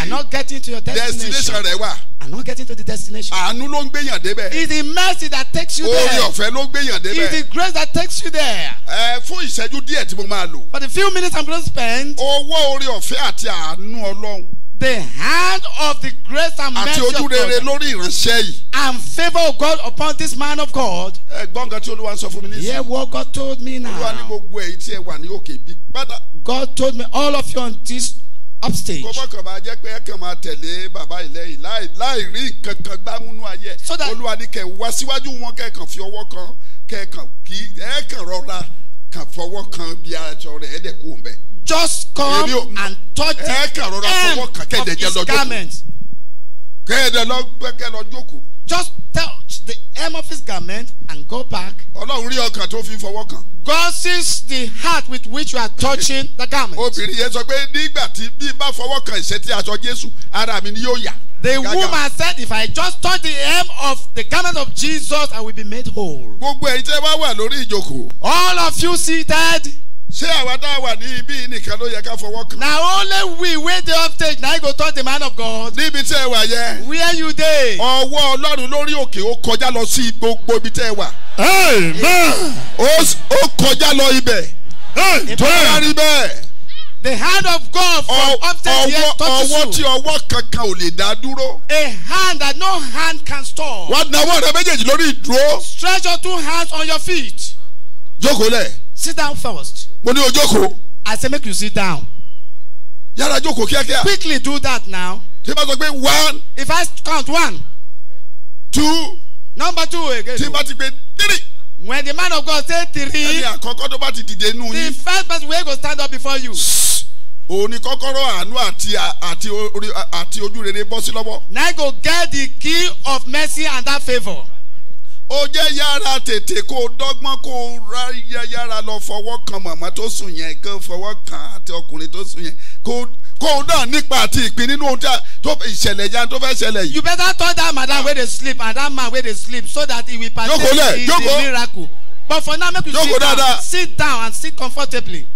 and not getting to your destination. destination rẹ wà. and not getting to the destination. àánú ló ń gbéyàn débẹ̀. it's the mercy that takes you there. oore ọ̀fẹ́ ló ń gbéyàn débẹ̀. it's the grace that takes you there. ẹ fún ìṣẹ́jú díẹ̀ tí mo máa lò. for the few minutes I'm going to spend. owó oore ọ̀fẹ́ àti àánú ọlọ́run the hand of the grace and mercy of God. àti ojú rere lórí ìránṣẹ́ yìí. and favour of God upon this man of God. ẹ gbọ́ nǹkan tí olúwa sọ fún mi nísìnyí. hear what God told me now. olúwa ní gbogbo èyí tí ẹ wà ní òkè bí padà. God told me all of you on this upstage. kó bọ́kàn máa jẹ́ pé ẹ kàn máa tẹ̀lé bàbá ìlẹ́yìn láì láì rí kankan gbámúnú ayé. so that olúwa ní kẹ́ wá síwájú wọn kẹ́ fi ọwọ́ kan kẹ́ kí ẹ kàn rọra kàn fọwọ́ kan bí aṣọ rẹ̀ ẹ̀ dẹ̀ kú bẹ́ẹ̀ just come and touch the hem of his garment. just touch the hem of his garment and go back. God sees the heart with which you are touching the garment. The woman said, If I just touch the hem of the garment of Jesus, I will be made whole. All of you seated ṣé àwa dá wà ní ibi nìkan ló yẹ ká fọwọ́ kàn. na only we wey dey uptake. stage na go touch the man of God. níbi tẹ́ ẹ wà yẹn. where you dey. ọwọ́ ọlọ́run lórí òkè ó kọjá lọ sí gbogbo ibi tẹ́ ẹ wà. amen. ó kọjá lọ ibẹ̀. tó rí bẹ́ẹ̀. The hand of God from oh, upstairs here touches you. Ọwọ́ tí ọwọ́ kankan ò lè dá dúró. A hand that no hand can store. Wà á nawọ́ rẹ méjèèjì lórí ìdúró. Stretch your two hands on your feet. Jókòó lẹ̀. Sit down first mo ní o I say make you sit down. yàrá jókòó kíákíá. quickly do that now. tí bá sọ pé one. if I count one. two. number two again. tí bá ti pé three. when the man of God say three. ẹni àkọ́kọ́ tó bá ti dìde nù yín. the first person wey go stand up before you. òun ni kọ́kọ́rọ́ àánú àti àti orí àti ojú rere bọ́ sí lọ́wọ́. na go get the key of mercy and that favour ó jẹ́ yára tètè kó dọ́gbọ́n kó ráyà yára lọ fọwọ́ kan màmá tó sùn yẹn kó fọwọ́ kan àti ọkùnrin tó sùn yẹn kó náà nípa àti ìpín nínú ohun tó ìṣẹ̀lẹ̀ ya tó fẹ́ ṣẹlẹ̀ yìí. you better tell that madam wey dey sleep and that man wey dey sleep so that he will partake in the miracle but for now make you sit down sit down and sit comfortably.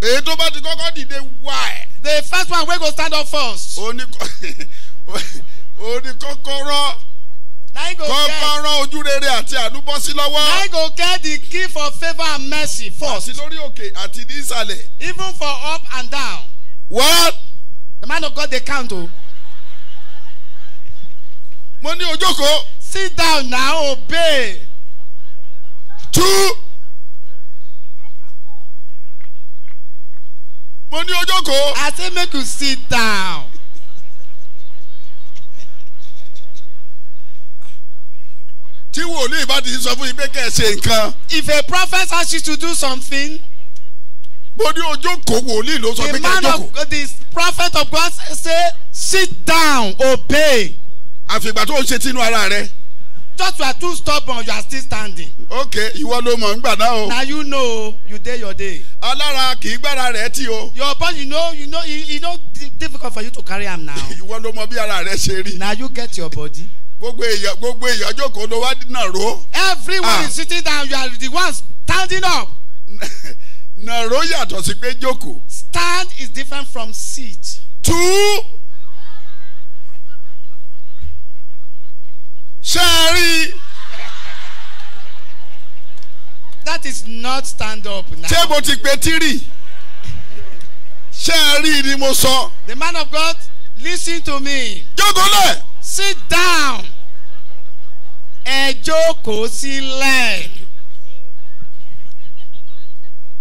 èyí tó bá ti kọ́kọ́ dìde wá ẹ̀. the first one wey go stand up first. oní kọ́ máa rán ojú rere àti àánú bọ́ sí lọ́wọ́. I go get the key for favour and mercy first. àti lórí òkè àti ní ìsàlẹ̀. even for up and down. what. the man of God dey count o. Oh. mo ní ojoko. sit down now obey. two. mo ní ojoko. I say make you sit down. tí wòlíì bá ti sọ fún yín pé nǹkan. if a prophet asks you to do something. bó ní ojókòó wòlíì ló sọ pé kẹ́ ẹ jókòó. the man of the prophet of God say sit down obey. àfìgbà tó ń ṣe tinú ara rẹ. just you are too stubborn you are still standing. okay ìwọ ló mọ̀ ńgbà náà o. na you know you dey your day. alára kì í gbára rẹ̀ tí o. your body you know you know e no difficult for you to carry am now. ìwọ ló mọ̀ bí ara rẹ ṣe rí. na you get your body gbogbo èèyàn gbogbo èèyàn jókòó ló wá nàró. everyone ah. is sitting down you are the ones standing up. nàró yàtọ̀ sí pé jókòó. stand is different from seat. two. ṣé ẹ rí. that is not stand up now. ṣé mo ti pe tírì. ṣé ẹ rí ni mo sọ. the man of God lis ten to me. jókòó lẹ̀ sit down ẹ jókòó sílẹ̀.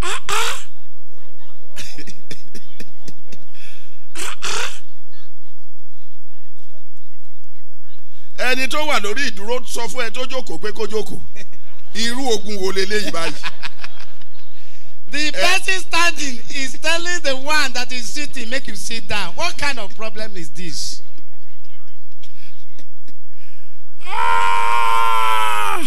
Ah, ah. ẹni tó wà lórí ìdúró sọ fún ẹ tó jókòó pé kó jókòó irú ogun wo leléyìí báyìí. the eh. person standing is telling the one that is sitting make you sit down what kind of problem is this. Ah!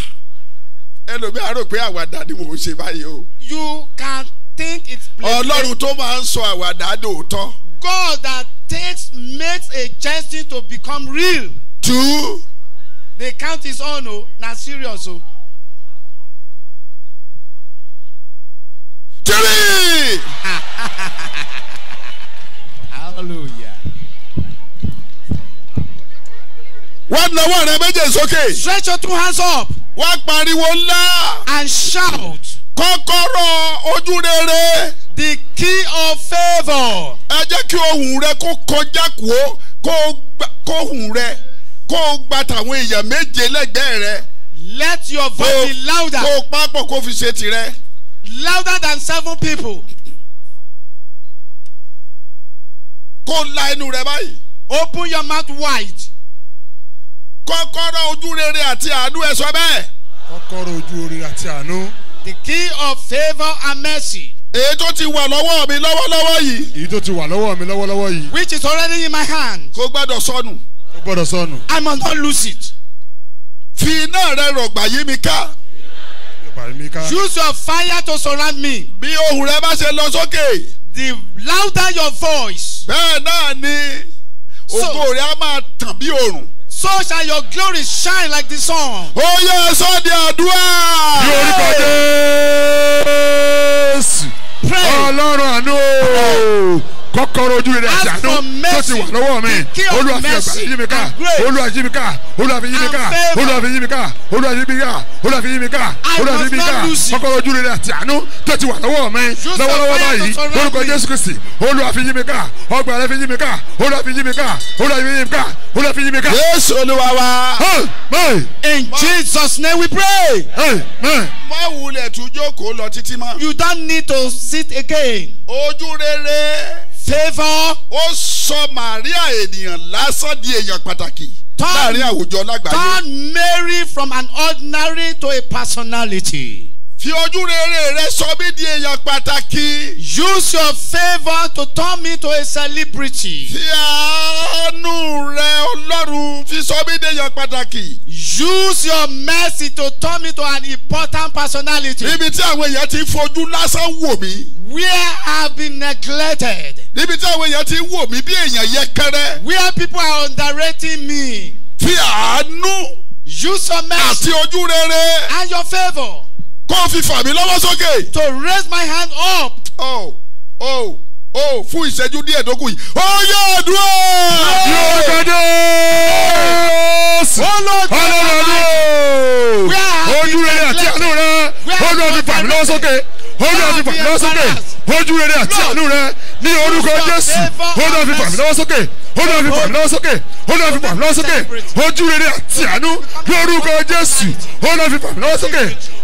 ẹlòmíà rò pé àwàdà ni mò ń ṣe báyìí o. you can think it's play. ọlọ́run tó máa ń sọ àwàdà dòótọ́. God that takes makes a gesture to become real. two. the count is on o oh. na serious o. Oh. three. hallelujah. wá nawọ́ rẹ méjèèjì sókè. stretch your two hands up. wá pariwo ńlá. and shout. kọ́kọ́rọ́ ojú rere. the key of favour. ẹ jẹ́ kí ohùn rẹ kó kọjá kó kó ohùn rẹ kó gba tàwọn èèyàn méje lẹ́gbẹ̀ẹ́ rẹ. let your voice be louder. kó papọ̀ kó fi ṣe tirẹ̀. louder than seven people. kó la ẹnu rẹ báyìí. open your mouth wide kọ́kọ́rọ́ ojú rere àti àánú ẹ sọ bẹ́ẹ̀. kọ́kọ́rọ́ ojú rere àti àánú. the key of favour and mercy. èyí tó ti wà lọ́wọ́ mi lọ́wọ́lọ́wọ́ yìí. èyí tó ti wà lọ́wọ́ mi lọ́wọ́lọ́wọ́ yìí. which is already in my hand. kò gbọ́dọ̀ sọnù. kò gbọ́dọ̀ sọnù. I must not lose it. fi iná rẹ rọ̀gbà yí mi ká. Use your fire to surround me. Bí ohùn rẹ bá ṣe lọ sókè. The louder your voice. Bẹ́ẹ̀ náà ni ògo rẹ á máa tàn bí òrùn so shall your glory shine like the sun. ó yẹ sọ di àdúrà. ní orúkọ Jésù. pray ọlọ́run àánú kọ́kọ́rọ́ ojú rẹ̀ ṣàánú tó ti wà lọ́wọ́ mi olúwa fi ẹ̀gbà yí mi ká olúwa yí mi ká olúwa fi mi ká olúwa fi mi ká olúwa yí mi ká olúwa fi mi ká olúwa fi mi ká kọ́kọ́rọ́ ojú rẹ̀ ṣàánú tó ti wà lọ́wọ́ mi lọ́wọ́lọ́wọ́ báyìí lórúkọ jésù kristi olúwa fi mi ká ọgbà fi yí mi ká olúwa fi mi ká olúwa fi mi ká olúwa fi mi ká. jésù olúwa in jesus name we pray. má wulẹ̀ tún jókòó lọ títí mọ́. you don't need to sit again. ojú rere favour. ó sọ Màríà ènìyàn lásán di èèyàn pàtàkì láàrin àwùjọ lágbàáyé. turn Mary from an ordinary to a personality. Fi ojú rere rẹ sọ mí di èèyàn pàtàkì. Use your favour to turn me to a celebrity. Fi àánú rẹ Ọlọ́run fi sọ mí di èèyàn pàtàkì. Use your mercy to turn me to an important personality. Níbi tí àwọn èèyàn ti fojú lásán wò mí. Where I have been neglected. Níbi tí àwọn èèyàn ti wò mí bí èèyàn yẹkẹrẹ. Where people are underrating me. Fi àánú. Use your mercy. Àti ojú rere. And your favour kó o fi fà mí lọ́wọ́ sókè. to raise my hand up. oh oh oh fún ìṣẹ́jú díẹ̀ tó kù yìí ó yẹ àdúrà. yóò gbẹdẹ ọlọ́dún ojú rere àti àánú rẹ olú ọdún fà mí lọ́wọ́ sókè olú ọdún fà mí lọ́wọ́ sókè ojú rere àti àánú rẹ ní orúkọ Jésù olú ọdún fà mí lọ́wọ́ sókè. Hold olórí bọ̀ lọ sókè olórí bọ̀ lọ sókè ojú rere àti àánú lórúkọ jésù olórí bọ̀ lọ sókè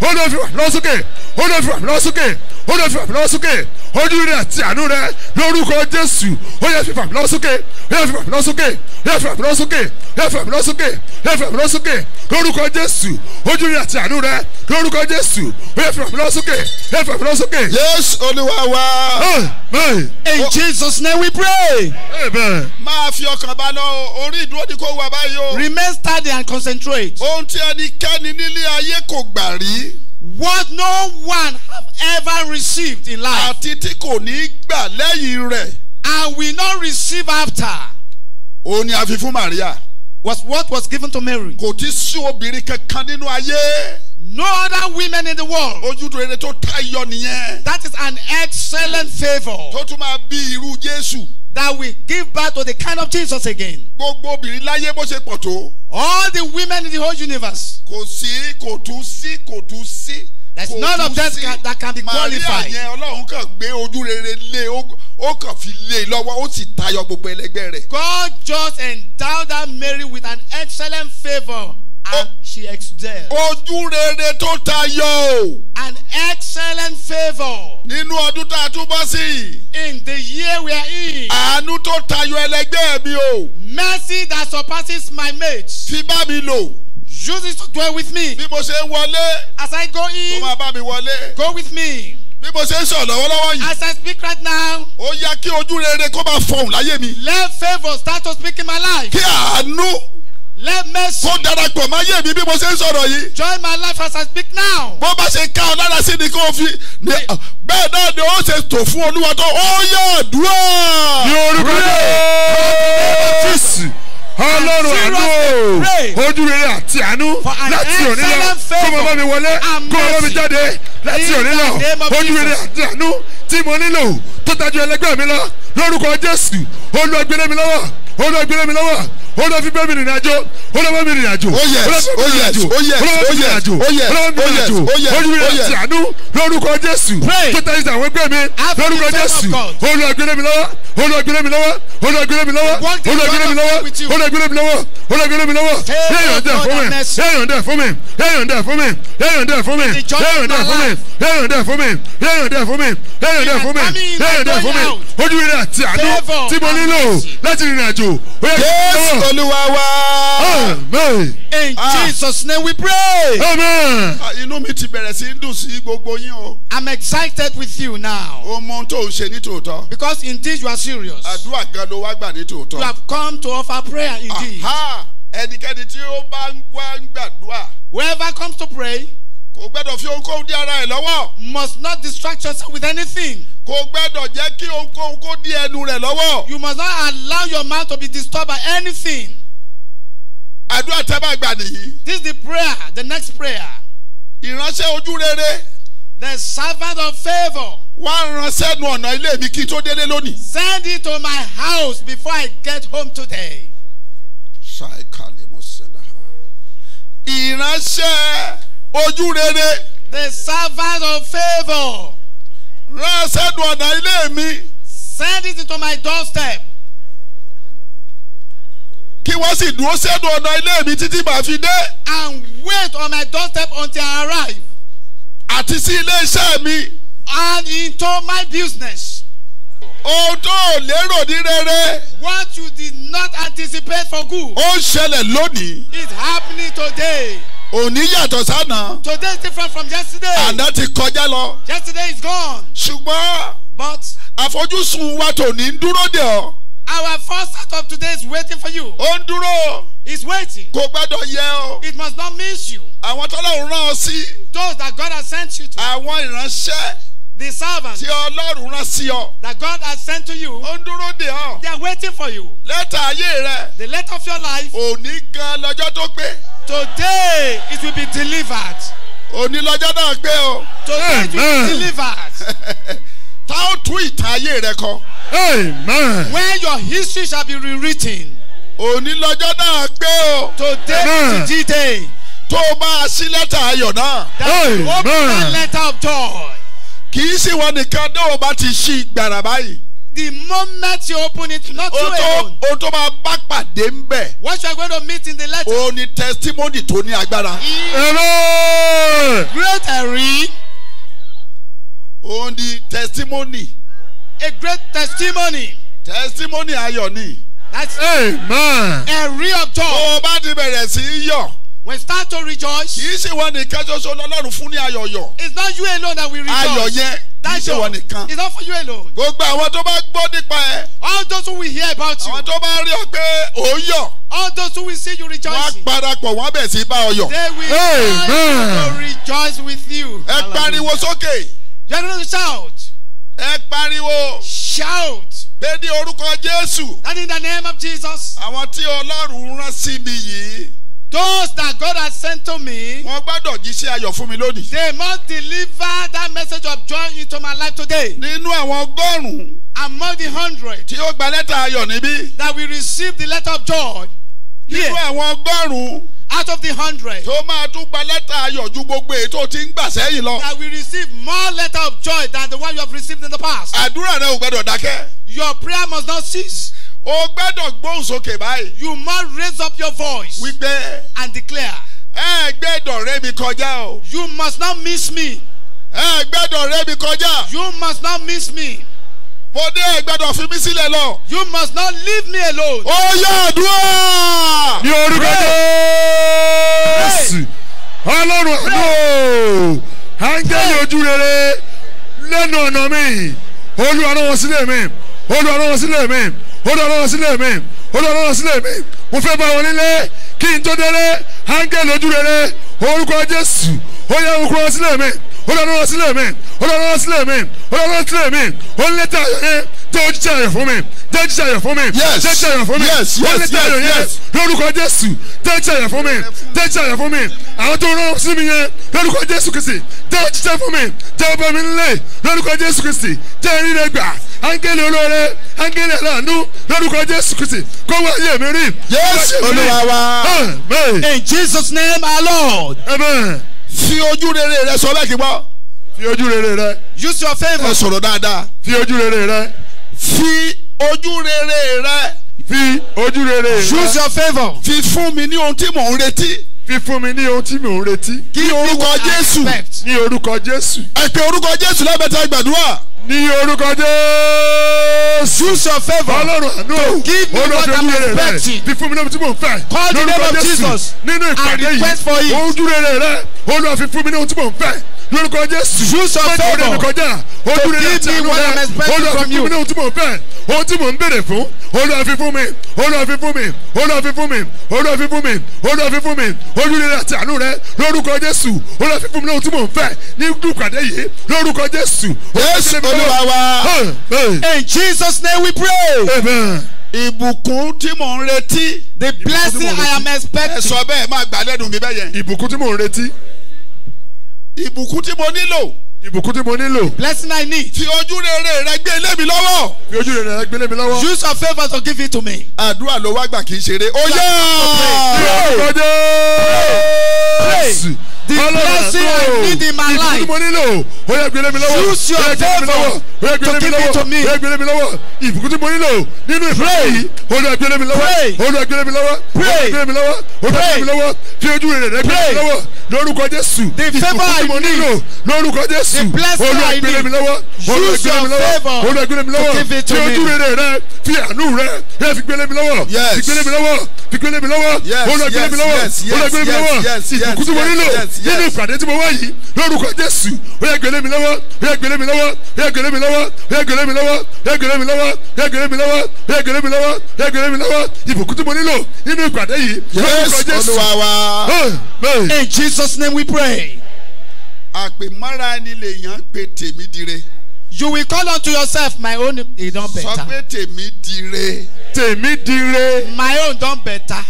olórí bọ̀ lọ sókè olórí bọ̀ lọ sókè olórí bọ̀ lọ sókè ojú rere àti àánú rẹ lórúkọ jésù on, bọ̀ lọ sókè ẹ̀fẹ̀ lọ sókè ẹ̀fẹ̀ lọ sókè ẹ̀fẹ̀ lọ sókè ẹ̀fẹ̀ lọ sókè lórúkọ jésù ojú rẹ àti àánú rẹ lórúkọ jésù ẹ̀fẹ̀ lọ sókè ẹ̀fẹ̀ lọ sókè. yes Oluwawa. wa. in oh. jesus name we pray. amen. máa fi ọkàn bá lọ orí ìdúró ni kò wà báyìí o. remain steady and concentrate. ohun tí ẹnikẹ́ni nílé ayé kò gbà rí. What no one have ever received in life. Àti tí kò ní gbà lẹ́yìn rẹ̀ and will not receive after. Ó ní àfi fún Màríà. Was what was given to Mary. Kò tí sí obìnrin kankan nínú ayé. No other women in the world. Ojú rere tó tayọ nìyẹn. That is an excellent favour. Tó tún máa bí irú Jésù. That will give birth to the kind of Jesus again. Gbogbo obìnrin láyé bó ṣe pọ̀ tó. All the women in the whole universe. Kò sí kò tún sí kò tún sí. There's none of them can, that can be qualified. Màríà yẹn Ọlọ́run kàn gbé ojú rere lé ó kàn fi lé e lọ́wọ́ ó sì tayọ gbogbo ẹlẹgbẹ́ rẹ̀. God just endowed that Mary with an excellent favour and oh, she excelled. Ojú rere tó tayọ. An excellent favour. Nínú ọdún tá a tún bọ́ sí. In the year we are in. Àánú tó tayọ ẹlẹgbẹ́ mi o. Mercy that surpasses my mates. Fi bá mi lò. Use it to dwell with me. Bí mo ṣe ń wọlé. As I go in. Ó máa bá mi wọlé. Go with me. Bí mo ṣe ń sọ̀rọ̀ lọ́wọ́lọ́wọ́ yìí. As I speak right now. Ó yá kí ojú rere kó máa fọhùn láyé mi. Let favour start to speak in my life. Kí àánú. Let mercy. Kó darapọ̀ máa yé mi bí mo ṣe ń sọ̀rọ̀ yìí. Join my life as I speak now. Bó bá ṣe ká ọ lára sí ni kó fi bẹ́ẹ̀ náà ni ó ṣe tò fún Olúwa tó ó yẹ àdúrà. Yorùbá. Jésù ọlọ́run àánú ojú rere àti àánú láti òní lọ kó mọ bá mi wọlé kó mọ bá mi jáde láti òní lọ ojú rere àti àánú tí mo nílò tájú ẹlẹgbẹ́ mi lọ lórúkọ jésù olúwa gbélé mi lọ́wọ́ olúwa gbélé mi lọ́wọ́ olúwa fi bẹ́ẹ̀ mi rìnrìn àjò olúwa mi rìnrìn àjò oh olúwa fi bẹ́ẹ̀ oh oh mi rìnrìn àjò olúwa mi rìnrìn àjò olúwa mi rìnrìn àjò olúwa mi rìnrìn àjò lórúkọ jésù tó tájú àwọn ẹgbẹ́ mi lórúkọ jésù olúwa gbélé mi lọ́wọ́ olúwa gbélé mi lọ́wọ́ olúwa gbélé mi lọ́wọ́ olúwa gbélé mi lọ́wọ́ olúwa gbélé mi lọ́wọ́ olúwa gbélé mi lọ́wọ́ yéèyàn dẹ̀ fún mi yéèyàn dẹ̀ fún mi yéèyàn dẹ̀ fún mi yéèyàn dẹ̀ fún mi yéèyàn dẹ̀ fún mi yéèyàn dẹ̀ fún mi yéèyàn dẹ̀ fún mi yéèyàn dẹ̀ fún mi yéèyàn dẹ̀ fún mi dẹ̀ fún mi ojú rere àti àánú tí mo nílò láti rìnrìn àjò ó olúwa wa. in ah. jesus name we pray. amen. Ah, inú mi ti bẹ̀rẹ̀ sí dùn sí gbogbo yín o. i'm excited with you now. o mọ ohun tó ń ṣe ní tòótọ́. because indeed you are serious. àdúrà gan ló wá gbà ní tòótọ́. you have come to offer prayer indeed. ẹnikẹ́ni tí ó bá ń gbàdúrà. whoever comes to pray kò gbẹ́dọ̀ fi ohunkóhun dí ara ẹ̀ lọ́wọ́. must not distract yourself with anything. kò gbẹ́dọ̀ jẹ́ kí ohunkóhun kó dí ẹnu rẹ̀ lọ́wọ́. you must not allow your mind to be disturbed by anything. àdúrà tẹ́ bá gbà nìyí. this is the prayer the next prayer. ìránṣẹ́ ojú rere. the servant of favour. wá ránṣẹ́ nu ọ̀nà ilé mi kí n tó délé lónìí. send it to my house before I get home today. ṣáìkàlẹ̀ mọ́sẹ̀dá. ìránṣẹ́ ojú rere. the servant of favour. rán sẹ́nu ọ̀nà ilé mi. send it to my doorstep. kí wọ́n sì dúró sẹ́nu ọ̀nà ilé mi títí màá fi dé. and wait on my doorstep until I arrive. àti sí ilé iṣẹ́ mi. and into my business. Ohun tó o lérò ní rere. What you did not anticipate for good. Ó ń ṣẹlẹ̀ lónìí. It's happening today. Òní yàtọ̀ sánà. Today is different from yesterday. Àná ti kọjá lọ. Yesterday is gone. Ṣùgbọ́n. But. Àfojúsùn wa tòní ń dúró dè ọ́. Our first out of today is waiting for you. Ó ń dúró. It's waiting. Kò gbọ́dọ̀ yẹ ọ́. It must not miss you. Àwọn tọ́lọ́run rán ọ sí. Those that God has sent you to. Àwọn ìránṣẹ́. The servants. Tí Ọlọ́run rán sí ọ. That God has sent to you. Ó ń dúró dè ọ́. They are waiting for you. Lẹ́tà ayé rẹ. The letter of your life. Òní gan lọ́jọ́ tó pé today it will be delivered. òní lọ́jọ́ náà gbé o. today it will be delivered. tá ó tún ìtàn ayé rẹ kọ. amen. where your history shall be rewritten. òní lọ́jọ́ náà gbé o. today is the day. tó o máa ṣí lẹ́tà ayọ̀ náà. that will open letter of joy. kì í sì wọ nìkan ní o bá ti ṣí gbàrà báyìí the moment you open it not you alone. o tó máa bá pàdé ń bẹ̀. what you are going to meet in the letter. o ní testimony tó ní agbára. great ẹ̀rí. o ní testimony. a great testimony. testimony ayọ̀ ni. that's amen. ẹ̀rí ọ̀tọ̀. tó o bá ti bẹ̀rẹ̀ sí í yọ̀ we start to rejoice. kì í ṣe wọn nìkan ṣoṣo lọ́lọ́run fún ní ayọ̀yọ̀. it's not you alone that we rejoice. ayọ̀ yẹn kì í ṣe wọn nìkan. it's not for you alone. gbogbo àwọn tó bá gbọ́ nípa ẹ. all those who will hear about you. àwọn tó bá rí ọ pé ò ń all those who will see you rejoicing. wọ́n parapọ̀ wọ́n bẹ̀ sí bá ọ they will try rejoice with you. ẹ pariwo sókè. general shout. ẹ pariwo. shout. bẹ́ẹ̀ ni orúkọ Jésù. that in the name of Jesus. àwọn tí Ọlọ́run rán sí mi yìí. Those that God has sent to me. Wọ́n gbọ́dọ̀ jíṣẹ́ ayọ̀ fún mi lónìí. They must deliver that message of joy into my life today. Nínú àwọn ọgọ́rùn-ún. Among the hundred. Tí ó gba lẹ́tà ayọ̀ níbí. That we receive the letter of joy. Nínú àwọn ọgọ́rùn-ún out of the hundred. tó máa tún gba lẹ́tà ayọ̀ ju gbogbo èyí tó ti ń gbà sẹ́yìn lọ. that we receive more letter of joy than the one you have received in the past. àdúrà rẹ ò gbọdọ̀ dákẹ́. your prayer must not cease o gbẹ́dọ̀ gbóhùn sókè báyìí. you must raise up your voice. wípé and declare. ẹ gbẹ́dọ̀ rẹ́ mi kọjá o. you must not miss me. ẹ gbẹ́dọ̀ rẹ́ mi kọjá. you must not miss me. mo dé ẹ fi mí sílẹ̀ lọ. you must not leave me alone. ó yá àdúrà. ní orúkọ jésù ọlọ́run àdúrà áńgẹ́lì ojú rere lẹ́nu ọ̀nà mi olúwa rán wọn sílẹ̀ mi olúwa rán wọn sílẹ̀ mi. Hold lọ lọ́rọ̀ sílẹ̀ mi ó lọ lọ́rọ̀ sílẹ̀ mi mo fẹ́ bá wọn nílé kí n tó délé áńgẹ́lì ojú rere orúkọ Jésù ó yẹ orúkọ sílẹ̀ mi ó lọ lọ́rọ̀ sílẹ̀ mi ó lọ lọ́rọ̀ sílẹ̀ mi ó lọ lọ́rọ̀ sílẹ̀ mi ó ń létà yẹn tó jíjà yẹn fún mi tó jíjà yẹn fún mi tó jíjà yẹn fún mi ó ń létà yẹn lórúkọ Jésù tó jíjà yẹn fún mi tó jíjà yẹn fún mi àwọn tó rán sí mi yẹn lórúkọ Jésù kìsì tó jíjà fún mi jẹ́ ọba nílé lórúkọ jésù kristi jẹ́ ìrírẹ gbà áńgẹ́lì olóore áńgẹ́lì aláàánú lórúkọ jésù kristi kó wá ayé mi rí. yéésù olúwa wa in jesus name our lord. amen. fi ojú rere rẹ sọ bẹ́ẹ̀ kí gbọ́. fi ojú rere rẹ. use your favour. ẹ sọ̀rọ̀ dáadáa. fi ojú rere rẹ. fi ojú rere rẹ. fi ojú rere rẹ. use your favour. fi fún mi ní ohun tí mò ń retí fífún mi ní ohun tí mò ń retí. ní orúkọ jésù ní orúkọ jésù. ẹ pe orúkọ jésù lẹ́bẹ̀ẹ́ta gbàdúrà. ní orúkọ jésù. use your favour. ọlọ́run àánú o. give me what I'm expecting. fífún mi ní ohun tí mò ń fẹ́. call the name of jesus. nínú ìpàdé yìí. and request for it. ojú rere rẹ olúwa fífún mi ní ohun tí mò ń fẹ́ lórúkọ jésù choose your favour to give me what i'm expecting from you. olùwàfífún mi ní ohun tí mò ń bèrè fún olùwàfífún mi olùwàfífún mi olùwàfífún mi olùwàfífún mi olùwàfífún mi olùrere àti àánú rẹ lórúkọ jésù olùwàfífún mi ní ohun tí mò ń fẹ́ ní dùkàdé yìí lórúkọ jésù. jésù olúwa wa in jesus name we pray. amen ìbùkún tí mò ń retí. the blessing i am expecting. ẹ sọ bẹ́ẹ̀ máa gbà lẹ́nu mi bẹ́ẹ̀ yẹn. ìbùkún tí mò ń retí ìbùkún tí mo nílò. ìbùkún tí mo nílò. blessing I need. fi ojú rere rẹ gbé lé mi lọ́wọ́. fi ojú rere rẹ gbé lé mi lọ́wọ́. use your favour to give it to me. àdúrà ló wá gbà kí n ṣeré. ó yẹ ọ́ ọ́ ọ́ ọ́ ọ́ ọ́ ọ́ ọ́ ọ́ ọ́ ọ́ ọ́ ọ́ ọ́ ọ́ ọ́ ọ́ ọ́ the blessing I need in my life. ìbùkún mo nílò ó yẹ gbélé mi lọ́wọ́ use your favour to give it to me. ó yẹ gbélé mi lọ́wọ́ ìbùkún tí mo nílò nínú ìfúrẹ́yì ó yẹ gbélé mi lọ́wọ́ ó yẹ gbélé mi lọ́wọ́ ó yẹ gbélé mi lọ́wọ́ ó yẹ gbélé mi lọ́wọ́ fi ojú rẹ̀ rẹ̀ gbélé mi lọ́wọ́ lórúkọ Jésù ìbùkún tí mo nílò lórúkọ Jésù ó yẹ gbélé mi lọ́wọ́ ó yẹ gbélé mi lọ́wọ́ ó yẹ gbélé mi lọ́wọ́ fi ojú rẹ̀ rẹ̀ fi àánú rẹ̀ rẹ̀ fi gbélé mi lọ́wọ́ fi gbélé mi lọ́wọ́ fi gbélé mi lọ́wọ́ olúwa gbélé mi lọ́wọ́ olúwa gbélé mi lọ́wọ́ ìbùkún tí mo nílò nínú ìpàdé tí mo wá yìí lórúkọ jésù olúwa gbélé mi lọ́wọ́ olúwa gbélé mi lọ́wọ́ olúwa gbélé mi lọ́wọ́ olúwa gbélé mi lọ́wọ́ olúwa gbélé mi lọ́wọ́ olúwa gbélé mi lọ́wọ́ olúwa gbélé mi lọ́wọ́ olúwa gbélé mi lọ́wọ́ ìbùkún tí mo nílò nínú ìpàdé yìí lórúkọ jésù in jesus name we pray. àpèmọ́ra ni lèèyàn pe tèmi dire. You will call unto yourself my own e don better. Sọ pé tèmi dire. Tèmi dire. My own don better.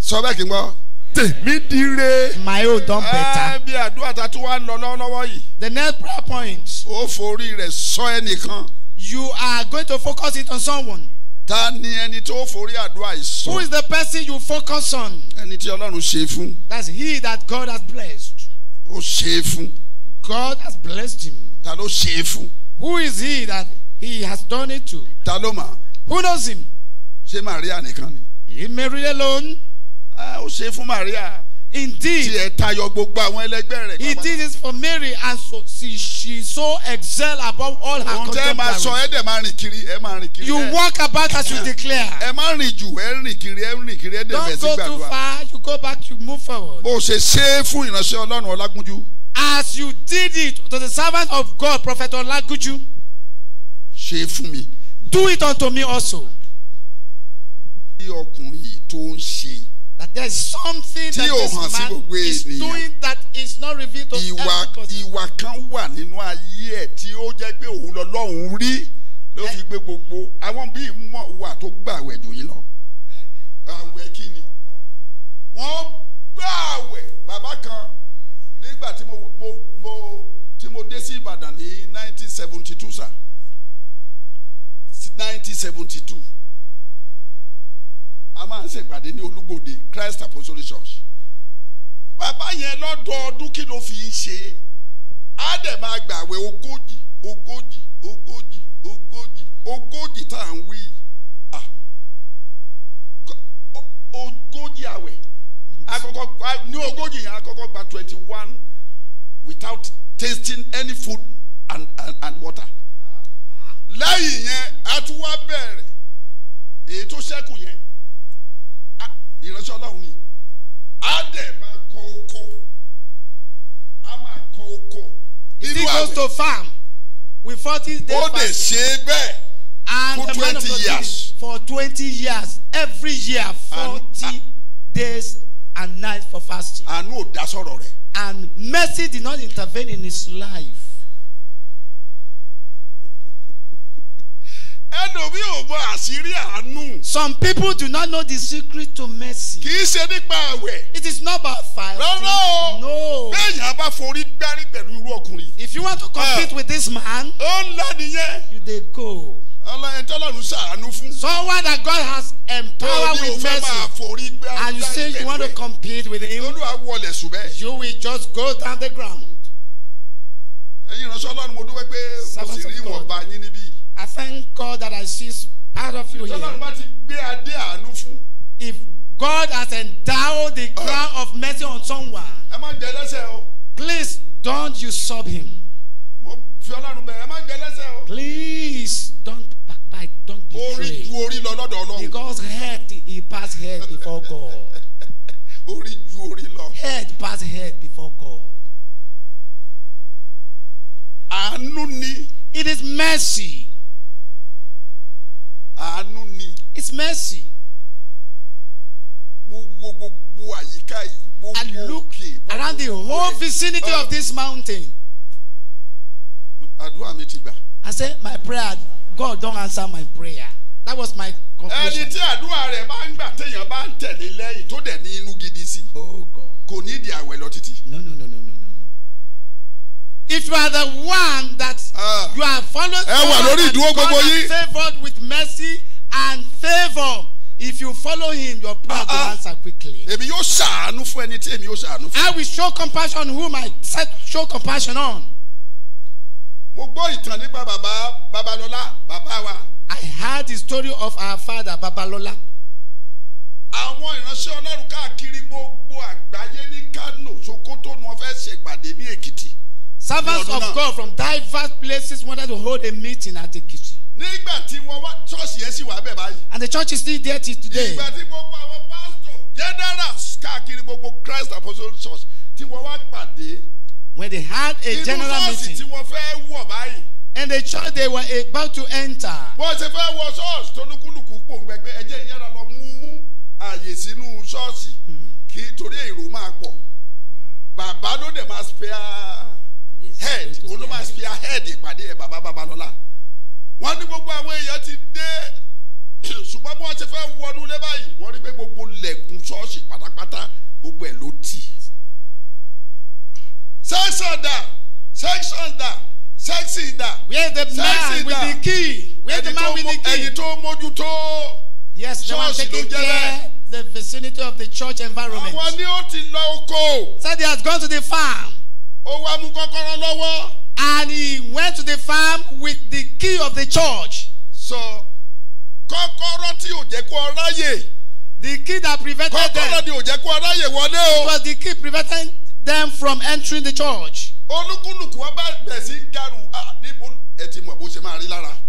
Sọ bẹ́ẹ̀ kí n gbọ́. Tèmi dire. My own don better. Ẹ ah, bí àdúrà ta tún wá ń lọ lọ́wọ́lọ́wọ́ yìí. The next prayer point. Ó forí rẹ̀ sọ ẹnìkan. You are going to focus it on someone. Ta ni ẹni tó forí àdúrà yìí sọ? Who is the person you focus on? Ẹni tí Ọlọ́run ṣe fún. That's he that God has blessed. Ó ṣe fún. God has blessed him. Ta ló ṣe é fún? Who is he that he has done it to? Ta ló mọ̀? Who knows him? Ṣé Màríà nìkan ni? Ìmẹ̀ríyé ló ń. Ó ṣe fún Màríà. Indeed, tiẹ̀ tayọ gbogbo àwọn ẹlẹgbẹ́ rẹ̀. He did this for Mary and so she, she so excel above all her contemporaries. Oúnjẹ máa sọ ẹ dẹ̀ máa rìn kiri ẹ máa rìn kiri. You walk about as you declare. Ẹ má rìn jù ẹ rìn kiri ẹ rìn kiri ẹ dẹ̀ bẹ̀ sí gbàdúrà. Don't go too far you go back you move forward. Bó o ṣe ṣe é fún ìránṣẹ́ Ọlọ́run Ọlágúnjú as you did it to the servant of God, Prophet Olaguju. Ṣe fún mi. Do it unto me also. Bí ọkùnrin yìí tó ń ṣe. That there is something that this man is doing that is not revealed to every person. Ìwà kan wà nínú ayé ẹ̀ tí ó jẹ́ pé òun lọ́lọ́run rí ló fi gbé gbogbo àwọn bíi mọ̀ wà tó gbà àwẹ̀ jù yín lọ. Àwẹ̀ kí ni? Wọ́n gbà àwẹ̀ bàbá kan nígbà tí mo mo mo tí mo dé sí Ìbàdàn ní nineteen seventy two sir nineteen seventy two a máa ń ṣèpàdé ní Olúgbòde Christ Apostolic Church bàbá yẹn lọ́dọọdún kí ló fi ń ṣe á dẹ̀ máa gbàwẹ̀ ogójì ogójì ogójì ogójì ogójì tá à ń wí ogójì àwẹ̀ àkọ́kọ́ ní ogójì yẹn àkọ́kọ́ gba twenty one without tasting any food and and, and water. lẹ́yìn yẹn a tún wá bẹ̀rẹ̀ èyí tó ṣẹ́kù yẹn ìránṣẹ́ ọlọ́run ni á dẹ̀ máa kọ oko á máa kọ oko. if he goes to farm with forty days fasting. ó lè ṣe bẹ́ẹ̀ for twenty years. for twenty years every year forty days and night for fasting. àánú ò dá sọ̀rọ̀ rẹ̀ and mercy did not intervene in his life. some people do not know the secret to mercy. it is not about fasting. no. if you want to compete uh, with this man. you dey go. So, what that God has empowered with mercy and you say you want to compete with him you will just go down the ground. I thank God that I see part of you here. if God has endowed the crown of mercy on someone. please don't you sub him. please don't Like don't be Orí ju orí lọ lọ́dọ̀ Ọlọ́run. Because head he pass head before God. Orí ju orí lọ. Head pass head before God. Àánú ni. It is mercy. Àánú ni. It's mercy. Mo wo gbogbo àyíká yìí. I look around the whole vicinity of ah. this mountain. I say my prayer God don't answer my prayer. That was my conclusion. Ẹni tí àdúrà rẹ̀ bá ń gbà téèyàn bá ń tẹ̀lé lẹ́yìn tó dẹ̀ ní inú gidi sí. Oh God. Kò ní ìdí àwẹ̀ lọ títí. No no no no no no. If you are the one that uh, you are followed ẹ wà lórí ìdúró gbogbo yìí. God has favoured with mercy and favour. If you follow him, your prayer uh, uh, will ah, ah. answer quickly. Èmi yóò ṣàánú fún ẹni tí èmi yóò ṣàánú fún. I will show compassion whom I set show compassion on mo gbọ́ ìtàn nípa bàbá Babalọ́lá bàbá wa. I heard the story of our father Babalọ́lá. Àwọn ìránṣẹ́ Ọlọ́run káàkiri gbogbo àgbáyé ní Kano, Sokoto ni wọ́n fẹ́ ṣèpàdé ní Èkìtì. Servants of God from diverse places wanted to hold a meeting at Ekiti. Nígbà tí wọ́n wá church yẹn sì wà bẹ́ẹ̀ báyìí. And the church is still there till today. Ìgbà tí gbogbo àwọn pastor generals káàkiri gbogbo Christ Apostolic Church tí wọ́n wá pàdé when they had a general meeting. And the church they were about to enter. Bàbá ló dẹ̀ máa spare head òun ló máa spare head ìpàdé ẹ̀ bàbá Babalọ́lá. Wọ́n ní gbogbo àwọn èèyàn ti dé ṣùgbọ́n bí wọ́n fẹ́ wọnú lé báyìí wọ́n rí pé gbogbo lẹ̀kùn ṣọ́ọ̀ṣì pátápátá gbogbo ẹ̀ ló tì Sex order. Sex order. Sex order. Where the sex man order. with the key? Where is the man with the key? Yes, they one taking care the vicinity of the church environment. Àwọn ni he has gone to the farm. And he went to the farm with the key of the church. So The key that prevented them. It was the key preventing them from entering the church.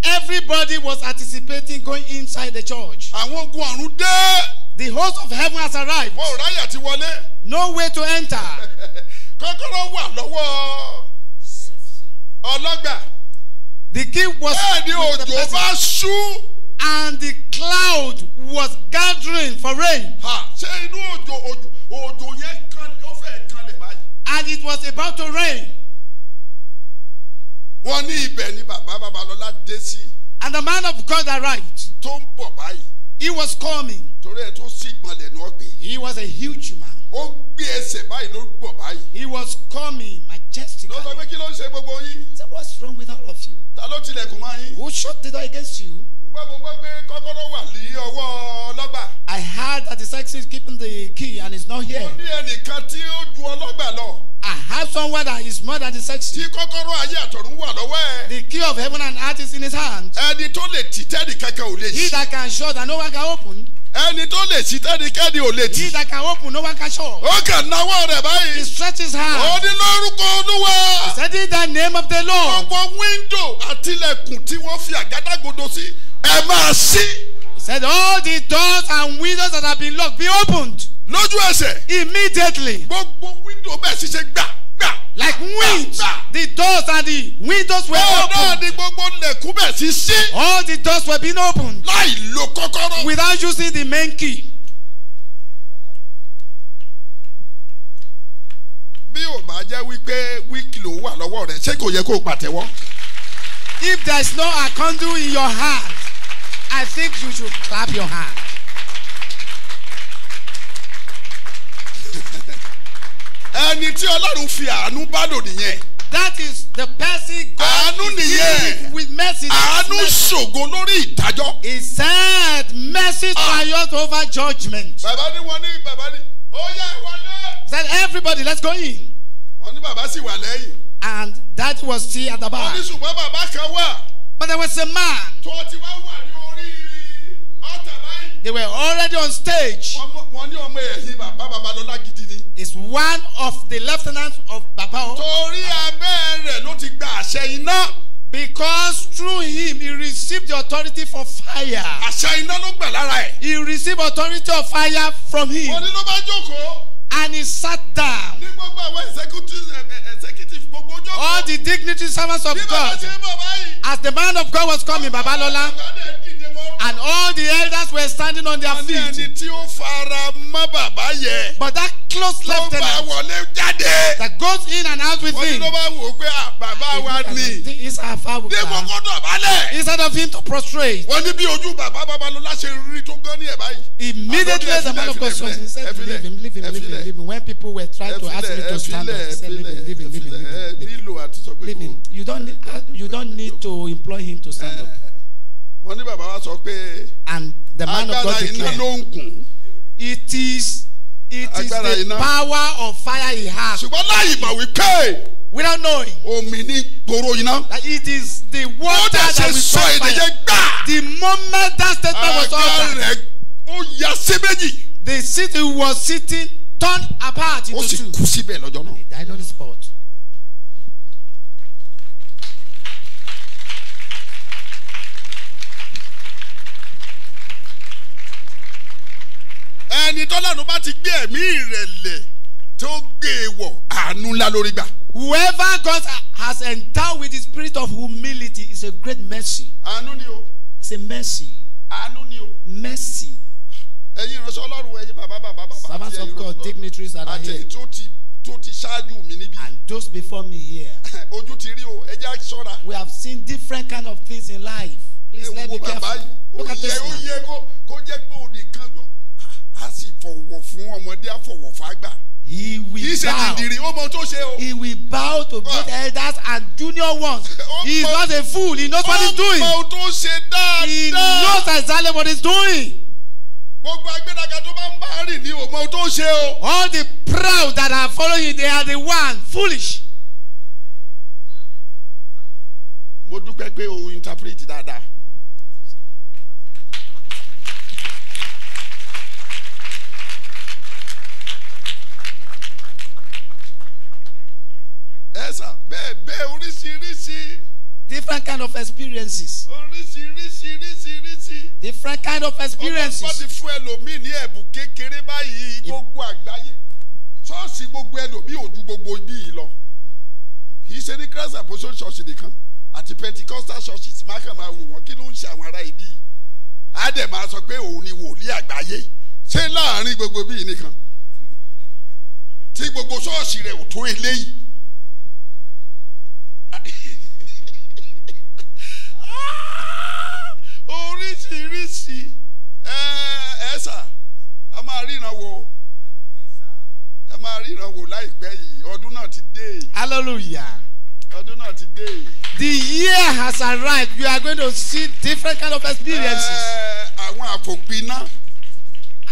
everybody was anticipating going inside the church. the host of heaven has arrived. no way to enter. the key was. bẹ́ẹ̀ the òjò bá and the cloud was gathering for rain and it was about to rain. wọ́n ní ibẹ̀ ni bàbá babalọ́lá dé sí. and the man of God arrived. tó ń bọ̀ báyìí. he was coming. torí ẹ tó sì gbọ́nlẹ̀ ní ọ̀gbìn. he was a huge man. ó gbé ẹsẹ̀ báyìí ló ń báyìí. he was coming my majestically. ló pé kí ló ń ṣe gbogbo yín. say what's wrong with all of you. ta ló tilẹ̀kùn mọ́ yín. who shot the door against you. gbọ́ gbọ́ pé kọ́kọ́rọ́ wà ní ọwọ́ ọlọ́gbà. I heard that the sexy is keeping the key and is not here. mo ní ẹnìkan tí ó ju ọlọ́gbà lọ. I have someone that is more than the sexy. Tí kọ́kọ́rọ́ ayé àtọ̀run wà lọ́wọ́ ẹ̀. The key of heaven and earth is in his hand. Ẹni tó lè tì tẹ́nì kankan ò lè ṣí. He that can shut and no one can open ẹni tó lè ṣí tẹ́nikẹ́ni ò lè tì. he that can open no one can shut. ó kàn náwó rẹ̀ báyìí. he stretches his hand. ó ní lórúkọ olúwa. he said in the name of the lord. gbogbo wíńdò àtìlẹ̀kùn tí wọ́n fi àgádágodo sí ẹ máa ṣí. he said all the doors and windows that have been locked be opened. lójú ẹsẹ̀. immediately. gbogbo wíńdò bẹ́ẹ̀ ṣiṣẹ́ gbà like winds the doors and the windows were oh, open. náà ni gbogbo lẹ̀kún bẹ̀ sí sí. all the doors were being opened. láì lo kọ́kọ́rọ́. without using the main key. bí ò bá jẹ́ wípé wíìkì ló wà lọ́wọ́ rẹ̀ ṣé kò yẹ kó o pàtẹ́wọ́. if there is no akandu in your hand I think you should clap your hand. ẹni tí ọlọ́run fi àánú bá lò nìyẹn. that is the person God àánú nìyẹn with mercy. àánú ṣògo lórí ìdájọ́. he said mercy ah. triumph over judgment. bàbá ní wọn ní bàbá ní ó yẹ wọlé. said everybody let's go in. wọn ní bàbá sì wà lẹ́yìn. and that was still at the back. ní ṣùgbọ́n bàbá kan wà. but there was a man. tó ti wá wà ní orí ọ̀tà báyìí. they were already on stage. wọ́n ní ọmọ ẹ̀yìn bàbá babalọ́lá gidi ni is one of the lieutenants of Babao. Torí abẹ́ rẹ̀ ló ti gba àṣẹ iná. Because through him he received the authority for fire. Àṣẹ iná ló gbà lára ẹ̀. He received authority of fire from him. Òní ló bá jókòó. And he sat down. Ní gbogbo àwọn executive eh, eh, gbogbo jókòó. All the dignity servants of God. Bí bàbá ṣe ń bọ̀ báyìí. As the man of God was coming, Babalola. Bàbá náà ní. And all the elders were standing on their feet. But that close lieutenant that goes in and out with him. Is Instead of him to prostrate. Immediately the man of God said, leave him, leave him, leave him, leave him. When people were trying to ask me to stand up, he said, leave him, leave him, leave him, leave him. You don't, you don't need to employ him to stand up. wọ́n ní bàbá wa sọ pé. and the man of God declared. it is it is the power of fire he has. ṣùgbọ́n láì mọ̀ wípé. without knowing. omi ní gbòòrò iná. that it is the water that we set fire. ó the moment that statement was uttered. agbára rẹ̀ ó ya sí méjì. the city was sitting turned apart into two. ó sì kú síbẹ̀ lọ́jọ́ náà. he died on the spot. ẹni tọ́lọ́run bá ti gbé ẹ̀mí ìrẹ̀lẹ̀ tó gbé e wọ̀ àánú ńlá lórí gbà. whoever God has endowed with the spirit of humility is a great mercy. àánú ni o. it's a mercy. àánú ni o. mercy. ẹ̀yin ìránṣẹ́ ọlọ́run ẹ̀yin bàbá bàbá bàbá. servants of God dignitaries are here. àti tó ti tó ti ṣáájú mi níbí. and those before me here. ojú ti rí o ẹ jẹ́ àṣọra. we have seen different kind of things in life. please let me be careful. look at this man. ó yẹ kó jẹ́ pé òní k a sì fọwọ́ fún ọmọdé àfọwọ́ fágbà. He will he bow. He will bow to both elders and junior ones. He is not a fool. He knows what he's doing. He knows exactly what he's doing. All the proud that are following, they are the ones foolish. mo dúpẹ́ pé o interpret dáadáa. oríṣiríṣi. different kind of experiences. oríṣiríṣi oríṣiríṣi. different kind of experiences. ọlọ́pàá ti fún ẹlòmíì ní ẹ̀bùn kékeré báyìí gbogbo àgbáyé ṣọ́ọ̀ṣì gbogbo ẹlòmíì ò gbogbo ibí lọ kì í ṣe ní Christ Apostolic Church nìkan àti Pentecostal churches má kàn wò wọ́n kí ló ń ṣe àwọn ará ibí yìí á dẹ̀ máa sọ pé òun ni wòlíì àgbáyé ṣé láàárín gbogbo ibí nìkan tí gbogbo ṣọ́ọ̀ṣì rẹ̀ ò tó eléyìí oríṣiríṣi ẹ̀ẹ́sà a máa ríran wò ẹ máa ríran wò láìpẹ́ yìí ọdún náà ti dé. hallelujah. ọdún náà ti dé. the year has arrived you are going to see different kind of experiences. àwọn àfòpiná.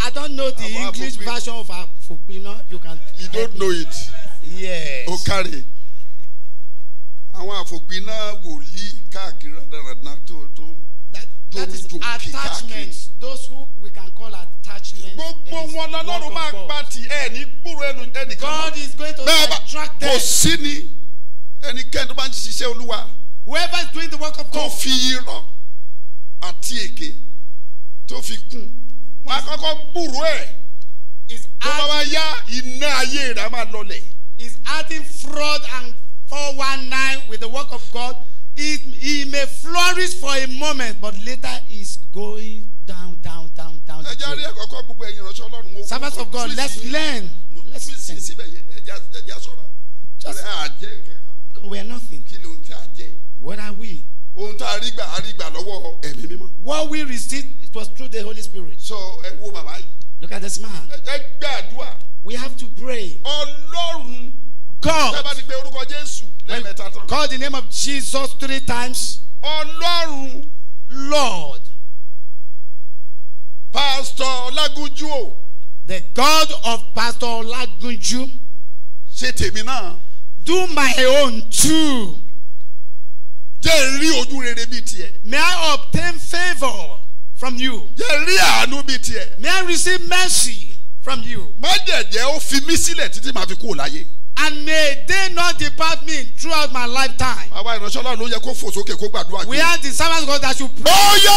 I don't know the About English Afopina. version of àfòpiná you can. you don't know it. yes. o káre àwọn àfòpiná wòlíì káàkiri rádaràdà tó tó tó ń jò those who we can call attachments. God is going to attract them. bẹ́ẹ̀ bá kò sí ni ẹnikẹ́ni tó whoever is doing the work of God. tó fi fi kún. wọ́n á kọ́kọ́ gbúrò is adding. tó bá wá yá iná is adding fraud and 419 with the work of God. It, he may flourish for a moment, but later he's going down, down, down, down. servants of God let's learn. let's learn. we are nothing. kí what are we? what we received it was through the Holy Spirit. so look at this man. we have to pray. Ọlọ́run. God. Call the name of Jesus three times. Ọlọ́run. Lord. Pastor Olagunju. The God of Pastor Olagunju. Ṣé Do my own too. May I obtain favor from you? May I receive mercy from you? and may they not depart me throughout my lifetime. àwa ìránṣẹ́ ọlọ́run ló yẹ kó fò sókè kó gbàdúrà. we are the servants of God that should pray. oyè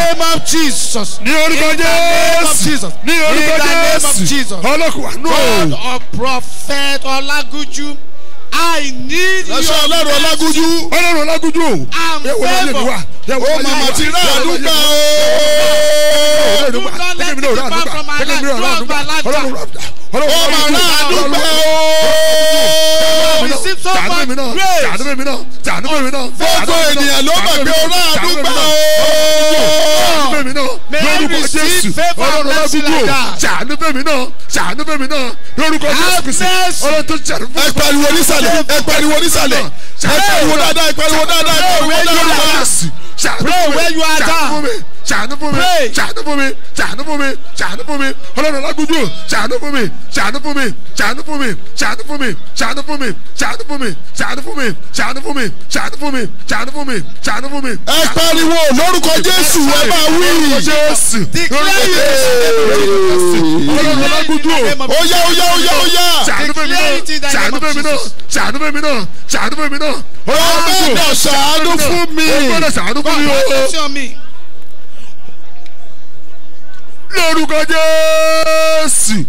name of Jesus. ní orúkọ jésù ní orúkọ jésù ọlọ́kùnrin. God of prophet Ọlágúnjú. I need your mercy. Lọ́sọ̀ ọlọ́run ọlágúnjú. Ọlọ́run ọlágúnjú. And favour. Ó màmá ti rà àdúgbò. Do not let me depart from my life. Ọlọ́run ọlágúnjú ọmọ náà dúpẹ́ ooo tànúmí náà tànúmí náà tànúmí náà. gbogbo ènìyàn ló mọ̀ pé ọ̀rọ̀ àdúgbò ooo. lórúkọ jésù ọlọ́run lágbègbè ṣàánú bẹ́mi náà ṣàánú bẹ́mi náà lórúkọ jésù ọlọ́run tó ṣàánú bẹ́mi náà. ẹ pariwo nísàlẹ̀ ẹ pariwo nísàlẹ̀ ẹ pariwo dáadáa ẹ pariwo dáadáa ẹ pariwo dáadáa. pray where you are down ṣàánú fún mi ṣàánú fún mi ṣàánú fún mi ṣàánú fún mi ọlọ́run lágójú ṣàánú fún mi ṣàánú fún mi ṣàánú fún mi ṣàánú fún mi ṣàánú fún mi ṣàánú fún mi ṣàánú fún mi ṣàánú fún mi ṣàánú fún mi ṣàánú fún mi ṣàánú fún mi. ẹ pariwo lórúkọ jésù ẹ máa wí. lórúkọ jésù lórúkọ jésù ọlọ́run lágójú ó yá ó yá ó yá ó yá. ṣàánú fún mi náà ṣàánú fún mi náà ṣàánú fún mi náà ṣàánú fún mi náà. ó gbọ́dọ̀ ṣàánú fún mi. ó gbọ́dọ̀ ṣàánú fún mi o lórúkọ jésù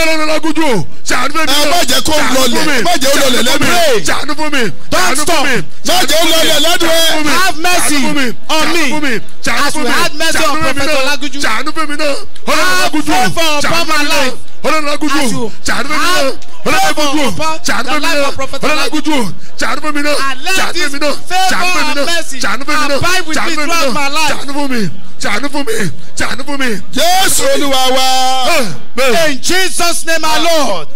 ọlọ́run lágójú o ṣàánú fún mi náà ah, má jẹ́ kó lọlẹ̀ má jẹ́ ó lọlẹ̀ lẹ́dùn ṣàánú fún mi ṣàánú fún mi má jẹ́ ó lọlẹ̀ lẹ́dùn have mercy on me as we had mercy on Professor Laguju ṣàánú fún mi náà ọlọ́run lágójú o ṣàánú fún mi náà ọlọ́run lágójú o ṣàánú fún mi náà ọlọ́run mi náà ṣàánú mi náà ọlọ́run mi náà ṣàánú mi náà ṣàánú mi náà ṣàánú mi náà ṣàánú mi náà ṣàánú mi náà ṣàánú fún mi ṣàánú fún mi ṣàánú jésù olúwa in jesus name our ah. lord.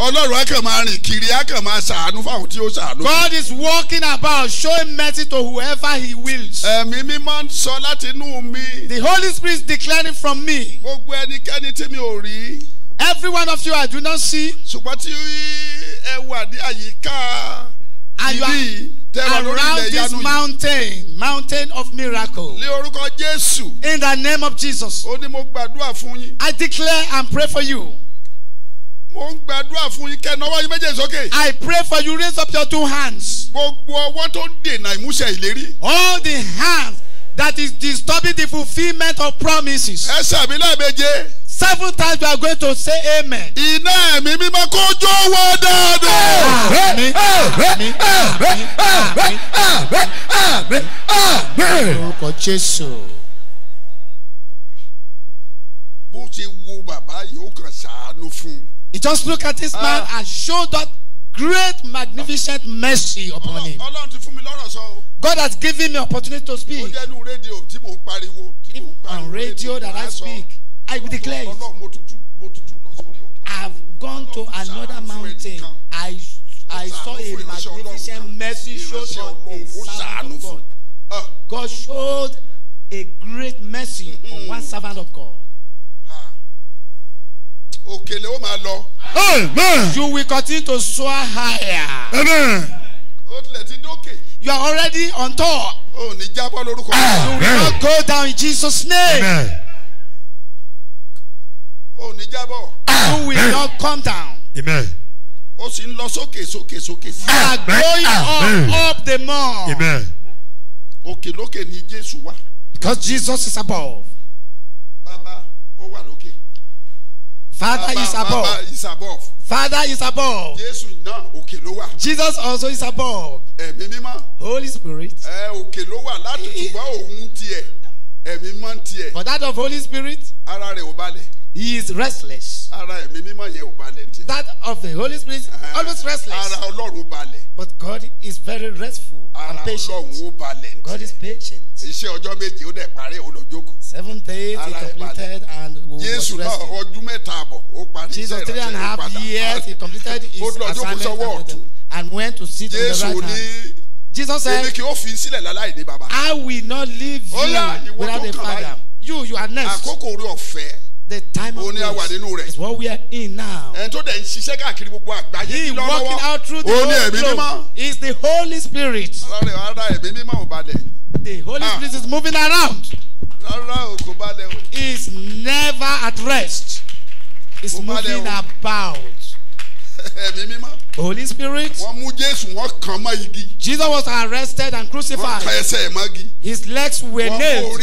Ọlọ́run á kàn máa rìn kiri á kàn máa ṣàánú fáwọn tí ó ṣàánú. God is walking about showing mercy to whoever he wills. Ẹ̀mí mímọ́ ń sọ láti inú mi. The Holy Spirit is declaring from me. Gbogbo ẹnikẹ́ni tí mi ò rí. Every one of you I do not see. Ṣùgbọ́n tí ẹ wà ní àyíká ibi tẹ́wà lórí ilẹ̀ yánu yìí. Around this mountain, mountain of miracle. Ní orúkọ Jésù. In the name of Jesus. Ó ní mo gbàdúrà fún yín. I declare and pray for you. Mo ń gbàdúrà fún yín kẹ́ yín méjèèjì sókè. I pray for you raise up your two hands. Gbogbo ọwọ́ tó ń dènà ìmúṣẹ ìlérí. All the hands that is disturbing the fulfilment of promises. Ẹ sàmì láìméje seven times we are going to say amen. iná ẹ̀mí mímọ́ kó jó wọ dáadáa. àmì àmì àmì àmì àmì àmì àmì. orúkọ jésù. bó ṣe wo bàbá yìí kàn ṣàánú fún he just look at this man ah. and show that great magnificent mercy upon him. ọlọ́run ti fún mi lọ́rọ̀ sọ God has given me opportunity to speak. ó jẹ́ inú rédíò tí mò ń pariwo. on radio that I speak. I will declare it. I've gone to another mountain. I I saw a magnificent mercy showed on a servant of God. Ah. God showed a great mercy on mm-hmm. one servant of God. Ah. òkèlè ó máa lọ. amen. you will continue to soar higher. amen. you are already on top. o ní jábọ́ lórúkọ. Ah, you will not go down in Jesus name. amen o ní jábọ̀. you will not come down. amen. O sì ń lọ sókè sókè sókè. you are going amen. up up the more. amen. òkè lókè ni Jésù wa. because Jesus is above. Baba, ó wà lókè. father Baba, is above. bàbá is above. father is above. Jésù náà òkè ló wà. Jesus also is above. ẹ̀mí mímọ́. holy spirit. ẹ òkè ló wà láti ṣùgbọ́n òun tiẹ̀ ẹ̀mí mọ́ tiẹ̀. for that of holy spirit. ara rẹ̀ ò balẹ̀. He is restless. Ara ẹ̀mí mímọ́ yẹn ò balẹ̀ tí. That of the Holy Spirit uh, always restless. Ara Ọlọ́run balẹ̀. But God is very restful ara and patient. Ara Ọlọ́run ó balẹ̀ tí. God is patient. Iṣẹ́ ọjọ́ méje ó dẹ̀ parí ó lọ Seven days he completed and was resting. Jésù náà ọdún mẹ́ta àbọ̀ ó parí iṣẹ́ ìrànṣẹ́ padà. Jesus three and a half years he completed his assignment and, and went to sit Jésù on the right hand. Jesus said, Èmi kì ó fi sílẹ̀ láláì ní bàbá. I will not leave you without a father. You you are next. Àkókò orí ọ̀fẹ́ the time of grace is what we are in now. he is working out through the whole is the holy spirit. the holy ah. spirit is moving around. rárá is never at rest. he moving about. Holy Spirit. Jesus was arrested and crucified. His legs were nailed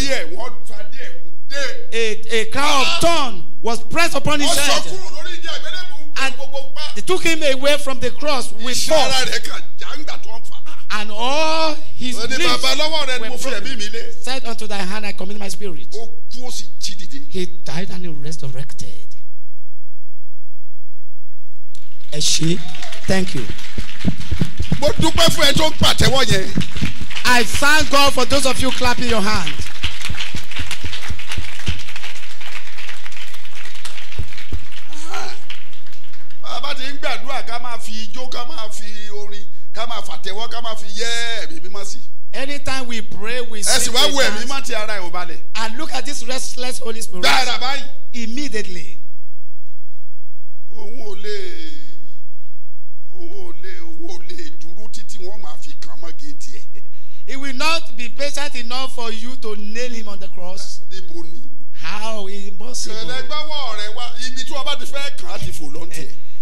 a, a crown of ah. thorn was pressed upon his head. And they took him away from the cross with force. And all his lips said unto thy hand, I commit my spirit. He died and he resurrected. she, thank you. I thank God for those of you clapping your hands. bá ti ń gbàdúrà ká máa fi ijó ká máa fi orin ká máa fàtẹ́wọ́ ká máa fi yẹ́ ẹ̀mí mímọ́ sí. anytime we pray we sing with us. ẹ̀sìn wá wo ẹ̀mí mímọ́ ti ara ẹ̀ ò balẹ̀. and look at this restless holy spirit. gbàrà báyìí. immediately. òun ò lè òun ò lè òun ò lè dúró títí wọ́n máa fi kàn mọ́ gidi ẹ̀. he will not be patient enough for you to nail him on the cross. Ah, níbo ni. how impossible. kẹlẹgbẹwọ rẹ wá ibi tí wọn bá ti fẹ́ kàn á ti fò lọ́ntì.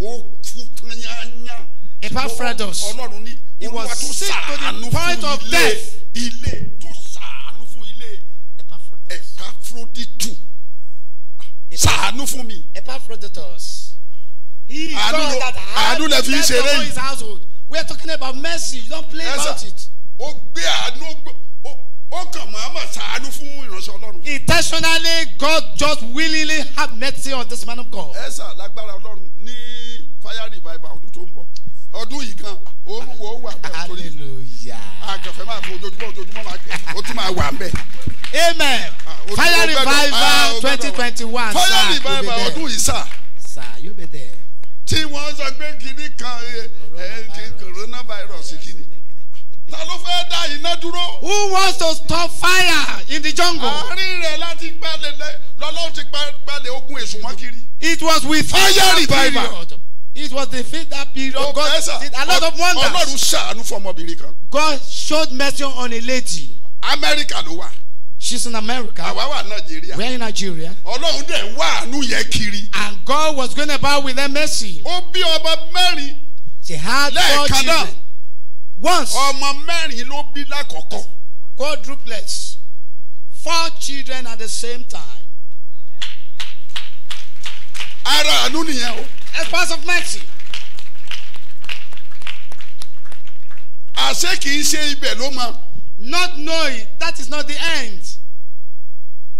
ó kú kányányá. Epaphroditus. was ní olúwa tó sàánú fún ilé ilé tó sàánú fún ilé Epaphroditus. Epaphroditus. He is God that has. the best his household. We are talking about mercy. You don't play about it. Ó gbé àánú ó kàn máa ma sàánú fún ìránṣẹ́ Ọlọ́run. Intentionally God just willingly had mercy on this man of God. Ẹ̀sà lágbára fire revival ọdún tó ń bọ̀ ọdún yìí gan òórùn wo wà bẹ́ẹ̀ torí àgàfẹ́ máa fún ojoojúmọ́ ojoojúmọ́ máa kẹ́ ó tún máa wà bẹ́ẹ̀. amen ah, fire revival ah, twenty twenty one sáà fire revival ọdún yìí sáà. sáà yóò bẹ tẹ. tí wọ́n sọ pé kinní kan eh, eh, coronavirus kinní ta ló fẹ́ dá iná dúró. who wants to stop fire in the jungle. àárín rẹ̀ láti gbalẹ̀ lọ́lọ́run ti gbalẹ̀ ogun èṣù mọ́ kiri. it was with fire revival. It was the fifth period. Oh, God yes, did a lot of wonders. God showed mercy on a lady. America, ló wà. She's in America. We're in Nigeria. And God was going about with her mercy. She had four children. Once. Quadruplets. Four children at the same time ara àánú nìyẹn o. expanse of mercy. àṣé kì í ṣe ibẹ̀ ló mọ. not knowing that is not the end.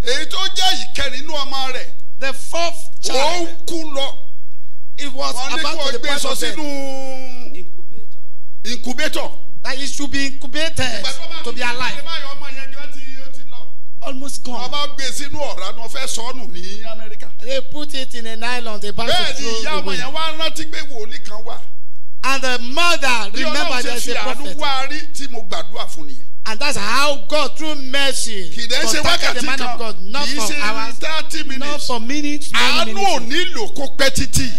èyí tó jẹ́ ìkẹrin inú ọmọ rẹ̀. the fourth child. ó ń kú lọ. it was about to the point of death. wọ́n ní kó gbé sọ sínú. incubator. incubator. that it should be incubated to be alive. almost gone. wọ́n bá gbé e sínú ọ̀rá ni wọ́n fẹ́ sọ ní amẹ́ríkà. They put it in a nylon, they pass it through the way. And the mother remember there's a prophet. And that's how God through mercy protected the man of God. Not for hours, not for minutes, many minutes. Àánú ò nílò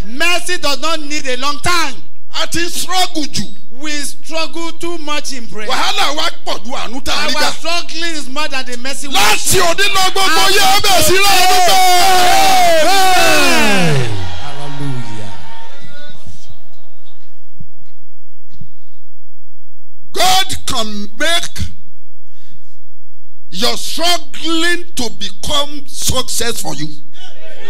Mercy does not need a long time a ti struggle jù. we struggle too much in prayer. wàhálà wa pọ̀ ju àánú tá a rí gbà. our struggling is more than the mercy we get. láti òní lọ gbogbo yẹ ẹ bẹ̀ sí lọ́dún bẹ́ẹ̀. hallelujah. God can make your struggling to become success for you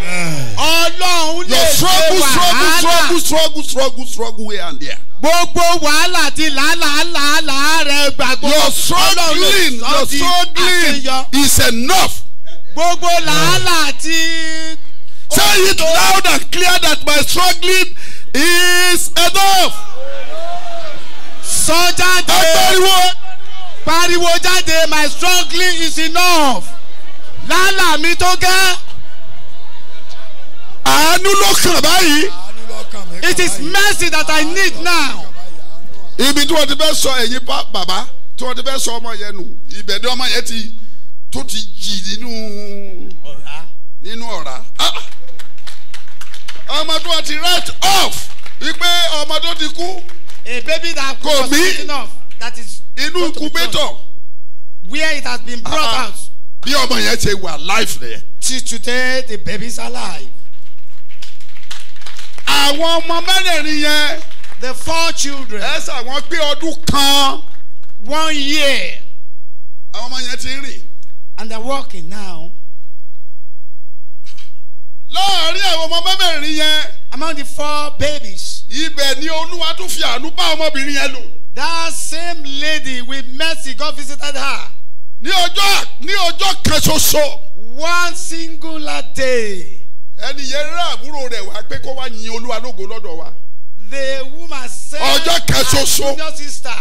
ọlọ́run lè ṣe wàhálà. struggle struggle struggle struggle struggle here and there. gbogbo wàhálà ti làálàálàálà rẹ gbàgbọ́. your struggling your struggling is enough. gbogbo làálàá ti. say it loud and clear that my struggling is enough. sọ jáde. ẹ pariwo. pariwo jáde my struggling is enough. làálàá mi tó gẹ́ àánú ló báyìí. it is mercy that I need now. ibi tí wọ́n ti fẹ́ sọ ẹ̀yin bàbá tí wọ́n ti fẹ́ sọ ọmọ yẹn nù ibẹ̀ ni ọmọ yẹn ti tó ti jì nínú nínú ọ̀rá. Ah, ah. ọmọ tí wọ́n ti write off wípé ọmọ tó ti kú. a baby that was taken off that is. inú incubator. where it has been brought uh ah, -huh. out. bí ọmọ yẹn ṣe wà life nìyẹn. till today the baby is alive àwọn ọmọ mẹ́rẹ̀ẹ̀rin yẹn. the four children. ẹ sà wọ́n pé ọdún kan. one year. àwọn ọmọ yẹn ti rìn. and they are walking now. láàárín àwọn ọmọ mẹ́rẹ̀ẹ̀rin yẹn. among the four babies. ibẹ̀ ni olúwa tún fi àánú bá ọmọbìnrin yẹn lò. that same lady with mercy God visited her. ní ọjọ́ ní ọjọ́ kan one singular day ẹni yẹn àbúrò rẹ̀ wá pé kó wá yin olúwa lógo lọ́dọ̀ wa. the woman sent ọjọ́ her junior sister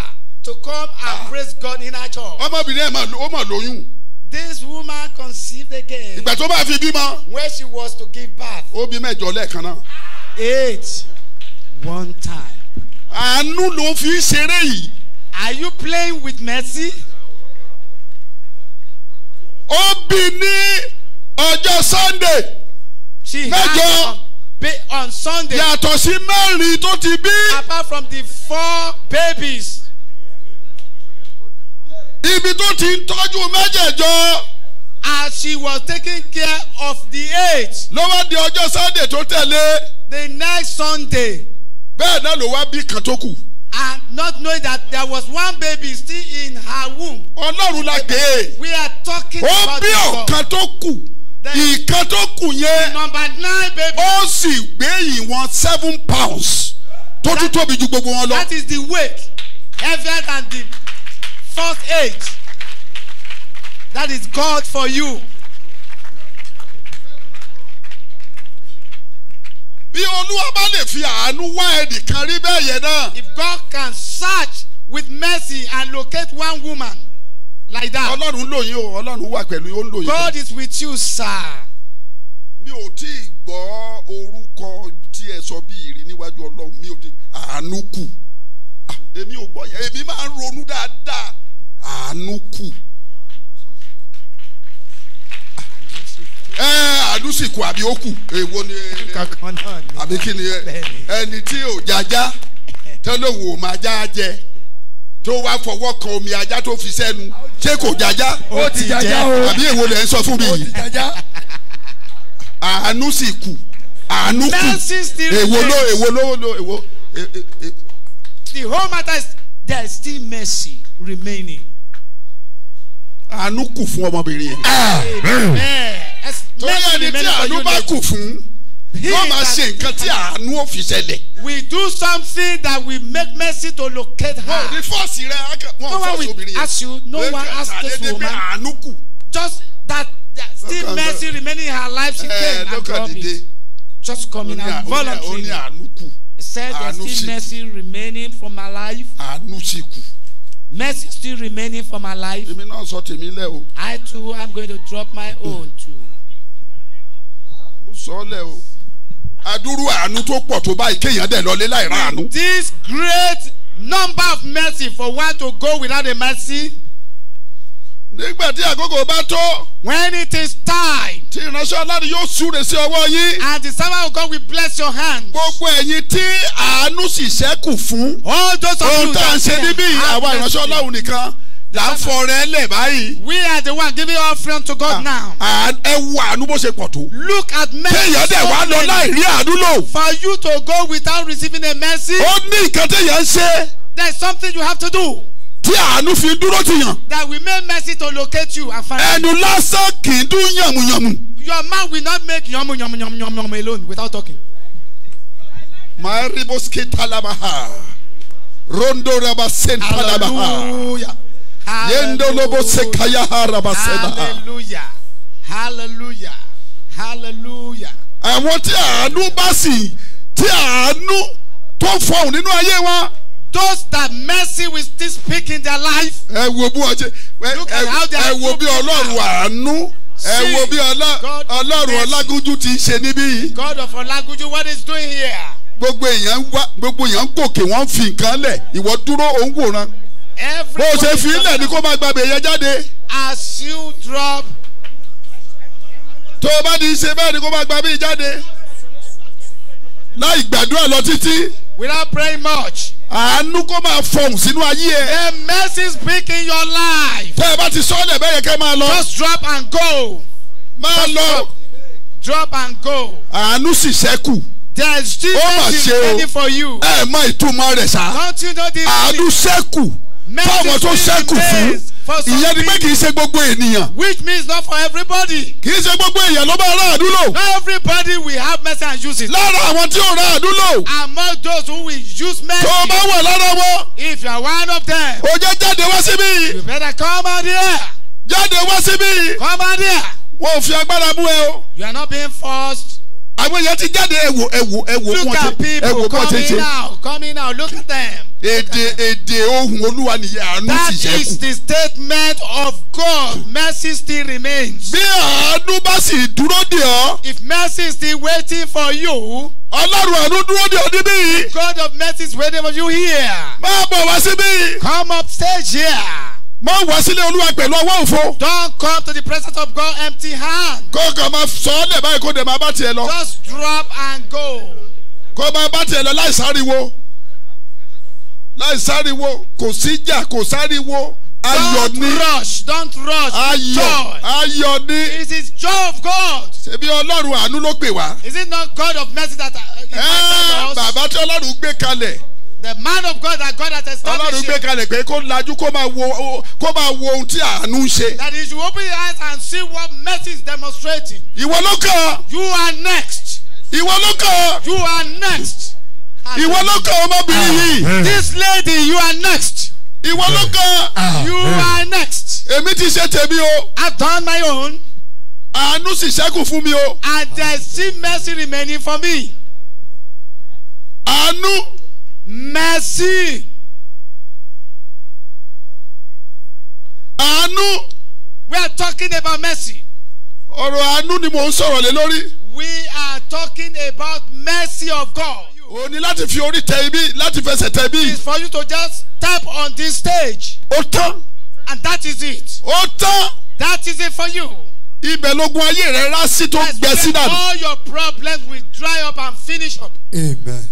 to come and ah. praise God in her church. ọmọbìnrin ẹ̀ ó mà lóyún. this woman conceived again. ìgbà tó bá fi bímọ. when she was to give birth. ó bí mẹ́jọ lẹ́ẹ̀kan náà. eight one time. àánú ló fi ń ṣeré yìí. are you playing with mercy? ó bí ní ọjọ́ sunday she mẹ́jọ. had on, on sunday. yàtọ̀ sí mẹ́rin tó ti bí. apart from the four babies. ibi tó ti ń tọ́jú mẹ́jẹ̀jọ. as she was taking care of the eight. ló wá di ọjọ́ sunday tó tẹ̀lé. the next sunday. bẹ́ẹ̀ náà ló wá bí kan tó kù. and not knowing that there was one baby still in her womb. ọlọ́run la gbé. we are talking about the God. ó bí ọ̀kan tó kù ìkan tó kù yẹn ó sì gbé ìwọ̀n seven pounds tó tún tóbi ju gbogbo wọn lọ. that is the weight heavier than the first age that is God for you. bí olúwa bá lè fi àánú wá ẹnìkan rí bẹ́ẹ̀ yẹn náà. if God can search with mercy and locate one woman. like that. ọlọ́run lò yín o ọlọ́run wà pẹ̀lú ó ń lò yín. God is with you sir. mi ò tí ì gbọ́ orúkọ tí ẹ sọ bí ìrì níwájú ọlọ́run mi ò tí àánú kù ah, èmi ò gbọ́ yẹn èmi máa ń ronú dáadáa àánú kù. Eh, àánú sì kù àbí ó kù èwo ni àbí kí ni ẹni tí ò jájá tẹ́lẹ̀ wò máa já jẹ. tó wá fọwọ́ kan omi ajá tó fi sẹ́nu ṣé kò jájá ó ti jájá àbí èwo lẹ̀ ń sọ fún mi yìí àánú sì kù àánú kù èwo ló èwo ló èwo. E- e- e- the whole matter is there is still mercy remaining. àánú kù fún ọmọbìnrin yẹn. torí ẹni tí àánú bá kù fún wọ́n máa ṣe nǹkan tí àánú ò ṣẹlẹ̀. we do something that we make mercy to locate her. wọ́n ò ní fọ́ọ̀sì rẹ̀ wọ́n fọ́ọ̀sì obìnrin yẹn. no one will ask you no one ask this woman. àánú kù. just that, that still mercy remaining in her life she eh, came and drop it. just coming out voluntarily. ó ní àánú kù. he said there still mercy remaining from her life. àánú sì kù. mercy still remaining from her life. èmi náà sọ tèmi lẹ o. I too am going to drop my own too. mo sọ ọ lẹ o adúrú àánú tó pọ̀ tó báyìí kéèyàn dẹ̀ lọlé láì àánú. this great number of mercy for one to go without a mercy. nígbà tí àkókò bá tó. when it is time. tí ìránṣẹ́ ọlọ́run yóò súre sí ọwọ́ yín. and the servant of God will bless your hands. gbogbo ẹ̀yin tí àánú sì ṣẹ́kù fún. all those of you that are here. ohun tá à ń ṣe níbí àwa ìránṣẹ́ ọlọ́run nìkan là ń fọ rẹ báyìí. we are the one giving offering to God ah, now. ẹ wo àánú bó ṣe pọ̀ tó. look at mercy. téèyàn dẹ̀ wá lọ láì àánú lò. for you to go without receiving a mercy. ó ní nǹkan téèyàn ń ṣe. there is something you have to do. tí àánú fi dúró ti yàn. that we make mercy to locate you and find you. ẹnu lásán kì í dún yàmùyàmù. your man will not make yàmùyàmùyàmùyàmù alone without talking. mariboski talabaha rondo raba sentalabaha. hallelujah. Hallelujah. Hallelujah. Hallelujah. Àwọn tí àánú bá sì tí àánú tó fọhùn nínú ayé wa. Those that mercy will still speak in their life. Ẹ wo bí ọjọ́ ẹ wo bí Ọlọ́run àánú ẹ wo bí Ọlọ́run Ọlágúnjú ti ṣe níbí yìí. God of Ọlágúnjú what is doing here? Gbogbo èèyàn wá gbogbo èèyàn gòkè wọ́n fi nǹkan lẹ̀ ìwọ dúró òun wòran bó o ṣe fi ilẹ̀ ni kó máa gba gbèyẹ jáde. as you drop. tó o bá ní í ṣe bẹ́ẹ̀ ni kó máa gba bíi jáde. láì gbàdúrà lọ títí. without praying much. àánú kó máa fọhùn sínú ayé ẹ. the mercy speak in your life. tẹ́ ẹ bá ti sọ́ọ́lẹ̀ bẹ́ẹ̀ yẹ kẹ́ máa lọ. just drop and go. máa lọ. drop and go. àánú sì ṣẹ́kù there is still plenty for you. ẹ mọ ìtumọ̀ rẹ̀ sá. don't you know the meaning. àánú ṣẹ́kù fáwọn tó ṣẹ́kù fún ìyẹn ni pé kì í ṣe gbogbo ènìyàn. which means not for everybody. kì í ṣe gbogbo èèyàn ló bá rà àdúlò. not everybody will have mercy and use it. lára àwọn tí ò rà àdúlò. among those who will use mercy. tó o bá wà lára wọn. if you are one of them. o jẹ́ jáde wá síbí. you better come out here. jáde wá síbí. come out here. wọn ò fi agbára bú ẹ o. you are not being forced. àwọn èèyàn ti jáde ẹ̀wò ẹ̀wò ẹ̀wò kọ́ńtẹ́ ṣe. look at people coming out coming out look at them èdè èdè ohun olúwa nìyẹn àánú sì ṣẹ́kù. that is the statement of God mercy still remains. bí àánú bá sì dúró dè ọ́. if mercy is still waiting for you. Ọlọ́run àánú dúró dè ọ́ níbí yìí. God of mercy is waiting for you here. Má bọ̀ wá síbí. Come up stage here. Má wá sílé Olúwa pẹ̀lú ọwọ́ òfo. Don't come to the presence of God empty hand. Kókò máa sọ ọ́ lẹ̀ báyìí kó dẹ̀ máa bá tiẹ̀ lọ. Just drop and go. Kó máa bá tiẹ̀ lọ láì sáriwo láì sáriwo kò síjà kò sáriwo ayọ̀ ni don't rush don't rush it is joy of God ṣebí ọlọ́run àánú ló pè wá is it not God of mercy that uh, uh, invited us bàbá tí ọlọ́run gbé kalẹ̀ the man of God that God has established ọlọ́run gbé kalẹ̀ pé kó lajú kó máa wo kó máa wo ohun tí àánú ń ṣe that is you open your eyes and see what mercy is demonstrating ìwọ ló kàn you are next ìwọ ló kàn you are next ìwọ ló kàn ọmọbìnrin ah. yìí. Eh. this lady you are next. ìwọ ló kàn. Ah. you eh. are next. èmi ti ṣe tèmi o. I done my own. àánú sì ṣẹ́kù fún mi o. and there is still mercy remaining for me. àánú. mercy. àánú. we are talking about mercy. ọ̀rọ̀ àánú ni mò ń sọ̀rọ̀ lé lórí. we are talking about mercy of God o ní láti fi orí tẹ ibi láti fẹsẹ̀ tẹ ibi. it's for you to just tap on this stage. ó tán. and that is it. ó tán. that is it for you. ibẹ̀ lógun ayé rẹ̀ rá sí tó gbẹ sí dànù. all your problems will dry up and finish up. amen.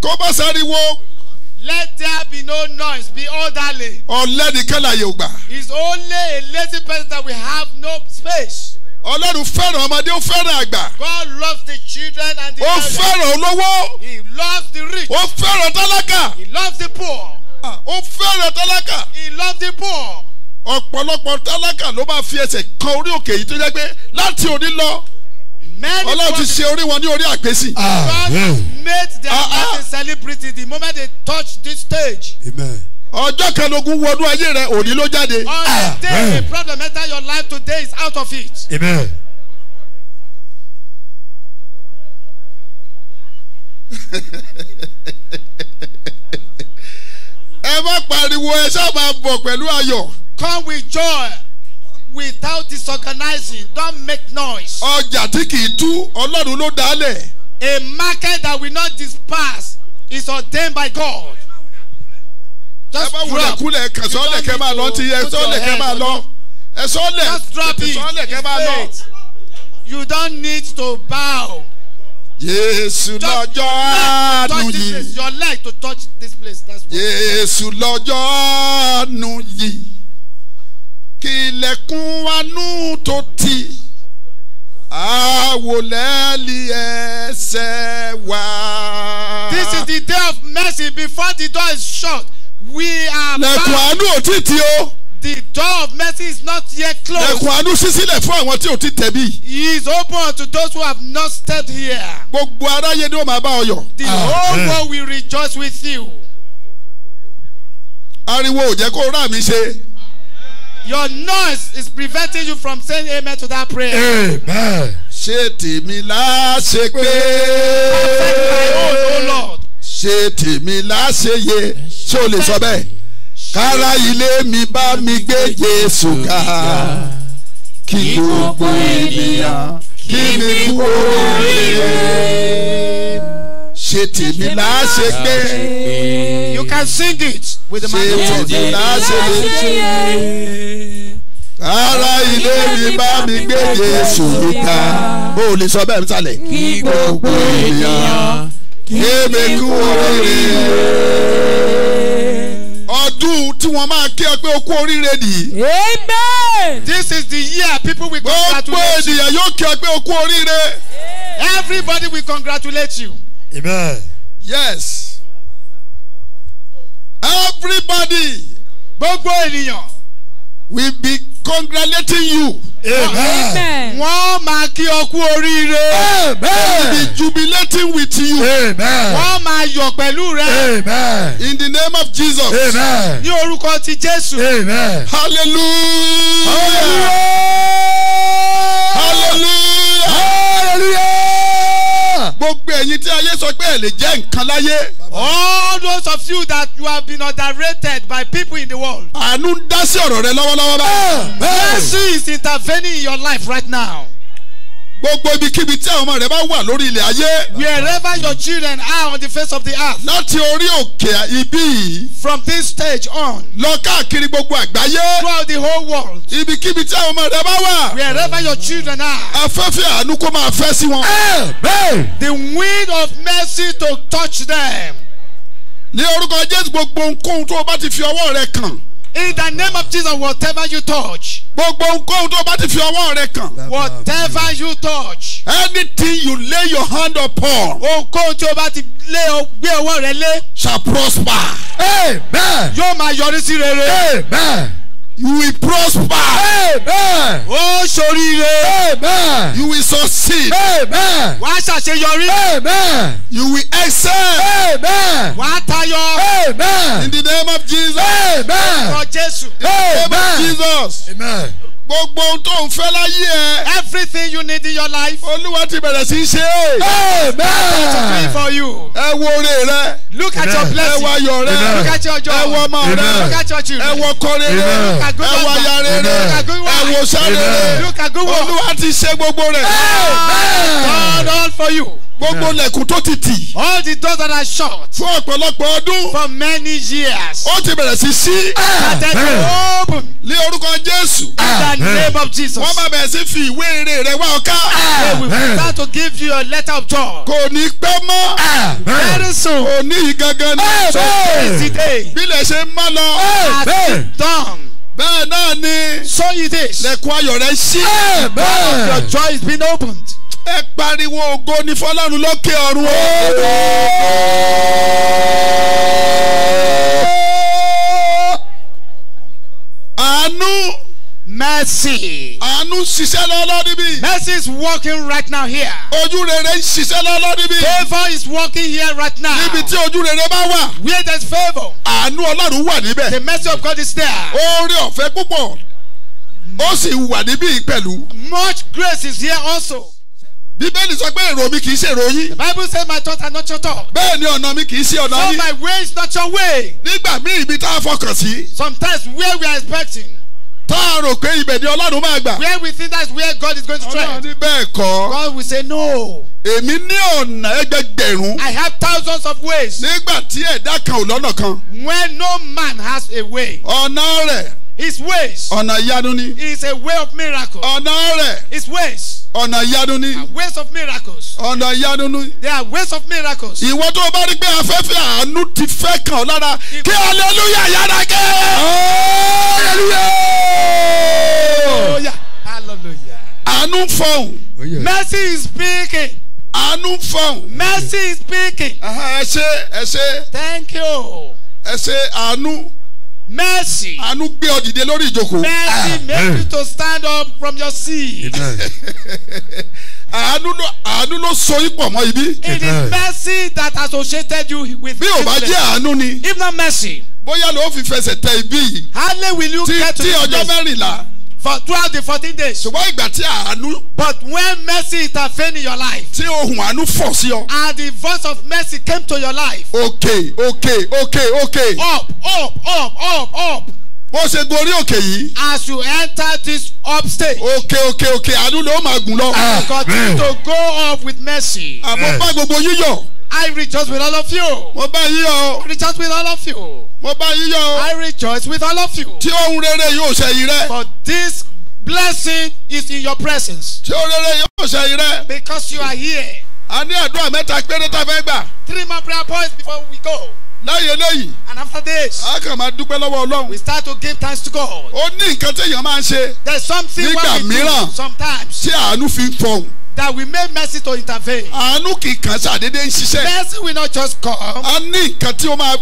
kó bá sáriwo. Let there be no noise, be orderly. Ọ̀lẹ́ni kẹ́lá yóò gbà. It's only a lazy person that we have no space. Ọlọ́run fẹ́ràn ọmọdé ó fẹ́ràn àgbà. God loves the children and the elders. Ó fẹ́ràn olówó. He loves the rich. Ó fẹ́ràn tálákà. He loves the poor. Ó fẹ́ràn tálákà. He loves the poor. Ọ̀pọ̀lọpọ̀ tálákà ló máa fi ẹsẹ̀ kan orí òkè yìí tó jẹ́ pé láti òní lọ. Ọlọ́run ti ṣe orí wọn ní orí àgbésì. God made them as ah, a ah. celebrity the moment they touch this stage. Amen ọjọ́ kanogún wọnú ayé rẹ òní ló jáde. Ah. day a problem enter your life today is out of it. ẹ má pariwo ẹ sábà bọ̀ pẹ̀lú ayọ̀. come with joy without disorganizing don't make noise. ọjà tí kì í tú ọlọ́run ló dálẹ̀. a market that will not disperse is ordained by God ẹ bá wulẹ̀ kulẹ̀ kẹsọ́ lẹ̀ kẹ́ máa lọ ti yẹ ẹsọ́ lẹ̀ kẹ́ máa lọ ẹsọ́ lẹ̀ ẹsọ́ lẹ̀ kẹ́ máa lọ. you don't need to bow. Jésù lọ́jọ́ àánú yìí. Touch this place. Your leg to touch this place. That's what. Jésù lọ́jọ́ àánú yìí. Kí ilẹ̀kùn tó ti. Àwòlẹ́lì ẹsẹ̀ wá. This is the day of mercy before the door is shut we are bound. lẹ̀kùn àánú ò ti o. The door of mercy is not yet closed. Lẹ̀kùn àánú ṣí fún àwọn tí ò ti tẹ̀ bí. He is open to those who have not stayed here. Gbogbo aráyé ni ó máa bá ọ yọ̀. The ah, whole world will rejoice with you. Ariwo ò jẹ́ kó rà mí ṣe. Your noise is preventing you from saying amen to that prayer. Amen. Ṣé tèmi láṣepé? I said my own, O Lord ṣe tèmi láṣeyẹ ṣé o lè sọ bẹ́ẹ̀ kára ilé mi bá mi gbé Jésù ká kí gbogbo ènìyàn kí mi kú oríire ṣe tèmi láṣẹ You can sing it with the man. ṣe tèmi láṣẹ gbé. ilé mi bá mi gbé Jésù ká. bó o lè sọ bẹ́ẹ̀ nísàlẹ̀. kí gbogbo ènìyàn kí oríire. ọdún tí wọ́n máa kí ọ pé o oríire nìyí. amen. this is the year people will congratulate you. gbogbo ènìyàn yóò kí ọ pé o oríire. everybody will congratulate you. amen. yes. everybody. gbogbo ènìyàn we be congratulating you. Amen. Wọ́n máa kí ọ kú oríire. Amen. We be jubilating with you. Amen. Wọ́n máa yọ̀ pẹ̀lú rẹ. Amen. In the name of Jesus. Amen. Ní orúkọ ti Jésù. Amen. Hallelujah. Hallelujah. Hallelujah. Hallelujah gbogbo ẹ̀yin tí ayé sọ pé ẹ lè jẹ́ nǹkan láyé. all those of you that you have been underrated by people in the world. àánú ń dá sí ọ̀rọ̀ rẹ lọ́wọ́lọ́wọ́ báyìí. mercy is intervening in your life right now gbogbo ibikíbi tí àwọn ọmọ rẹ bá wà lórí ilẹ̀ ayé. wherever your children are on the face of the earth. láti orí òkè ibí from this stage on. lọ káàkiri gbogbo àgbáyé. throughout the whole world. ibikíbi tí àwọn ọmọ rẹ bá wà. wherever your children are. afẹ́fẹ́ àánú kó máa fẹ́ sí wọn. the wind of mercy to touch them. ní orúkọ jésù gbogbo ohunkóhun tó o bá ti fi ọwọ́ rẹ kàn. In the name of Jesus, whatever you touch. Gbogbo ohunkóhun tó bá ti fi ọwọ́ rẹ kàn. Whatever you touch. Anything you lay your hand upon. Ohunkóhun tí o bá ti gbé ọwọ́ rẹ lé. Shall prosper. Amen. Yóò máa yọrí sí rere. Amen. You will prosper. Amen. Ó ṣoríire. Amen. You will succeed. Amen. Wà á ṣàṣeyọrí. Amen. You will excel. Amen. Wà á tayọ. Amen. In the name of Jesus. Amen. Ọ̀rọ̀ Jesus. Amen. In the name of Jesus. Amen gbogbo ohun tó ń fẹ́ láyé ẹ. everything you need in your life. olúwa ti bẹ̀rẹ̀ sí í ṣe é. amen. to pray for you. ẹ wo oore rẹ. look at your blessing. ẹ wo ayọ̀ rẹ. look at your joy. ẹ wo ọmọ rẹ. look at your children. ẹ wo kọrin rẹ. ẹ wo aya rẹ. ẹ wo sáré rẹ. olúwa ti ṣe gbogbo rẹ. amen. God all for you gbogbo lẹ̀kùn tó ti tì. all the doors that are shut. fún ọ̀pọ̀lọpọ̀ ọdún. for many years. ó ti bẹ̀rẹ̀ sí sí. started to open. ní orúkọ jésù. in the name of jesus. wọ́n bá bẹ̀rẹ̀ sí fi ìwé èrè rẹ̀ wá ọ̀ká. they will start to give you a letter of joy. kò ní pẹ́ mọ́. very soon. kò ní ìgangan ní. so praise the day. bílẹ̀ ṣe ń mọ́ lọ. as it done bẹ́ẹ̀ náà ni. so it is. lẹ́kùn ayọ̀ rẹ̀ ṣí. bẹ́ẹ̀ your joy is being opened ẹ pariwo ògo ni fọlọ́run lókè ọ̀run o. àánú. Mercy. Àánú ṣiṣẹ́ lọ́lọ́ níbí. Mercy is working right now here. Ojú rere ń ṣiṣẹ́ lọ́lọ́ níbí. Favour is working here right now. Níbi tí ojú rere bá wà. Where there is favour. Àánú Ọlọ́run wà níbẹ̀. The mercy of God is there. Oore ọ̀fẹ́ púpọ̀. Ó sì wà níbí pẹ̀lú. Much grace is here also bíbélì sọ pé èrò mi kì ṣe èrò yín. the bible say my thoughts are not your thoughts. bẹ́ẹ̀ ni ọ̀nà mi kì í ṣe ọ̀nà yín. so my way is not your way. nígbà míì ibi tá a fọkàn sí. sometimes where we are expecting. tá a rò pé ibẹ̀ ni ọlọ́run máa gbà. where we think that's where God is going to try. ọlọ́run ní bẹ́ẹ̀ kọ́. God will say no. èmi ní ọ̀nà ẹgbẹgbẹ̀rún. I have thousands of ways. nígbà tí ẹ̀dá kan ò lọ́nà kan. when no man has a way. ọ̀nà rẹ̀. his ways. ọ̀nà ìyanu ni. is a way of miracle. ọ̀nà rẹ̀. his ways ọ̀nà ìyanu ni. are ways of miracles. ọ̀nà ìyanu ni. they are ways of miracles. ìwọ tó o bá rí pé afẹ́fẹ́ àánú ti fẹ́ kàn ọ́ lára kí hallelujah yára kẹ́. hallelujah. hallelujah. àánú ń fọ̀hún. Oh, mercy is speaking. àánú ń fọ̀hún. mercy is speaking. ẹ ṣé ẹ ṣé. thank you. ẹ ṣé àánú mercy. àánú gbé ọ dìde lórí ìjókòó. mercy ah. make you to stand up from your seat. àánú ló àánú ló so yín pọ̀ mọ́ ibi. it is mercy that associated you with. bí o bá jẹ́ àánú ni. if not mercy. bóyá ló fi fẹsẹ̀ tẹ ibi yìí. hardly will you get to this place. ti ọjọ́ mẹ́rìnlá for throughout the fourteen days. ṣùgbọ́n ìgbà tí àánú. but when mercy intervened in your life. tí ohun àánú fọ̀ sí ọ. and the voice of mercy came to your life. okay okay okay okay. up up up up up bó ṣe gorí òkè yìí. as you enter this upstage. òkè òkè òkè àánú ló máa gùn lọ. I continue to go up with mercy. àmọ́ bá gbogbo yíyọ̀. I rejoice with all of you. Mo bá yín yọ. I rejoice with all of you. Mo bá yín yọ. I rejoice with all of you. Tí ohun rere yóò ṣe yìí rẹ. For this blessing is in your presence. Tí ohun rere yóò ṣe yìí rẹ. Because you are here. A ní àdúrà mẹ́ta péré tá a fẹ́ gbà. Three more prayer points before we go lẹ́yìn eléyìí. and after this. a kàn máa dúpẹ́ lọ́wọ́ ọlọ́run. we start to give thanks to God. ó ní nǹkan téèyàn máa ń ṣe. there is something Nígbà we do sometimes. tí àánú fi ń fọhùn. that we make mercy to intervene. àánú kì í kàn ṣàdédé ń ṣiṣẹ́. mercy will not just come. a ní nǹkan tí ó máa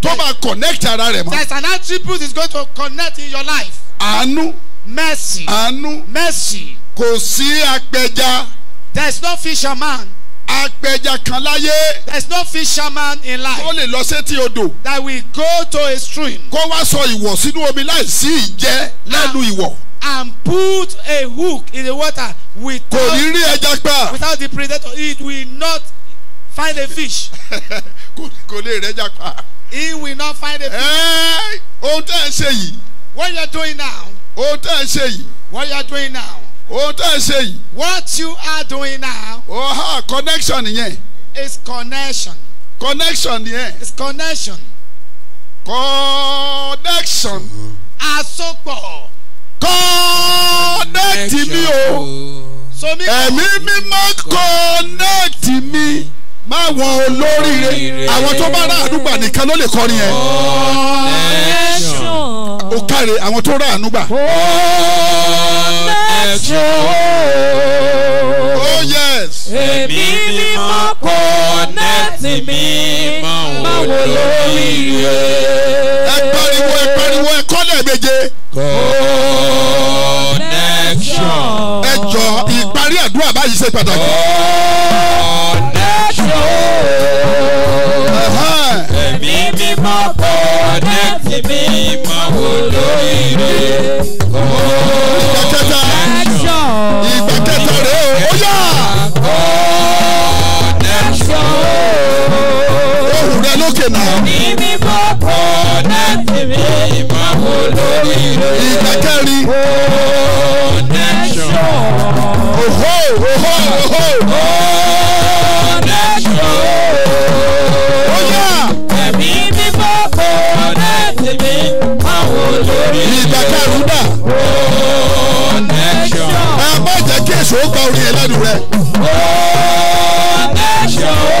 tó máa connect ara rẹ̀ mọ́. there is an attribute that is going to connect in your life. àánú. mercy. àánú. mercy. kò sí apẹja. there is no fisherman apẹja kan láyé. there is no fisherman in life. kó lè lọ sétí odò. that will go to a stream. kó wá sọ ìwọ̀ sínú omi láì sí ìjẹ lẹ́nu ìwọ̀. and put a hook in the water without. kò ní rí ẹja gbà. without the predator it will not find a fish. kò lè rẹ́jà pa. he will not find a fish. ohun tẹ́ ẹ ṣe yìí. what you are doing now. ohun tẹ́ ẹ ṣe yìí. what you are doing now ohun tó ń ṣe yìí. what you are doing now. oh ha connection yẹn. is connection. connection yẹn. is connection. connection. àsopọ̀. connect mi o. ẹ̀mí mímọ́ connect mi má wọn olóríire àwọn tó bá ráàánú gbà nìkan ló lè kọrin yẹn. ó káre àwọn tó ráàánú gbà. oh yes. èmi ni mo kọ nẹ́ẹ̀tì mi má wọn olóríire. ẹ pariwo ẹ pariwo ẹ kọ́ lẹ́ẹ̀méje. connection. ẹ jọ ìparí àdúrà báyìí ṣe pàtàkì ṣe o. ẹ̀mí mímọ́ kọ̀ọ̀nẹ́tì mi mọ̀ wò lóríire. ìgbà kẹta ìgbà kẹta rèé o ó yà. kọ̀ọ̀nẹ́tì o. ohùn rẹ lókè náà. ẹ̀mí mímọ́ kọ̀ọ̀nẹ́tì mi mọ̀ wò lóríire. oh kẹrin. kọ̀ọ̀nẹ́tì o. oho oho oho. ṣó kọ orin ẹlẹ́nu rẹ. ó nẹ́ṣọ̀ ó.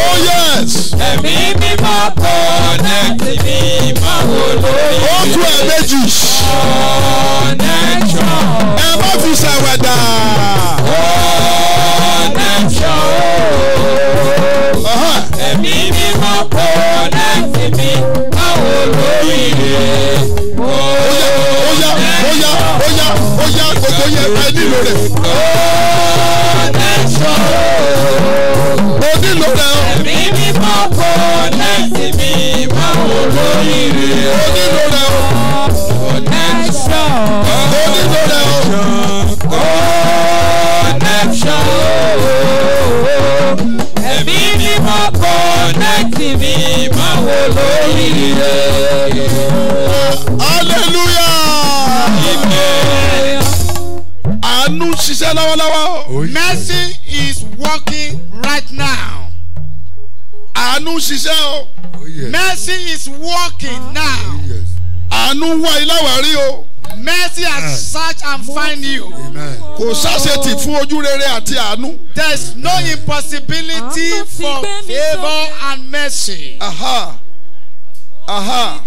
ó yẹs. mi mímọ́ kọ́ nẹ́ẹ̀tì mímọ́ olórí. ó tu ẹ̀ méjì. ó nẹ́ṣọ̀. ẹ má fi ṣàwẹ̀dà. ó nẹ́ṣọ̀ ó. mi mímọ́ kọ́ nẹ́ẹ̀tì mímọ́ olórí. gbogbo yẹn ẹ nílò rẹ̀. mo nílò rẹ̀ o. ẹ̀mí mi mọ́ kó lẹ́sì mi máa wò lórí rẹ̀. mo nílò rẹ̀ o. connection. mo nílò rẹ̀ o. connection. ẹ̀mí mi mọ́ kó lẹ́sì mi máa wò lórí rẹ̀. àánú ṣiṣẹ́ lọ́wọ́lọ́wọ́. Oh, mercy is working right now. àánú ṣiṣẹ́ o. Oh, mercy is working oh, now. àánú wá ilé o. Mercy has searched and found you. Kò sáṣetì fún ojú rere àti àánú. There is no impossibility for favour and mercy. Aha. Aha.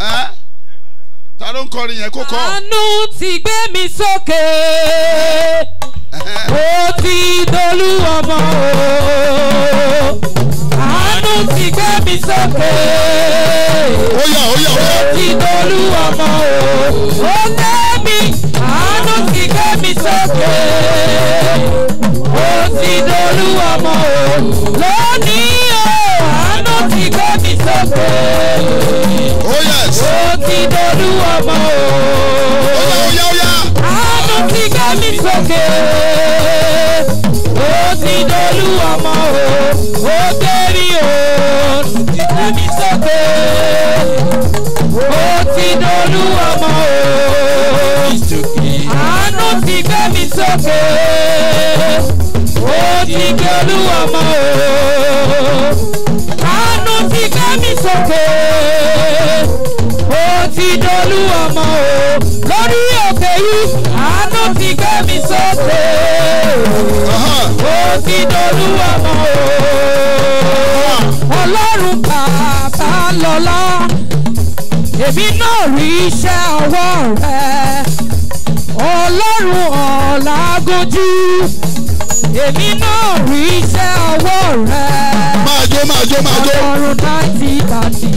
Ẹ ta ló ń kọrin yẹn kó kọ. àánú ti gbé mi sókè ó ti dolú ọmọ o àánú ti gbé mi sókè ó ti dolú ọmọ o ó gbé mi àánú ti gbé mi sókè ó ti dolú ọmọ o lónìí o àánú ti gbé mi sókè ó ti dolú ọmọ o àánú ti gbé mi sókè ó ti dolú ọmọ o ó tẹ̀rí o ti gbé mi sókè ó ti dolú ọmọ o àánú ti gbé mi sókè ó ti dolú ọmọ o àánú ti gbé mi sókè ó ti dolú ọmọ o lórí òkè yìí àánú ti gbé mi sókè ó ti dolú ọmọ o ọlọ́run bàbá lọ́lá èmi náà rí iṣẹ́ ọwọ́ rẹ ọlọ́run ọ̀làgójú èmi náà rí iṣẹ́ ọwọ́ rẹ jó máa jó máa jó. ọ̀run láti bàtì.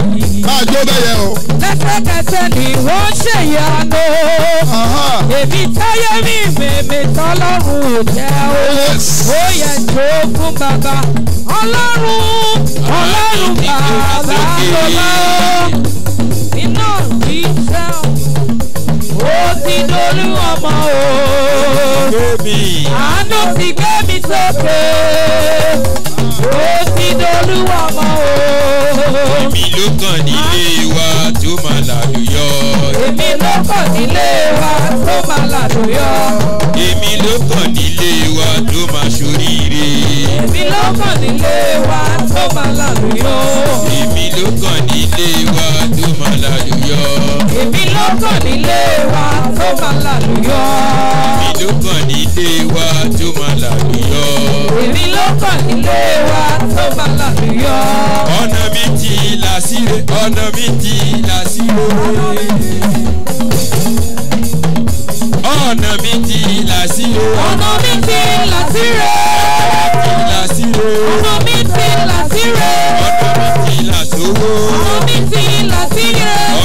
máa jó bẹ́yẹ o. lẹ́sẹ̀kẹsẹ̀ ni wọ́n ṣèyàgò. èmi táyé mi mèmè tọ́lọ́run ò jẹ́ o. ó yẹ jogún bàbá. ọlọ́run ọlọ́run bàbá lọ́lá. iná jíjẹ́ o ó ti dolú ọmọ o. àánú ti gbé mi sókè ó ti dolúwa mọ́ o. èmi ló kàn nílé wa tó máa làlùyọ. èmi ló kàn nílé wa tó máa làlùyọ. èmi ló kàn nílé wa tó máa ṣoríire. èmi ló kàn nílé wa tó máa làlùyọ. èmi ló kàn nílé wa tó máa làlùyọ. èmi ló kàn nílé wa tó máa làlùyọ ló kàn nílé wa tó máa làlùyọ. èmi ló kàn nílé wa tó máa làlùyọ. ọ̀nà mi ti là síre ọ̀nà mi ti là síre. ọ̀nà mi ti là síre. ọ̀nà mi ti là síre. ọ̀nà mi ti là síre. ọ̀nà mi ti là sówó. ọ̀nà mi ti là síre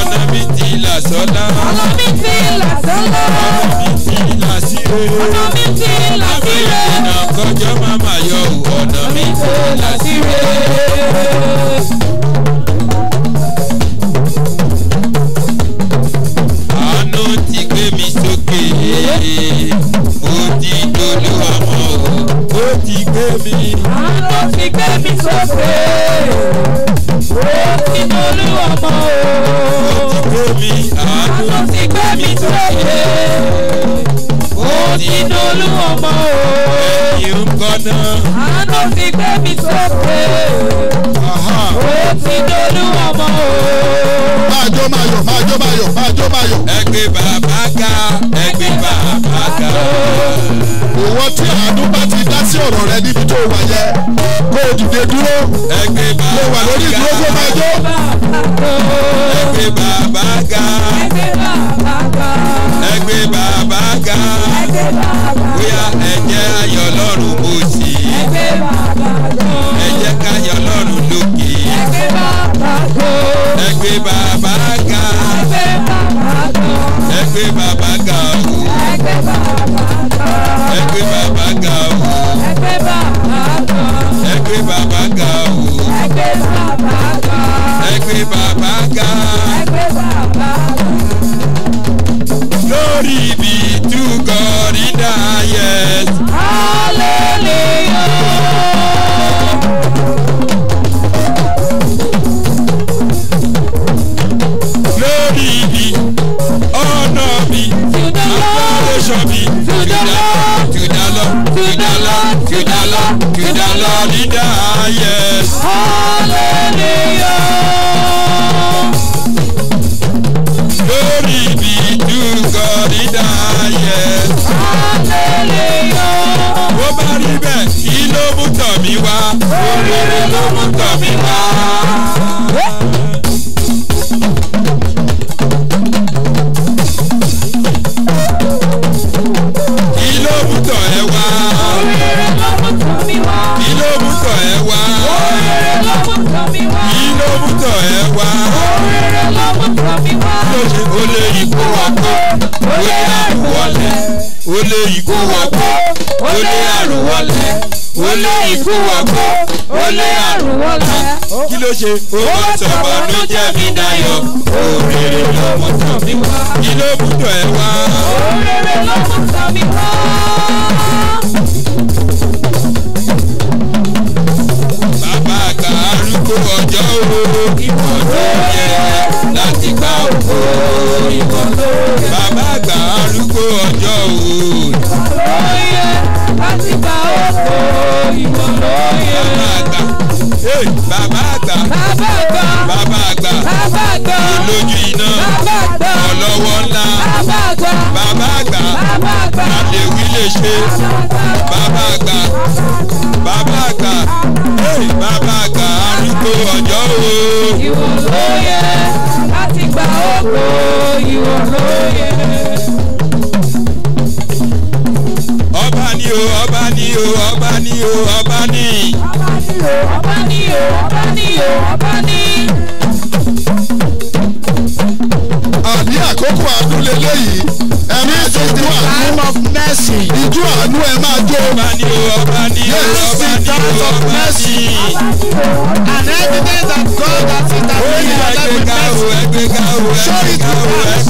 là sọ́lá. ọ̀nà mi ti là sọ́lá. ọ̀nà mi ti là síre. ọ̀nà mi ti là síre. àbẹ̀yẹ̀ náà kọjọ́ máa máa yọ ọ̀nà mi ti là síre. àánú ti gbé mi sókè. mo ti dolú àmọ́ o. ó ti gbé mi. àánú ti gbé mi sókè ó ti dolú ọmọ o. Àtò ti gbé mi tó yẹ. Ó ti dolú ọmọ o. Ẹ̀yin ń gbọ́dọ̀. Àtò ti gbé mi tó yẹ. Ó ti dolú ọmọ o. Máa jó máa yọ̀ máa jó máa yọ̀ máa jó máa yọ̀. Ẹ bàbá ga, ẹ bàbá ga ìwọ tí àánú bá ti dá sí ọ̀rọ̀ rẹ níbi tó wà yẹ kó o dìde dúró mo wà lórí ìdúró kó máa jó. ẹgbẹ́ bàbá ga ẹgbẹ́ bàbá ga bóyá ẹ̀jẹ̀ ayọ̀ lọ́rùn mo sì ẹgbẹ́ bàbá ga ẹ̀jẹ̀ kayọ̀ lọ́rùn lókè ẹgbẹ́ bàbá ga ẹgbẹ́ bàbá ga ẹgbẹ́ bàbá ga ẹgbẹ́ bàbá ga o. ẹgbẹ́ bàbá ga o. ẹgbẹ́ bàbá ga o. ẹgbẹ́ bàbá ga ẹgbẹ́ bàbá ga o. ẹgbẹ́ bàbá ga ẹgbẹ́ bàbá ga ẹgbẹ́ bàbá ga o. glory be to God in highest. hallelujah. ńlá kìdá ńlá dídá ayé. hallelujah. Glory be to God in the highest. Hallelujah. Bó bá rí bẹ́ẹ̀, kí ló mú tọ̀ mí wá? Oríire ló mú tọ̀ mí wá. olè àrùn wọlé olè ikú wọgbó olè àrùn wọlé olè ikú wọgbó olè àrùn wọlé. kí ló ṣe. owó tọ̀bọ̀ ló jẹ́ mi dayọ̀ òrèrè ló mú tàn mí wá. kí ló mú tàn ẹ́ wá. òrèrè ló mú tàn mí wá. bàbá àgbà arúgbó ọjọ́ wo ìmọ̀ ló yẹ ti gbá òkú ìwọ ló yẹ. bàbá àgbà arúgbó ọjọ́ òòrùn. ló yẹ a ti gbá òkú ìwọ ló bàbá àgbà bàbá àgbà bàbá àgbà bàbá àgbà bàbá àgbà olójú iná bàbá àgbà ọlọ́wọ́ ńlá bàbá àgbà bàbá àgbà bàbá àgbà àlèwí lè ṣe bàbá àgbà bàbá àgbà bàbá àgbà arúgbó ọjọ́ o. ìwọ ló yẹ láti gba ògo ìwọ ló yẹ. ni o ọba ni o ọba ni o ọba ni. ọba ni o ọba ni o ọba ni o ọba ni. àbí àkókò àánú lélẹ́yìí ẹ máa jó ìjú àánú ìjú àánú ẹ máa jó. Yes, the God of mercy. And evidence that God has intervened in your life Show it to us.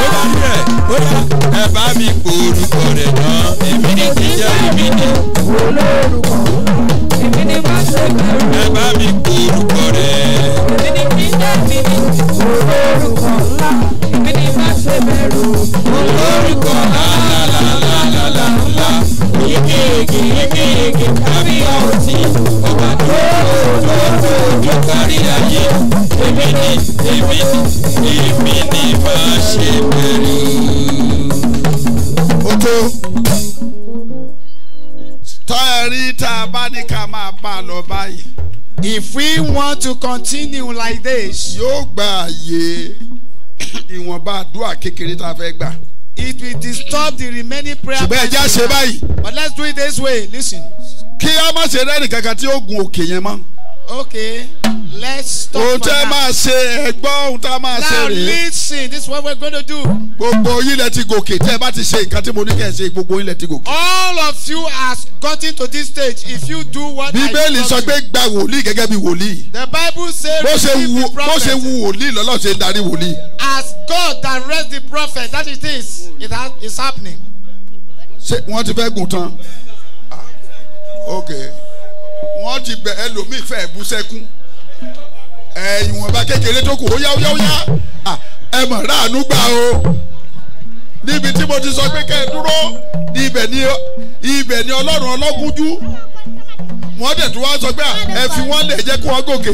Ó bá yẹ ẹ bá mi pòrúkọ rẹ̀ náà èmi ni kí jẹ́ èmi ni. Ẹ bá mi pòrúkọ rẹ̀ mi olórúkọ ńlá èmi ni má ṣe bẹ̀rù olórúkọ lálálálálá ńlá yíkéèké yíkéèké kábíyá òtí ọba tó tó tó tó kárí ayé èmi ni èmi ni èmi ni má ṣe bẹ̀rù. Oto tọ́ ẹ rí tá a bá ní ká máa bá a lọ báyìí. If we want to continue like this. Yóò gba àyè ìwọ̀nba àdúrà kékeré tá a fẹ́ gbà. It will disturb the remaining prayer. Ṣùgbọ́n ẹja ṣe báyìí. But let's do it this way. Listen. Kí a má ṣe rẹ́rìn kankan tí ó gun òkè yẹn mọ́. Okay, let's stop ohun tẹ́ máa ṣe ẹgbọ́n ohun tẹ́ máa ṣe rèé. now listen this is what we are going to do. gbogbo yín ti gòkè tẹ́ ẹ bá ti ṣe nǹkan tí mo ní kẹ́ ẹ ṣe gbogbo yín ti gòkè. all of you are gotten to this stage if you do what Bíbélì I tell you. Bíbélì sọ pé gba wòlíì gẹ́gẹ́ bí wòlíì. The Bible say receive the prophet. Bó ṣe wu wòlíì lọ́lọ́ ṣe darí wòlíì. As God direct the prophet that it is it has, is happening. Ṣé wọ́n ti fẹ́ gùn tán? Ah, okay. Wọ́n ti bẹ̀ ẹlòmíì fẹ́ bú sẹ́kún. Ẹ̀yìn wọ̀nba kékeré tó kù ó yá ó yá ó yá. Ah, ẹ mọ̀ ráàánú gbà o níbi tí mo ti sọ pé kẹ́ dúró ibẹ̀ ni ibẹ̀ ni ọlọ́run ọlọ́gúnjú wọ́n dẹ̀ tún wá sọ pé ẹ fi wọ́n lè jẹ́ kí wọ́n gòkè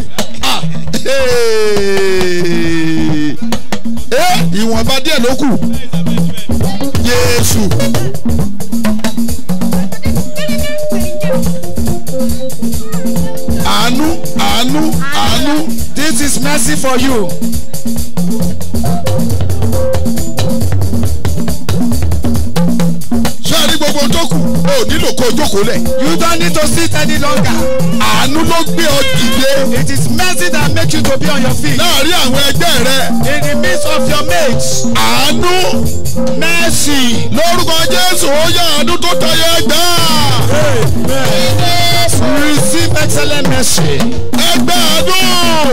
ìwọ̀nba díẹ̀ ló kù Jésù. àánú àánú àánú. This is mercy for you. gbogbo tó kù o nílò kó o jókòó lẹ̀. you don't need to sit any longer. àánú ló gbé ọ dìde. it is mercy that makes you to be on your feet. láàárín àwọn ẹgbẹ́ rẹ. in the midst of your mates. àánú. mercy. lórúkọ jésù ó yá àánú tó tayọ ẹgbẹ́. amen. receive excellent mercy. ẹgbẹ́ àánú.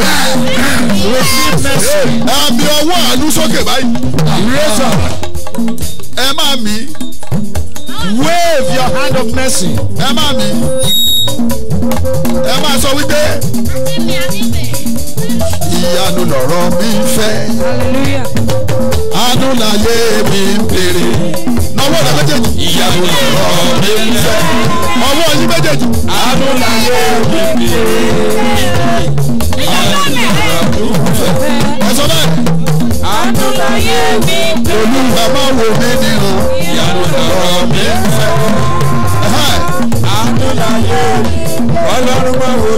receive mercy. àmì ọwọ́ àánú sókè báyìí. ẹ máa mí wave your hand of mercy. ẹ máa mi ẹ máa sọ wípé ìyanu lọ̀rọ̀ mi ń fẹ́ àánú láyé mi ń béèrè ọwọ́ rẹ méjèèjì ìyanu lọ̀rọ̀ mi ń fẹ́ ọwọ́ yín méjèèjì àánú láyé mi ń béèrè àánú lọ̀rọ̀ mi ń fẹ́ ẹ sọ bẹ́ẹ̀ àánú láyé mi ń béèrè olùgbàmọ̀ wo mi nìran ìyanu lọ́rọ̀ mi fẹ́. Àdúláyé ọlọ́run ọwọ́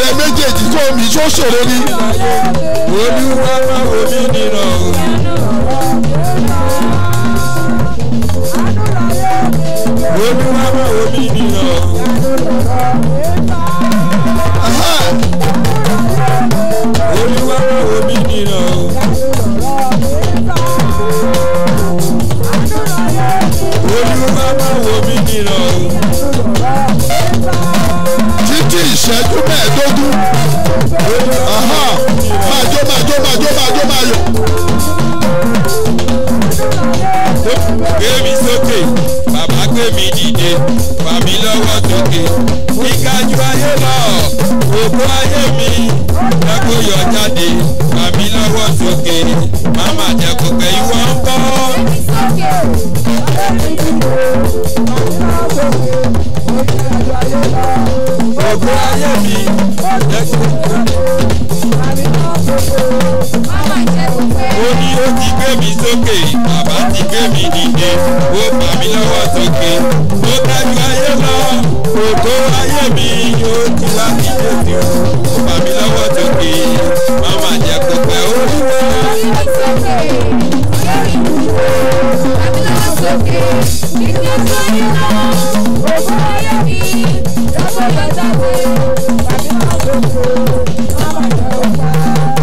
rẹ méjèèjì tó omi tó ṣòro ni. Olúwa máa wo ní ìrọ̀ òsì. Olúwa máa wo ní ìṣẹ́jú mẹ́ẹ̀ẹ́dógún máa jó máa jó máa jó máa jó máa yọ. gbé mi sókè bàbá gbé mi dìde fà mí lọ́wọ́ sókè kíkájú ayé lọ òkú ayé mi lẹ́kọ̀ọ́ yọ jáde fà mí lọ́wọ́ sókè máma jẹ́kọ̀ọ́ pé ìwọ ń bọ́. Thank you ògo ayé mi. ó ní ó ti gbé mi sókè bàbá ti gbé mi dìde ó fà mí lọ́wọ́ sókè ó dájú ayé lọ ògo ayé mi ó ti wá ní jésù ó fà mí lọ́wọ́ sókè màmá jẹ́ kó pẹ́ ó rí wọ́n. Thank you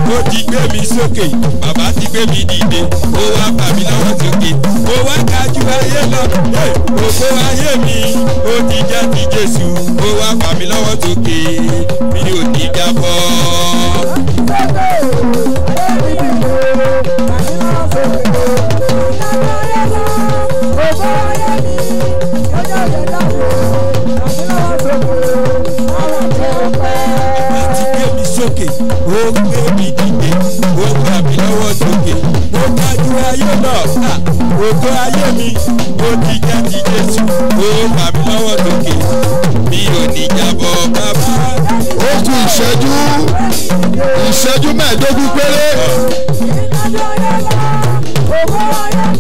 ó ti gbé mi sókè bàbá ti gbé mi dìde ó wá bà mí lọ́wọ́ sókè ó wá ga ju ayé lọ ògo ayé mi ó ti já ti Jésù ó wá bà mí lọ́wọ́ sókè mi ò ní jábọ́. ó gbé mi dìde ó gbà mí lọ́wọ́ sókè ó dájú ayé náà sà ògo ayé mi ó ti já ti jésù ó gbà mí lọ́wọ́ sókè mi ò ní jábọ́ bàbá. ó kù ìṣẹ́jú ìṣẹ́jú mẹ́ẹ̀ẹ́dógún péré. ògo ayé náà ògo ayé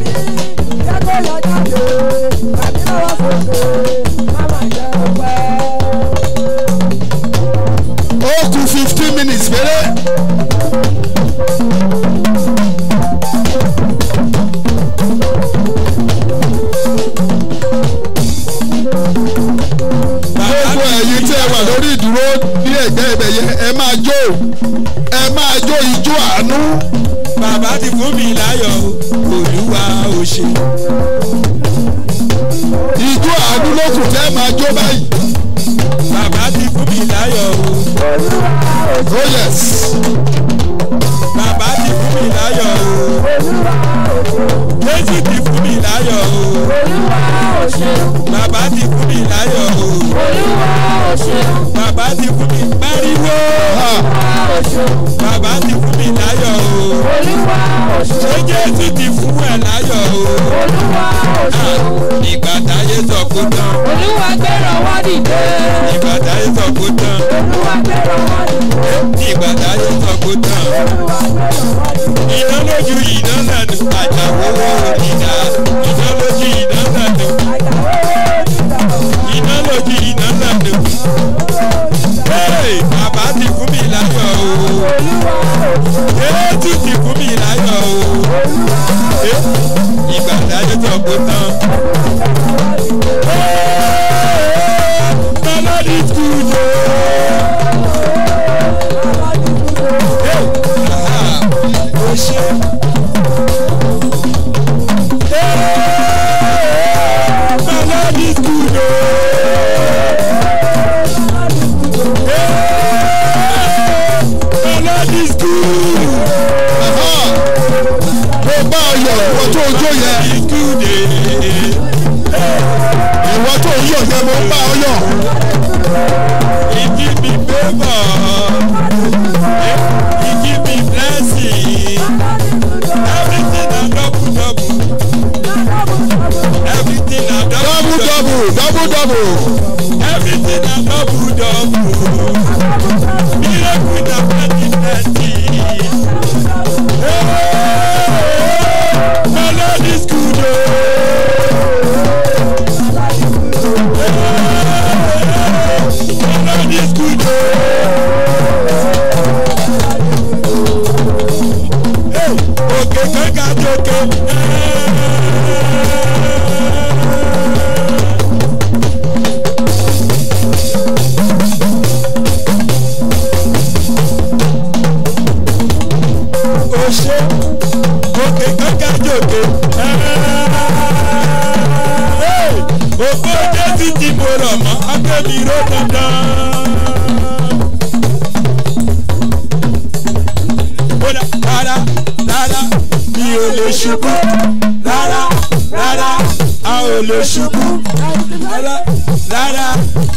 rárá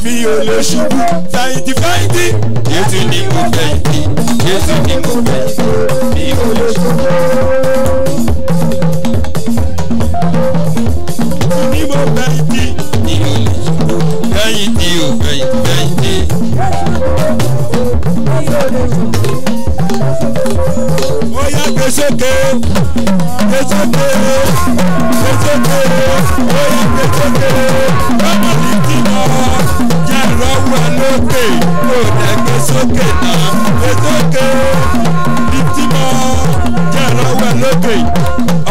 mi ò lè ṣubú fẹ̀yìntì fẹ̀yìntì jésù ni mo fẹ̀yìntì jésù ni mo fẹ̀yìntì mi ò lè ṣubú. ni mo fẹ̀yìntì mi ò lè ṣubú fẹ̀yìntì ò fẹ̀yìntì fẹ̀yìntì. ó yá gbé sókè gbé sókè gbé sókè ó yá gbé sókè ọmọ mi jẹ́ ìrọ́wọ́ lókè ló dẹ́gbẹ́ sókè náà ètòkè ìtìmọ̀ jẹ́ ìrọ́wọ́ lókè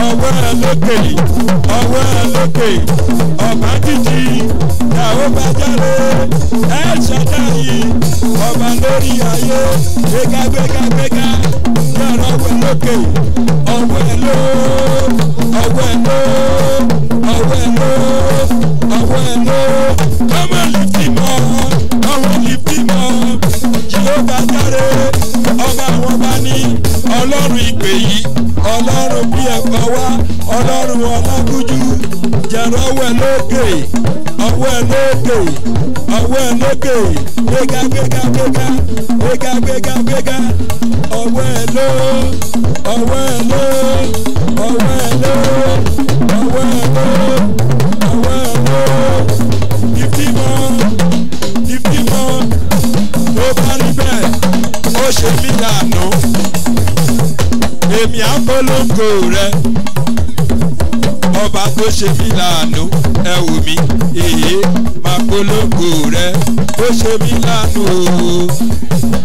ọwọ́ ẹ lókè ọwọ́ ẹ lókè ọba jíjí làwọn bá jáde ẹ ṣàdáyé ọba lórí ayé gbégagbégagbéga bẹ̀rẹ̀ ọwọ́ ẹ̀ lókè ọwọ́ ẹ̀ ló ọwọ́ ẹ̀ ló ọwọ́ ẹ̀ ló ọwọ́ ẹ̀ ló ọmọ lìfì mọ́ ọwọ́ lìfì mọ́ Jèhófà dáre ọba àwọn bá ní ọlọ́run ìpè yìí ọlọ́run bí ẹ̀kọ́ wá ọlọ́run ọlágúnjú jẹ̀rọ ọwọ́ ẹ̀ lókè ọwọ́ ẹ̀ lókè ọwọ́ ẹ̀ lókè gbéga gbéga gbéga gbéga gbéga gbéga ọwọ́ ẹ̀ ló ọwọ́ ẹ̀ ló ọwọ́ ẹ̀ ló ọwọ́ ẹ̀ ló ọwọ́ ẹ̀ ló fifty more fifty bá rí ó ṣe mí dànù èmi àpolongo rẹ ọba tó ṣe mí lànà ẹ wò mí èyí màpolongo rẹ tó ṣe mí lànà o.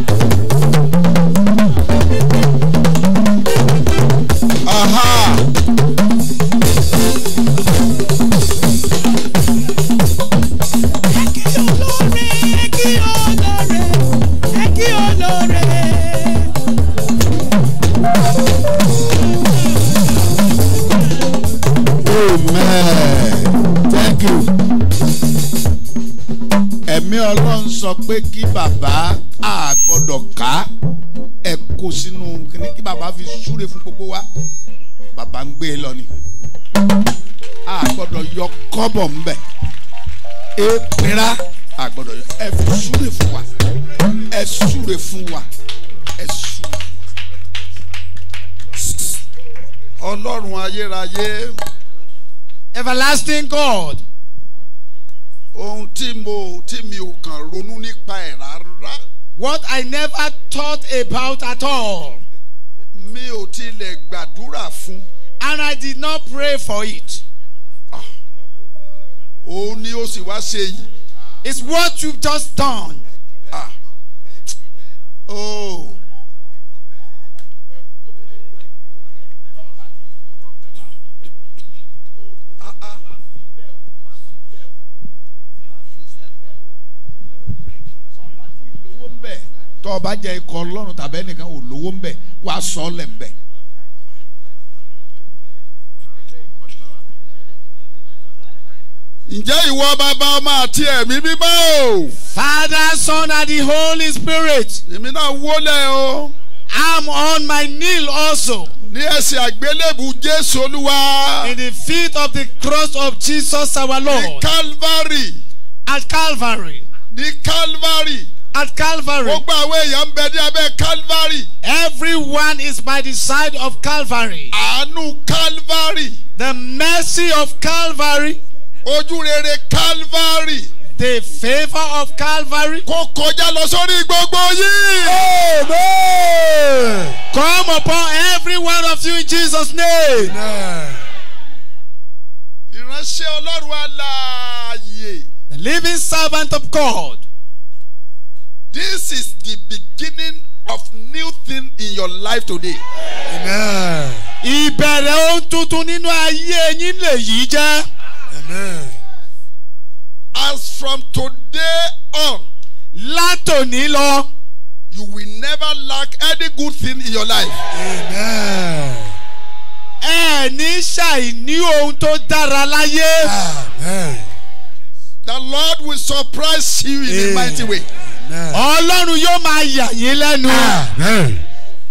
gbé e lọ ni a gbọ́dọ̀ yọ kọ́bọ̀ ńbẹ̀ e pera a gbọ́dọ̀ yọ ẹ súre fún wa ẹ súre fún wa ẹ súre. ọlọ́run ayérayé. everlasting God. ohun tí mo tí mi ò kàn ronú nípa ẹ̀ rárá. what I never thought about at all. mi ò tilẹ̀ gbàdúrà fún and I did not pray for it. Ah. Ó ni ó sì wá ṣe yìí. It's what you've just done. Ah. Oh. Ah, ah. tọ́ ọ bá jẹ́ ikọ̀ ọlọ́run tàbí ẹnìkan ò lówó ń bẹ̀ wàá sọ ọ́ lẹ̀ ń bẹ̀. Ǹjẹ́ ìwọ bàbá ọmọ àti ẹ̀mí mímọ́ o? Father, Son and the Holy Spirit. Èmi náà wólẹ̀ o. I'm on my knee also. Ní ẹsẹ̀ àgbélébù Jésù Olúwa. In the feet of the cross of Jesus our Lord. Ní Calvary. At Calvary. Ní Calvary. At Calvary. Gbogbo àwọn èèyàn ń bẹ ní abẹ́ Calvary. Everyone is by the side of Calvary. Àánú Calvary. The mercy of Calvary ojú rere Calvary. the favour of Calvary. kó kọjá lọ sórí gbogbo yín. amen. come upon every one of you in Jesus name. ìránṣẹ́ Ọlọ́run alààyè. the living servant of God. this is the beginning of new thing in your life today. amen. ìbẹ̀rẹ̀ ohun tuntun nínú ayé yín lèyí jẹ́. Amen. As from today on, látòní lọ. You will never lack any good thing in your life. Amen. Ẹ ní ṣàìní ohun tó dára láyé. Amen. The Lord will surprise you in a mighty way. Ọlọ́run yóò máa yà yín lẹ́nu. Amen. Amen.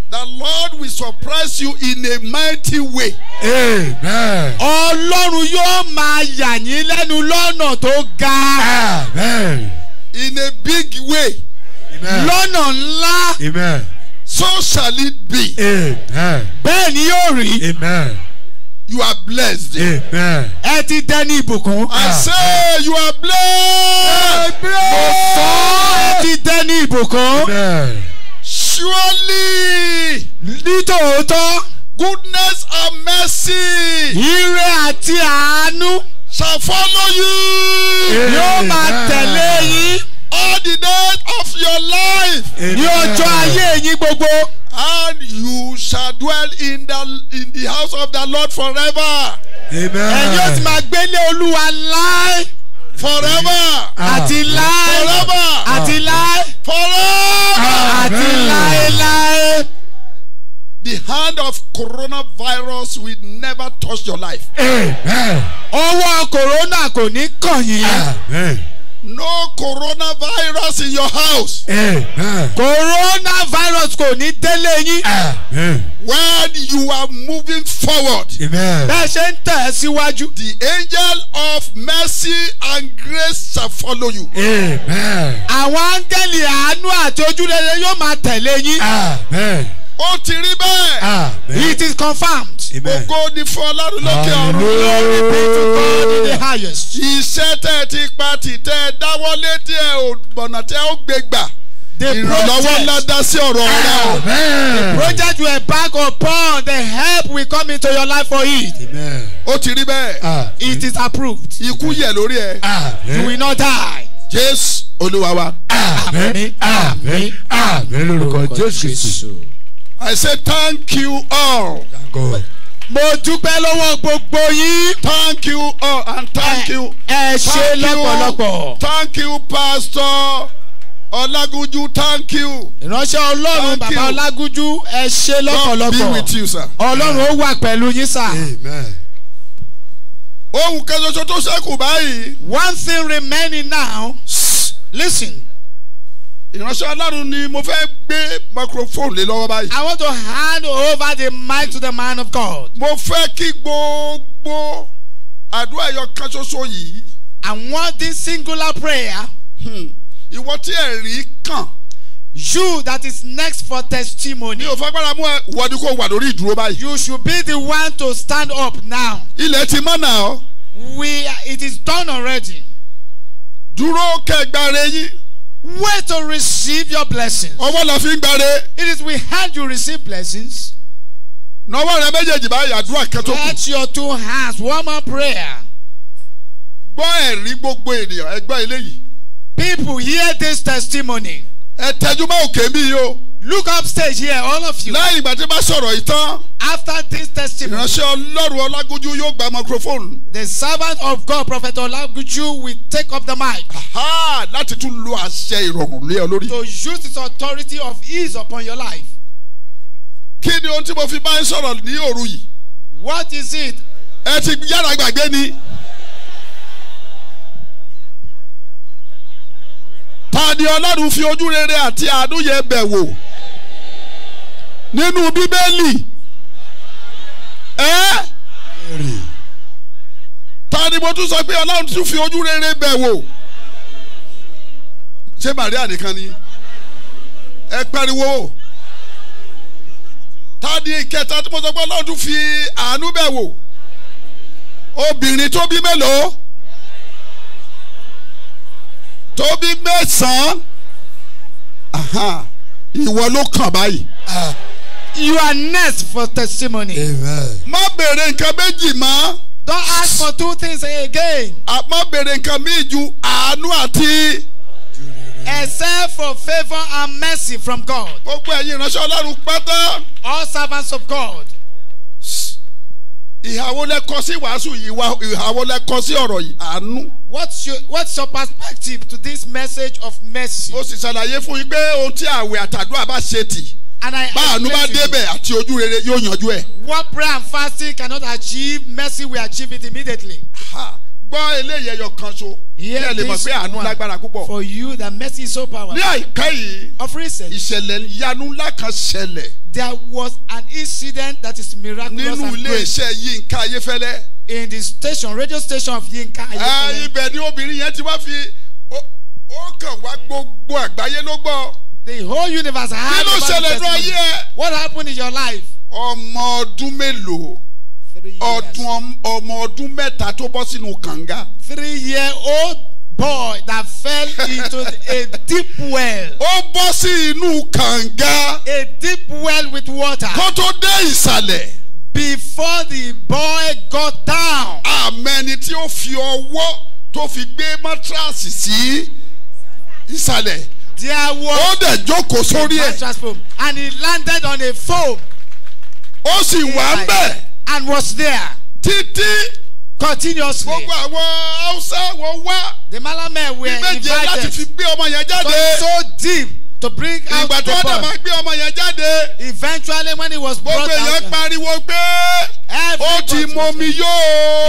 The Lord will surprise you in a mighty way. Amen. Ọlọ́run yóò máa yà yín lẹ́nu lọ́nà tó ga. Amen. In a big way. Amen. Lọ́nà ńlá. Amen. So shall it be. Amen. Bẹ́ẹ̀ ni yóò rí. Amen. You are blessed. Amen. Ẹ ti dẹni ìbùkún. Ah. I say you are blessed. Mo sọ ẹ ti dẹni ìbùkún. Amen surely. nítòótọ́. goodness and mercy. ire àti àánú. shall follow you. yóò máa tẹ̀lé yín. all the days of your life. ní ọjọ́ ayé yín gbogbo. and you shall dwell in the in the house of the lord forever. amen. ẹ̀yin ó sì máa gbélé olúwa láé forever àti láé forever àti láé forever àti láéláé. The hand of coronavirus will never touch your life. Ọwọ́ corona kò ní kàn yín no coronavirus in your house. Eh, eh. coronavirus kò ní délé yín. Eh, eh. when you are moving forward. bẹ́ẹ̀ ṣe ń tẹ̀ síwájú. the angel of mercy and grace shall follow you. àwọn áńgẹ́lì àánú àti ojúrere yóò máa tẹ̀lé yín ó ti rí bẹ́ẹ̀. Ah, it is confirmed. ògo ni fún ọlọ́run lókè ọ̀run. glory be to God in the highest. iṣẹ́ tẹ́ ẹ ti pa tìtẹ́ ẹ dáwọ́lé tí ẹ ọ̀nà tí ẹ ó gbé gbà. The ìrànlọ́wọ́ ńlá dá sí ọ̀rọ̀ rẹ o. the project you embark upon the help will come into your life for it. ó ti rí bẹ́ẹ̀. Ah, it is approved. ikú yẹ̀ lórí ẹ. Ah, you will not die. jésù olúwa wa. àmín àmín àmín lórúkọ jésù. I say thank you all. Thank God. Mo dúpẹ́ lọ́wọ́ gbogbo yín. Thank you all and thank you. Ẹ ṣe lọ́pọ̀lọpọ̀. Thank you pastor ọlágúnjú thank you. ìránṣẹ́ ọlọ́run bàbá ọlágúnjú ẹ ṣe lọ́kọ̀lọ́kọ̀ God be with you sir. ọlọ́run ó wà pẹ̀lú yín Amen. ohun kan ṣoṣo tó ṣẹ́kù báyìí. one thing remaining now. Shh, listen ìránṣẹ́ ọlọ́run ni mo fẹ́ gbé microphone lé lọ́wọ́ báyìí. I want to hand over the mic to the man of God. mo fẹ́ kí gbogbo àdúrà ẹyọ kan yìí. I want this singular prayer. Hmm. ìwọ tí ẹ̀rí kàn. You that is next for testimony. Mi ò fagbára mú ẹ wọ ni kò wà lórí ìdúró báyìí. You should be the one to stand up now. Ilẹ̀ ti mọ́ náà. We it is done already. Dúró kẹgbàre yín. Wait to receive your blessings. Ọwọ́ la fi ń gbáre. It is we hand you receive blessings. Nọwọ́ rẹ méjèèjì báyìí àdúrà kẹ́tọ́ kù. Let your two hands warm up prayer. Gbọ́ ẹ̀rí gbogbo ènìyàn ẹgbẹ́ eléyìí. People hear this testimony. Ẹ tẹjú mọ́ òkè mi yìí o. Look up stage here, all of you. Láì ìgbà bá sọ̀rọ̀ yìí After this testimony. Ìránṣẹ́ Ọlọ́run Ọlágúnjú yóò gba microphone. The servant of God, Prophet Ọlágúnjú, will take up the mic. Láti tún lo àṣẹ ìrọ̀rùn lé ọ lórí. To use his authority of ease upon your life. Kí ni ohun tí mo fi bá ń sọ̀rọ̀ ní òru yìí? What is it? Ẹ ti yára gbàgbé ni. ta ni ọlọ́run fi ojú rere àti àánú yẹn bẹ̀ wò nínú bíbélì ẹ́ ta ni mo tún sọ pé ọlọ́run tún fi ojú rere bẹ̀ wò ṣé Màríà nìkan ni ẹ pariwo ta ni ìkẹta tí mo sọ pé ọlọ́run tún fi àánú bẹ̀ wò obìnrin tó bí mélòó tóbi mẹ́sàn-án ìwọ ló kàn báyìí. Ah, you are next for testimony. má béèrè nǹkan méjì mọ́. don't ask for two things again. má béèrè nǹkan míì ju àánú àti. Except for favor and mercy from God. Gbogbo ẹ̀yin ìránṣẹ́ Ọlọ́run pátá. All servants of God ìhàwó lẹ sí wàásù yìí ìhàwó lẹ sí ọ̀rọ̀ yìí àánú. what's your what's your perspective to this message of mercy. ó sì ṣàlàyé fún yín pé ohun tí àwẹ̀ àtàdúrà bá ṣe tì. and I bá àánú bá débẹ̀ àti ojú rere yóò yanjú ẹ̀. what prayer and fasting cannot achieve mercy will achieve it immediately. Ha gbọ́ eléyìí ẹyọ kan so. hear this one lágbára púpọ̀. for you the mercy is so powerful. ní àìpẹ́ yìí. of recent. ìṣẹ̀lẹ̀ ìyanu ńlá kan ṣẹlẹ̀. there was an incident that is miraculous and great. nínú ilé iṣẹ́ Yínká Ayéfẹ́lẹ́. in the station radio station of Yinka, Ayéfẹ́lẹ́. ibẹ̀ ni obìnrin yẹn ti wá fi ó kàn wá gbogbo àgbáyé ló gbọ́. the whole universe heard kí ló ṣẹlẹ̀ lọ yẹ. what happened in your life. ọmọ ọdún mélòó ọdún ọmọ ọdún mẹ́ta tó bọ́ sínú kànga. three year old boy that fell into a deep well. ó bọ́ sí inú kànga. a deep well with water. kó tó dé ìsàlẹ̀. before the boy got down. àmẹ́ni tí ó fi ọwọ́ tó fi gbé mátràsì sí ìsàlẹ̀. there was ó dẹ̀ jókòó sórí ẹ̀. and he landed on a foam. ó sì wà ń bẹ̀ and was there. Titi continuously. gbogbo àwọn hausa wọn wá. the malame were invited. ìbejì láti fi gbé ọmọ yẹn jáde. so deep to bring out the boy. ìgbà tí wọ́n dà máa gbé ọmọ yẹn jáde. eventually when he was brought out. gbogbo èèyàn pariwo pé. ó ti mọmi yó.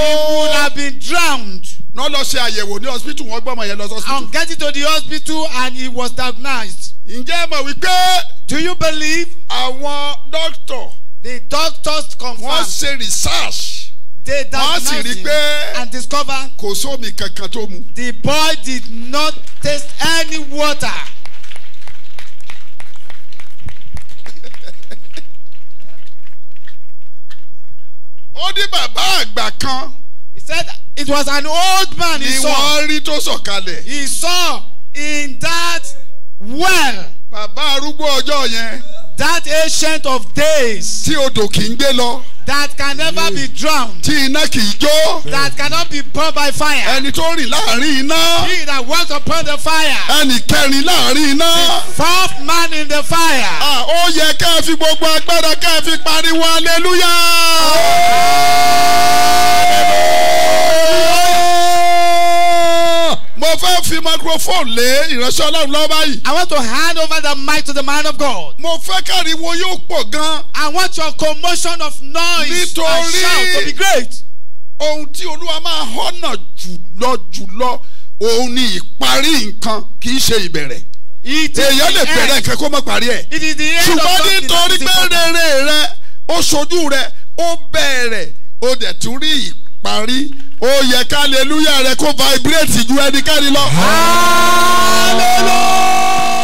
he would have been drowned. náà lọ ṣe àyẹ̀wò ní hospital wọ́n gbọ́ ọmọ yẹn lọ sí hospital. on getting to the hospital and he was diagnosed. ǹjẹ́ ẹ mọ̀ wípé. do you believe. àwọn doctor the doctors confirm. wọ́n ṣe research they diagnosed him be, and discovered kò sómi kankan tó mu. the boy did not taste any water. ó ní bàbá àgbà kan. he said it was an old man he saw. ni wọ́n rí tó sọ̀kalẹ̀. he saw in that well. bàbá arúgbó ọjọ́ yẹn that ancient of days. tí odò kì í gbé lọ. that can never be drowned. tí iná kì í jó. that cannot be burned by fire. ẹni tó rìn láàrin iná. he that walks upon the fire. ẹni kẹrin láàrin iná. the fourth man in the fire. ó yẹ ká ẹ fi gbogbo agbára ká ẹ fi pariwo hallelujah. hallelujah mo fẹ́ fi microphone lé ìránṣẹ́ ọlọ́run lọ́wọ́ báyìí. I want to hand over the mic to the man of God. mo fẹ́ káriwo yóò pọ̀ gan. I want your commotion of noise Nítorí... and shout to be great. ohun tí olúwa máa họ́nà jùlọ jùlọ òun ni ìparí nǹkan kì í ṣe ìbẹ̀rẹ̀ èèyàn lè bẹ̀rẹ̀ nǹkan kó parí ẹ̀ ṣùgbọ́n nítorí pé rere rẹ ó ṣojú rẹ ó bẹ̀rẹ̀ ó dẹ̀ tún rí ìparí parí ó yẹ ká hallelujah rẹ kó vibrate ju ẹnikẹ́ni lọ. hallelujah.